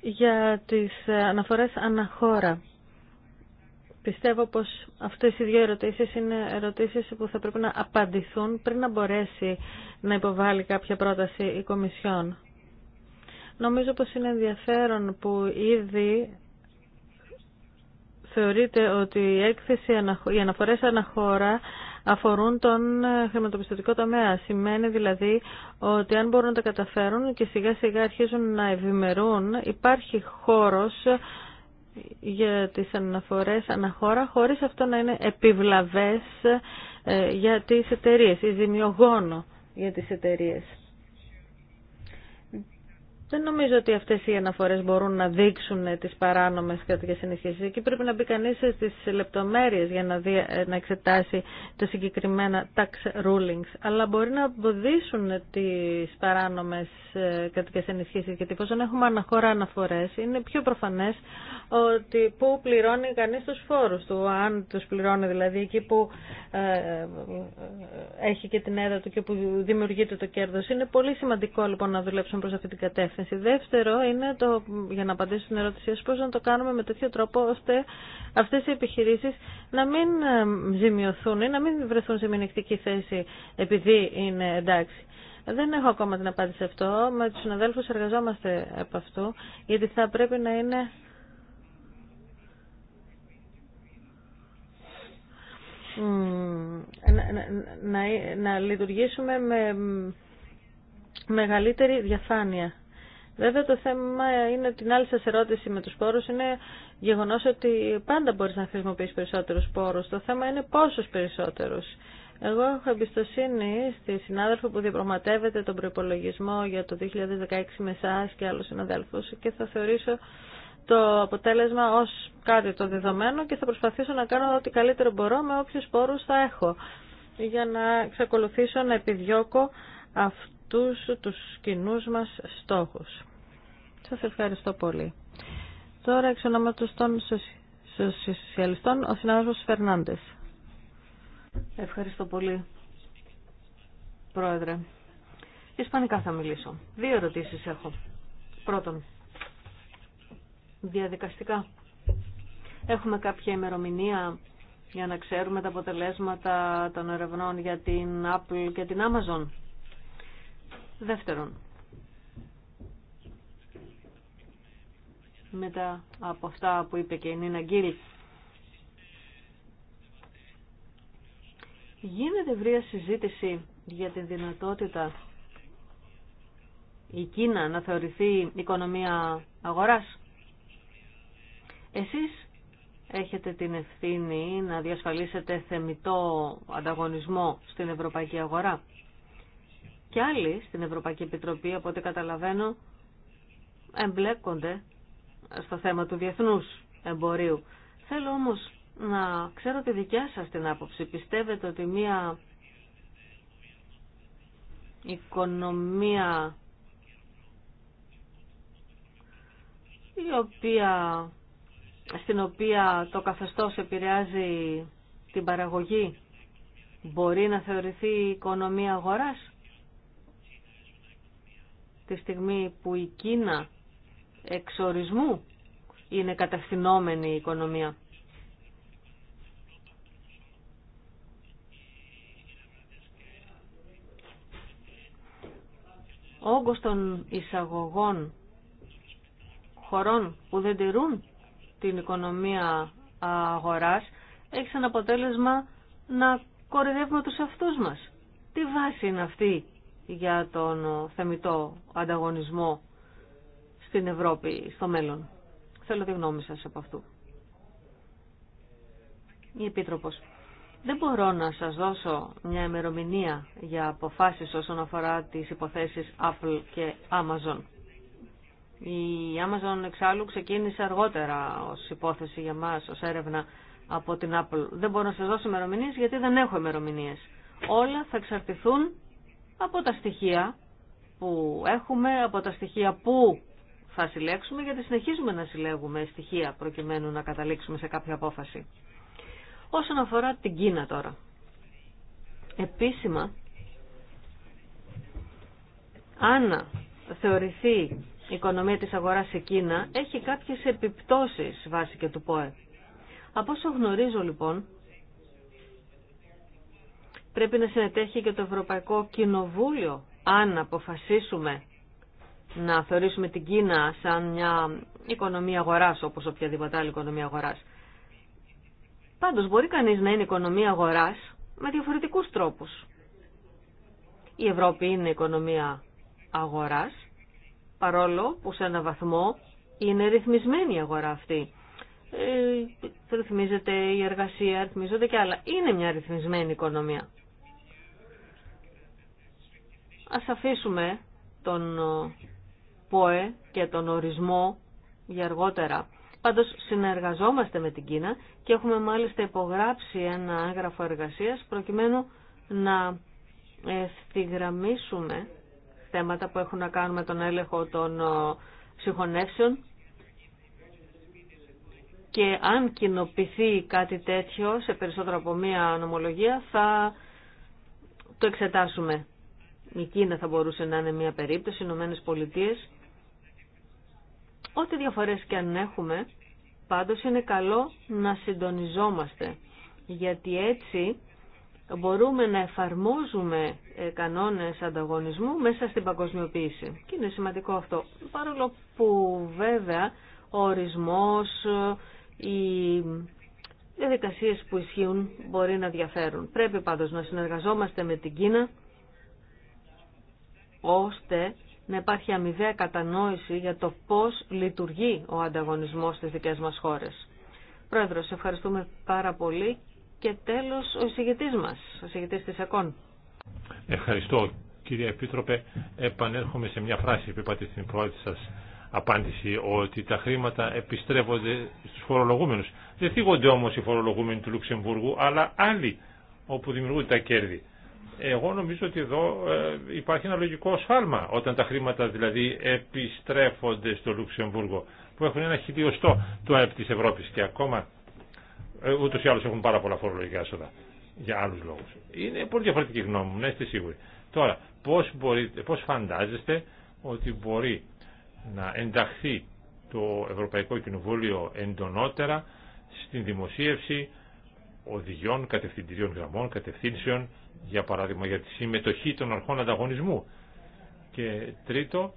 Για τις αναφορές αναχώρα. Πιστεύω πως αυτές οι δύο ερωτήσεις είναι ερωτήσεις που θα πρέπει να απαντηθούν πριν να μπορέσει να υποβάλει κάποια πρόταση η Κομισιόν. Νομίζω πως είναι ενδιαφέρον που ήδη θεωρείται ότι η έκθεση, οι αναφορές αναχώρα αφορούν τον ε, χρηματοπιστωτικό τομέα. Σημαίνει δηλαδή ότι αν μπορούν να τα καταφέρουν και σιγά σιγά αρχίζουν να ευημερούν, υπάρχει χώρος για τις αναφορές αναχώρα χωρίς αυτό να είναι επιβλαβές ε, για τις εταιρείες ή ζημιογόνο για τις εταιρείες. Δεν νομίζω ότι αυτέ οι αναφορέ μπορούν να δείξουν ε, τι παράνομε κρατικές ενισχύσει. Εκεί πρέπει να μπει κανεί στι λεπτομέρειε για να, ε, να εξετάσει τα συγκεκριμένα tax rulings. Αλλά μπορεί να αποδείσουν ε, τι παράνομε κρατικές ενισχύσει, Γιατί πόσο έχουμε αναχώρα αναφορέ είναι πιο προφανέ ότι που πληρώνει κανεί του φόρου του. Αν του πληρώνει δηλαδή εκεί που έχει και την έδρα του και που δημιουργείται το κέρδο. Είναι πολύ σημαντικό λοιπόν να δουλέψουμε προ αυτή την κατεύθυνση η Δεύτερο είναι το, για να απαντήσω στην ερώτησή σα, πώ να το κάνουμε με τέτοιο τρόπο ώστε αυτές οι επιχειρήσεις να μην ε, ζημιωθούν ή να μην βρεθούν σε μηνυκτική θέση επειδή είναι εντάξει. Δεν έχω ακόμα την απάντηση σε αυτό. Με του συναδέλφου. εργαζόμαστε από αυτού, γιατί θα πρέπει να είναι Να, να, να λειτουργήσουμε με μεγαλύτερη διαφάνεια. Βέβαια το θέμα είναι την άλλη σας ερώτηση με τους πόρους είναι γεγονός ότι πάντα μπορείς να χρησιμοποιήσεις περισσότερους πόρους. Το θέμα είναι πόσους περισσότερους. Εγώ έχω εμπιστοσύνη στη συνάδελφο που διαπραγματεύεται τον προπολογισμό για το 2016 με εσά και άλλους συναδέλφους και θα θεωρήσω το αποτέλεσμα ως κάτι το δεδομένο και θα προσπαθήσω να κάνω ό,τι καλύτερο μπορώ με όποιους σπόρους θα έχω για να εξακολουθήσω να επιδιώκω αυτό αυτούς τους κοινού μας στόχους. Σας ευχαριστώ πολύ. Τώρα εξ ονόματος των σοσιαλιστών, ο συνάδελφος Φερνάντες. Ευχαριστώ πολύ, Πρόεδρε. Ισπανικά θα μιλήσω. Δύο ερωτήσεις έχω. Πρώτον, διαδικαστικά. Έχουμε κάποια ημερομηνία για να ξέρουμε τα αποτελέσματα των ερευνών για την Apple και την Amazon. Δεύτερον, μετά από αυτά που είπε και η Νίνα Γκίλ, γίνεται ευρεία συζήτηση για την δυνατότητα η Κίνα να θεωρηθεί οικονομία αγοράς. Εσείς έχετε την ευθύνη να διασφαλίσετε θεμητό ανταγωνισμό στην ευρωπαϊκή αγορά και άλλοι στην Ευρωπαϊκή Επιτροπή, από ό,τι καταλαβαίνω, εμπλέκονται στο θέμα του διεθνούς εμπορίου. Θέλω όμως να ξέρω τη δικιά σας την άποψη. Πιστεύετε ότι μία οικονομία η οποία, στην οποία το καθεστώς επηρεάζει την παραγωγή μπορεί να θεωρηθεί οικονομία αγοράς τη στιγμή που η Κίνα εξορισμού είναι κατευθυνόμενη η οικονομία. Ο όγκος των εισαγωγών χωρών που δεν τηρούν την οικονομία αγοράς έχει σαν αποτέλεσμα να κορυδεύουμε τους αυτούς μας. Τι βάση είναι αυτή για τον θεμητό ανταγωνισμό στην Ευρώπη στο μέλλον. Θέλω τη γνώμη σας από αυτού. Η Επίτροπος. Δεν μπορώ να σας δώσω μια ημερομηνία για αποφάσεις όσον αφορά τις υποθέσεις Apple και Amazon. Η Amazon εξάλλου ξεκίνησε αργότερα ως υπόθεση για μας, ως έρευνα από την Apple. Δεν μπορώ να σας δώσω ημερομηνίες γιατί δεν έχω ημερομηνίες. Όλα θα εξαρτηθούν από τα στοιχεία που έχουμε, από τα στοιχεία που θα συλλέξουμε, γιατί συνεχίζουμε να συλλέγουμε στοιχεία προκειμένου να καταλήξουμε σε κάποια απόφαση. Όσον αφορά την Κίνα τώρα. Επίσημα, αν θεωρηθεί η οικονομία της αγοράς σε Κίνα, έχει κάποιες επιπτώσεις βάσει και του ΠΟΕ. Από όσο γνωρίζω λοιπόν, πρέπει να συνετέχει και το Ευρωπαϊκό Κοινοβούλιο αν αποφασίσουμε να θεωρήσουμε την Κίνα σαν μια οικονομία αγοράς όπως οποιαδήποτε άλλη οικονομία αγοράς. Πάντως μπορεί κανείς να είναι οικονομία αγοράς με διαφορετικούς τρόπους. Η Ευρώπη είναι οικονομία αγοράς παρόλο που σε ένα βαθμό είναι ρυθμισμένη η αγορά αυτή. Ε, ρυθμίζεται η εργασία, ρυθμίζονται και άλλα. Είναι μια ρυθμισμένη οικονομία. Ας αφήσουμε τον ε, ΠΟΕ και τον ορισμό για αργότερα. Πάντως συνεργαζόμαστε με την Κίνα και έχουμε μάλιστα υπογράψει ένα έγγραφο εργασίας προκειμένου να ευθυγραμμίσουμε θέματα που έχουν να κάνουν με τον έλεγχο των ε, συγχωνεύσεων και αν κοινοποιηθεί κάτι τέτοιο σε περισσότερο από μία νομολογία θα το εξετάσουμε. Η Κίνα θα μπορούσε να είναι μια περίπτωση, οι Ηνωμένε Πολιτείε. Ό,τι διαφορές και αν έχουμε, πάντως είναι καλό να συντονιζόμαστε, γιατί έτσι μπορούμε να εφαρμόζουμε ε, κανόνες ανταγωνισμού μέσα στην παγκοσμιοποίηση. Και είναι σημαντικό αυτό, παρόλο που βέβαια ο ορισμός, οι διαδικασίες που ισχύουν μπορεί να διαφέρουν. Πρέπει πάντως να συνεργαζόμαστε με την Κίνα ώστε να υπάρχει αμοιβαία κατανόηση για το πώς λειτουργεί ο ανταγωνισμός στις δικές μας χώρες. σε ευχαριστούμε πάρα πολύ και τέλος ο εισηγητής μας, ο εισηγητής της ΕΚΟΝ. Ευχαριστώ κύριε Επίτροπε. Επανέρχομαι σε μια φράση που είπατε στην πρώτη σας απάντηση ότι τα χρήματα επιστρέφονται στους φορολογούμενους. Δεν θίγονται όμως οι φορολογούμενοι του Λουξεμβούργου αλλά άλλοι όπου δημιουργούνται τα κέρδη. Εγώ νομίζω ότι εδώ ε, υπάρχει ένα λογικό σφάλμα όταν τα χρήματα δηλαδή επιστρέφονται στο Λουξεμβούργο που έχουν ένα χιλιοστό του ΑΕΠ της Ευρώπης και ακόμα ε, ούτως ή άλλως έχουν πάρα πολλά φορολογικά έσοδα για άλλους λόγους. Είναι πολύ διαφορετική γνώμη μου, να είστε σίγουροι. Τώρα, πώς, μπορείτε, πώς φαντάζεστε ότι μπορεί να ενταχθεί το Ευρωπαϊκό Κοινοβούλιο εντονότερα στην δημοσίευση οδηγιών, κατευθυντηρίων γραμμών, κατευθύνσεων για παράδειγμα για τη συμμετοχή των αρχών ανταγωνισμού. Και τρίτο,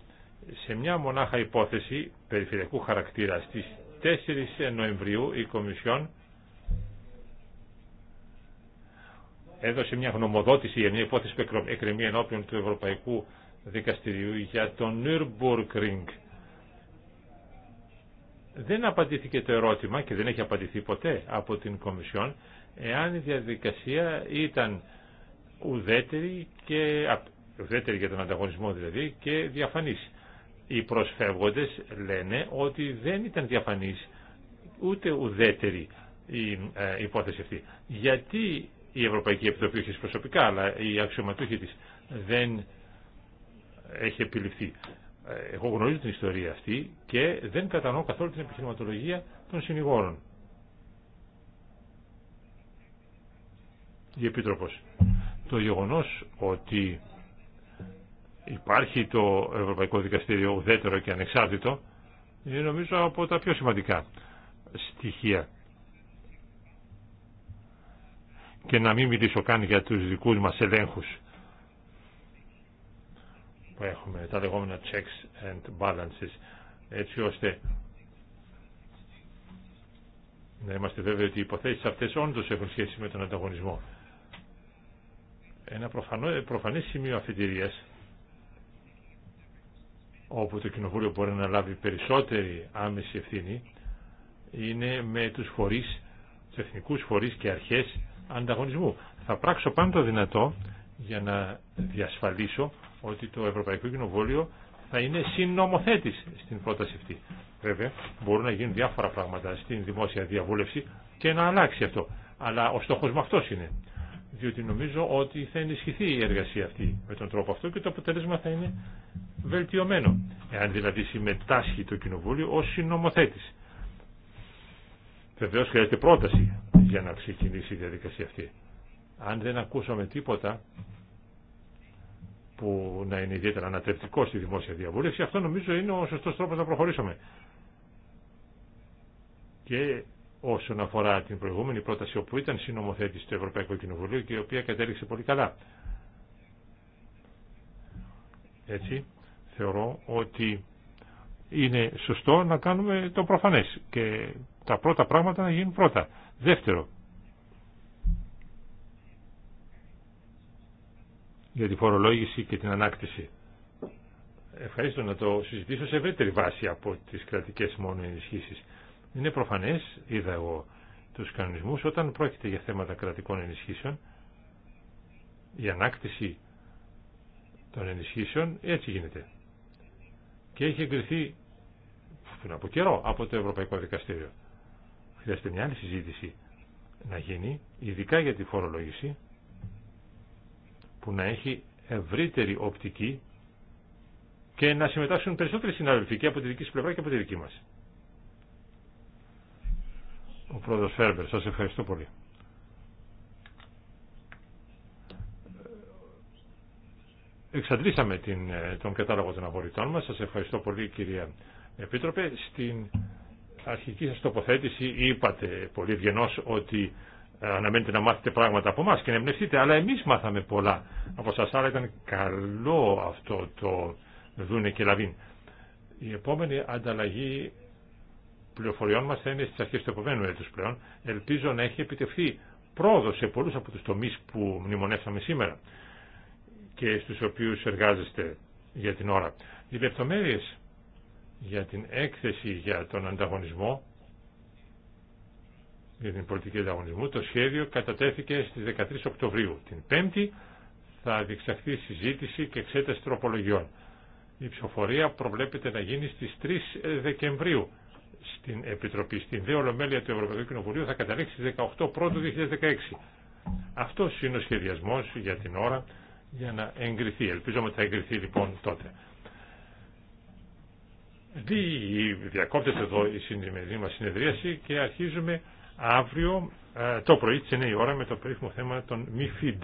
σε μια μονάχα υπόθεση περιφερειακού χαρακτήρα στις 4 Νοεμβρίου η Κομισιόν έδωσε μια γνωμοδότηση για μια υπόθεση που εκκρεμεί ενώπιον του Ευρωπαϊκού Δικαστηρίου για τον Nürburgring. Δεν απαντήθηκε το ερώτημα και δεν έχει απαντηθεί ποτέ από την Κομισιόν εάν η διαδικασία ήταν ουδέτερη, και, ουδέτερη για τον ανταγωνισμό δηλαδή και διαφανής. Οι προσφεύγοντες λένε ότι δεν ήταν διαφανής ούτε ουδέτερη η ε, υπόθεση αυτή. Γιατί η Ευρωπαϊκή Επιτροπή, έχει προσωπικά, αλλά η αξιωματούχη της δεν έχει επιληφθεί. Ε, εγώ γνωρίζω την ιστορία αυτή και δεν κατανοώ καθόλου την επιχειρηματολογία των συνηγόρων. Η Επίτροπος το γεγονός ότι υπάρχει το Ευρωπαϊκό Δικαστήριο ουδέτερο και ανεξάρτητο είναι νομίζω από τα πιο σημαντικά στοιχεία. Και να μην μιλήσω καν για τους δικούς μας ελέγχους που έχουμε, τα λεγόμενα checks and balances, έτσι ώστε να είμαστε βέβαιοι ότι οι υποθέσεις αυτές όντως έχουν σχέση με τον ανταγωνισμό ένα προφανό, προφανές σημείο αφιτηρίας όπου το Κοινοβούλιο μπορεί να λάβει περισσότερη άμεση ευθύνη είναι με τους φορείς, τους εθνικούς φορείς και αρχές ανταγωνισμού. Θα πράξω πάντα το δυνατό για να διασφαλίσω ότι το Ευρωπαϊκό Κοινοβούλιο θα είναι συνομοθέτης στην πρόταση αυτή. Βέβαια, μπορούν να γίνουν διάφορα πράγματα στην δημόσια διαβούλευση και να αλλάξει αυτό. Αλλά ο στόχος με αυτός είναι διότι νομίζω ότι θα ενισχυθεί η εργασία αυτή με τον τρόπο αυτό και το αποτέλεσμα θα είναι βελτιωμένο, εάν δηλαδή συμμετάσχει το Κοινοβούλιο ως συνομοθέτης. Βεβαίω χρειάζεται πρόταση για να ξεκινήσει η διαδικασία αυτή. Αν δεν ακούσαμε τίποτα που να είναι ιδιαίτερα ανατρεπτικό στη δημόσια διαβούλευση, αυτό νομίζω είναι ο σωστός τρόπος να προχωρήσουμε. Και όσον αφορά την προηγούμενη πρόταση όπου ήταν συνομοθέτης του Ευρωπαϊκού Κοινοβουλίου και η οποία κατέληξε πολύ καλά. Έτσι, θεωρώ ότι είναι σωστό να κάνουμε το προφανές και τα πρώτα πράγματα να γίνουν πρώτα. Δεύτερο, για τη φορολόγηση και την ανάκτηση. Ευχαριστώ να το συζητήσω σε ευρύτερη βάση από τις κρατικές μόνο ενισχύσεις. Είναι προφανέ είδα εγώ του κανονισμού όταν πρόκειται για θέματα κρατικών ενισχύσεων, η ανάκτηση των ενισχύσεων έτσι γίνεται. Και έχει εγκριθεί πριν από καιρό από το Ευρωπαϊκό Δικαστήριο. Χρειάζεται μια άλλη συζήτηση να γίνει, ειδικά για τη φορολόγηση, που να έχει ευρύτερη οπτική και να συμμετάσχουν περισσότεροι συναδελφοί από τη δική πλευρά και από τη δική μας. Ο πρόεδρος Φέρμπερ, σας ευχαριστώ πολύ. Εξαντλήσαμε την, ε, τον κατάλογο των απολυτών μας. Σας ευχαριστώ πολύ κυρία Επίτροπε. Στην αρχική σας τοποθέτηση είπατε πολύ ευγενώς ότι ε, αναμένετε να μάθετε πράγματα από εμά και να εμπνευστείτε, αλλά εμείς μάθαμε πολλά από σας, άρα ήταν καλό αυτό το δούνε και λαβήν. Η επόμενη ανταλλαγή πληροφοριών μα θα είναι στις αρχές του επομένου Ετου πλέον. Ελπίζω να έχει επιτευχθεί πρόοδο σε πολλούς από τους τομεί που μνημονεύσαμε σήμερα και στους οποίους εργάζεστε για την ώρα. Οι λεπτομέρειες για την έκθεση για τον ανταγωνισμό, για την πολιτική ανταγωνισμού, το σχέδιο κατατέθηκε στις 13 Οκτωβρίου. Την 5η θα διεξαχθεί συζήτηση και εξέταση τροπολογιών. Η ψηφοφορία προβλέπεται να γίνει στις 3 Δεκεμβρίου στην Επιτροπή. Στην δε Ολομέλεια του Ευρωπαϊκού Κοινοβουλίου θα καταλήξει στις 18 Πρώτου 2016. Αυτό είναι ο σχεδιασμός για την ώρα για να εγκριθεί. Ελπίζω ότι θα εγκριθεί λοιπόν τότε. Δι, διακόπτεται εδώ η σημερινή μα συνεδρίαση και αρχίζουμε αύριο ε, το πρωί τη 9 η ώρα με το περίφημο θέμα των MIFID.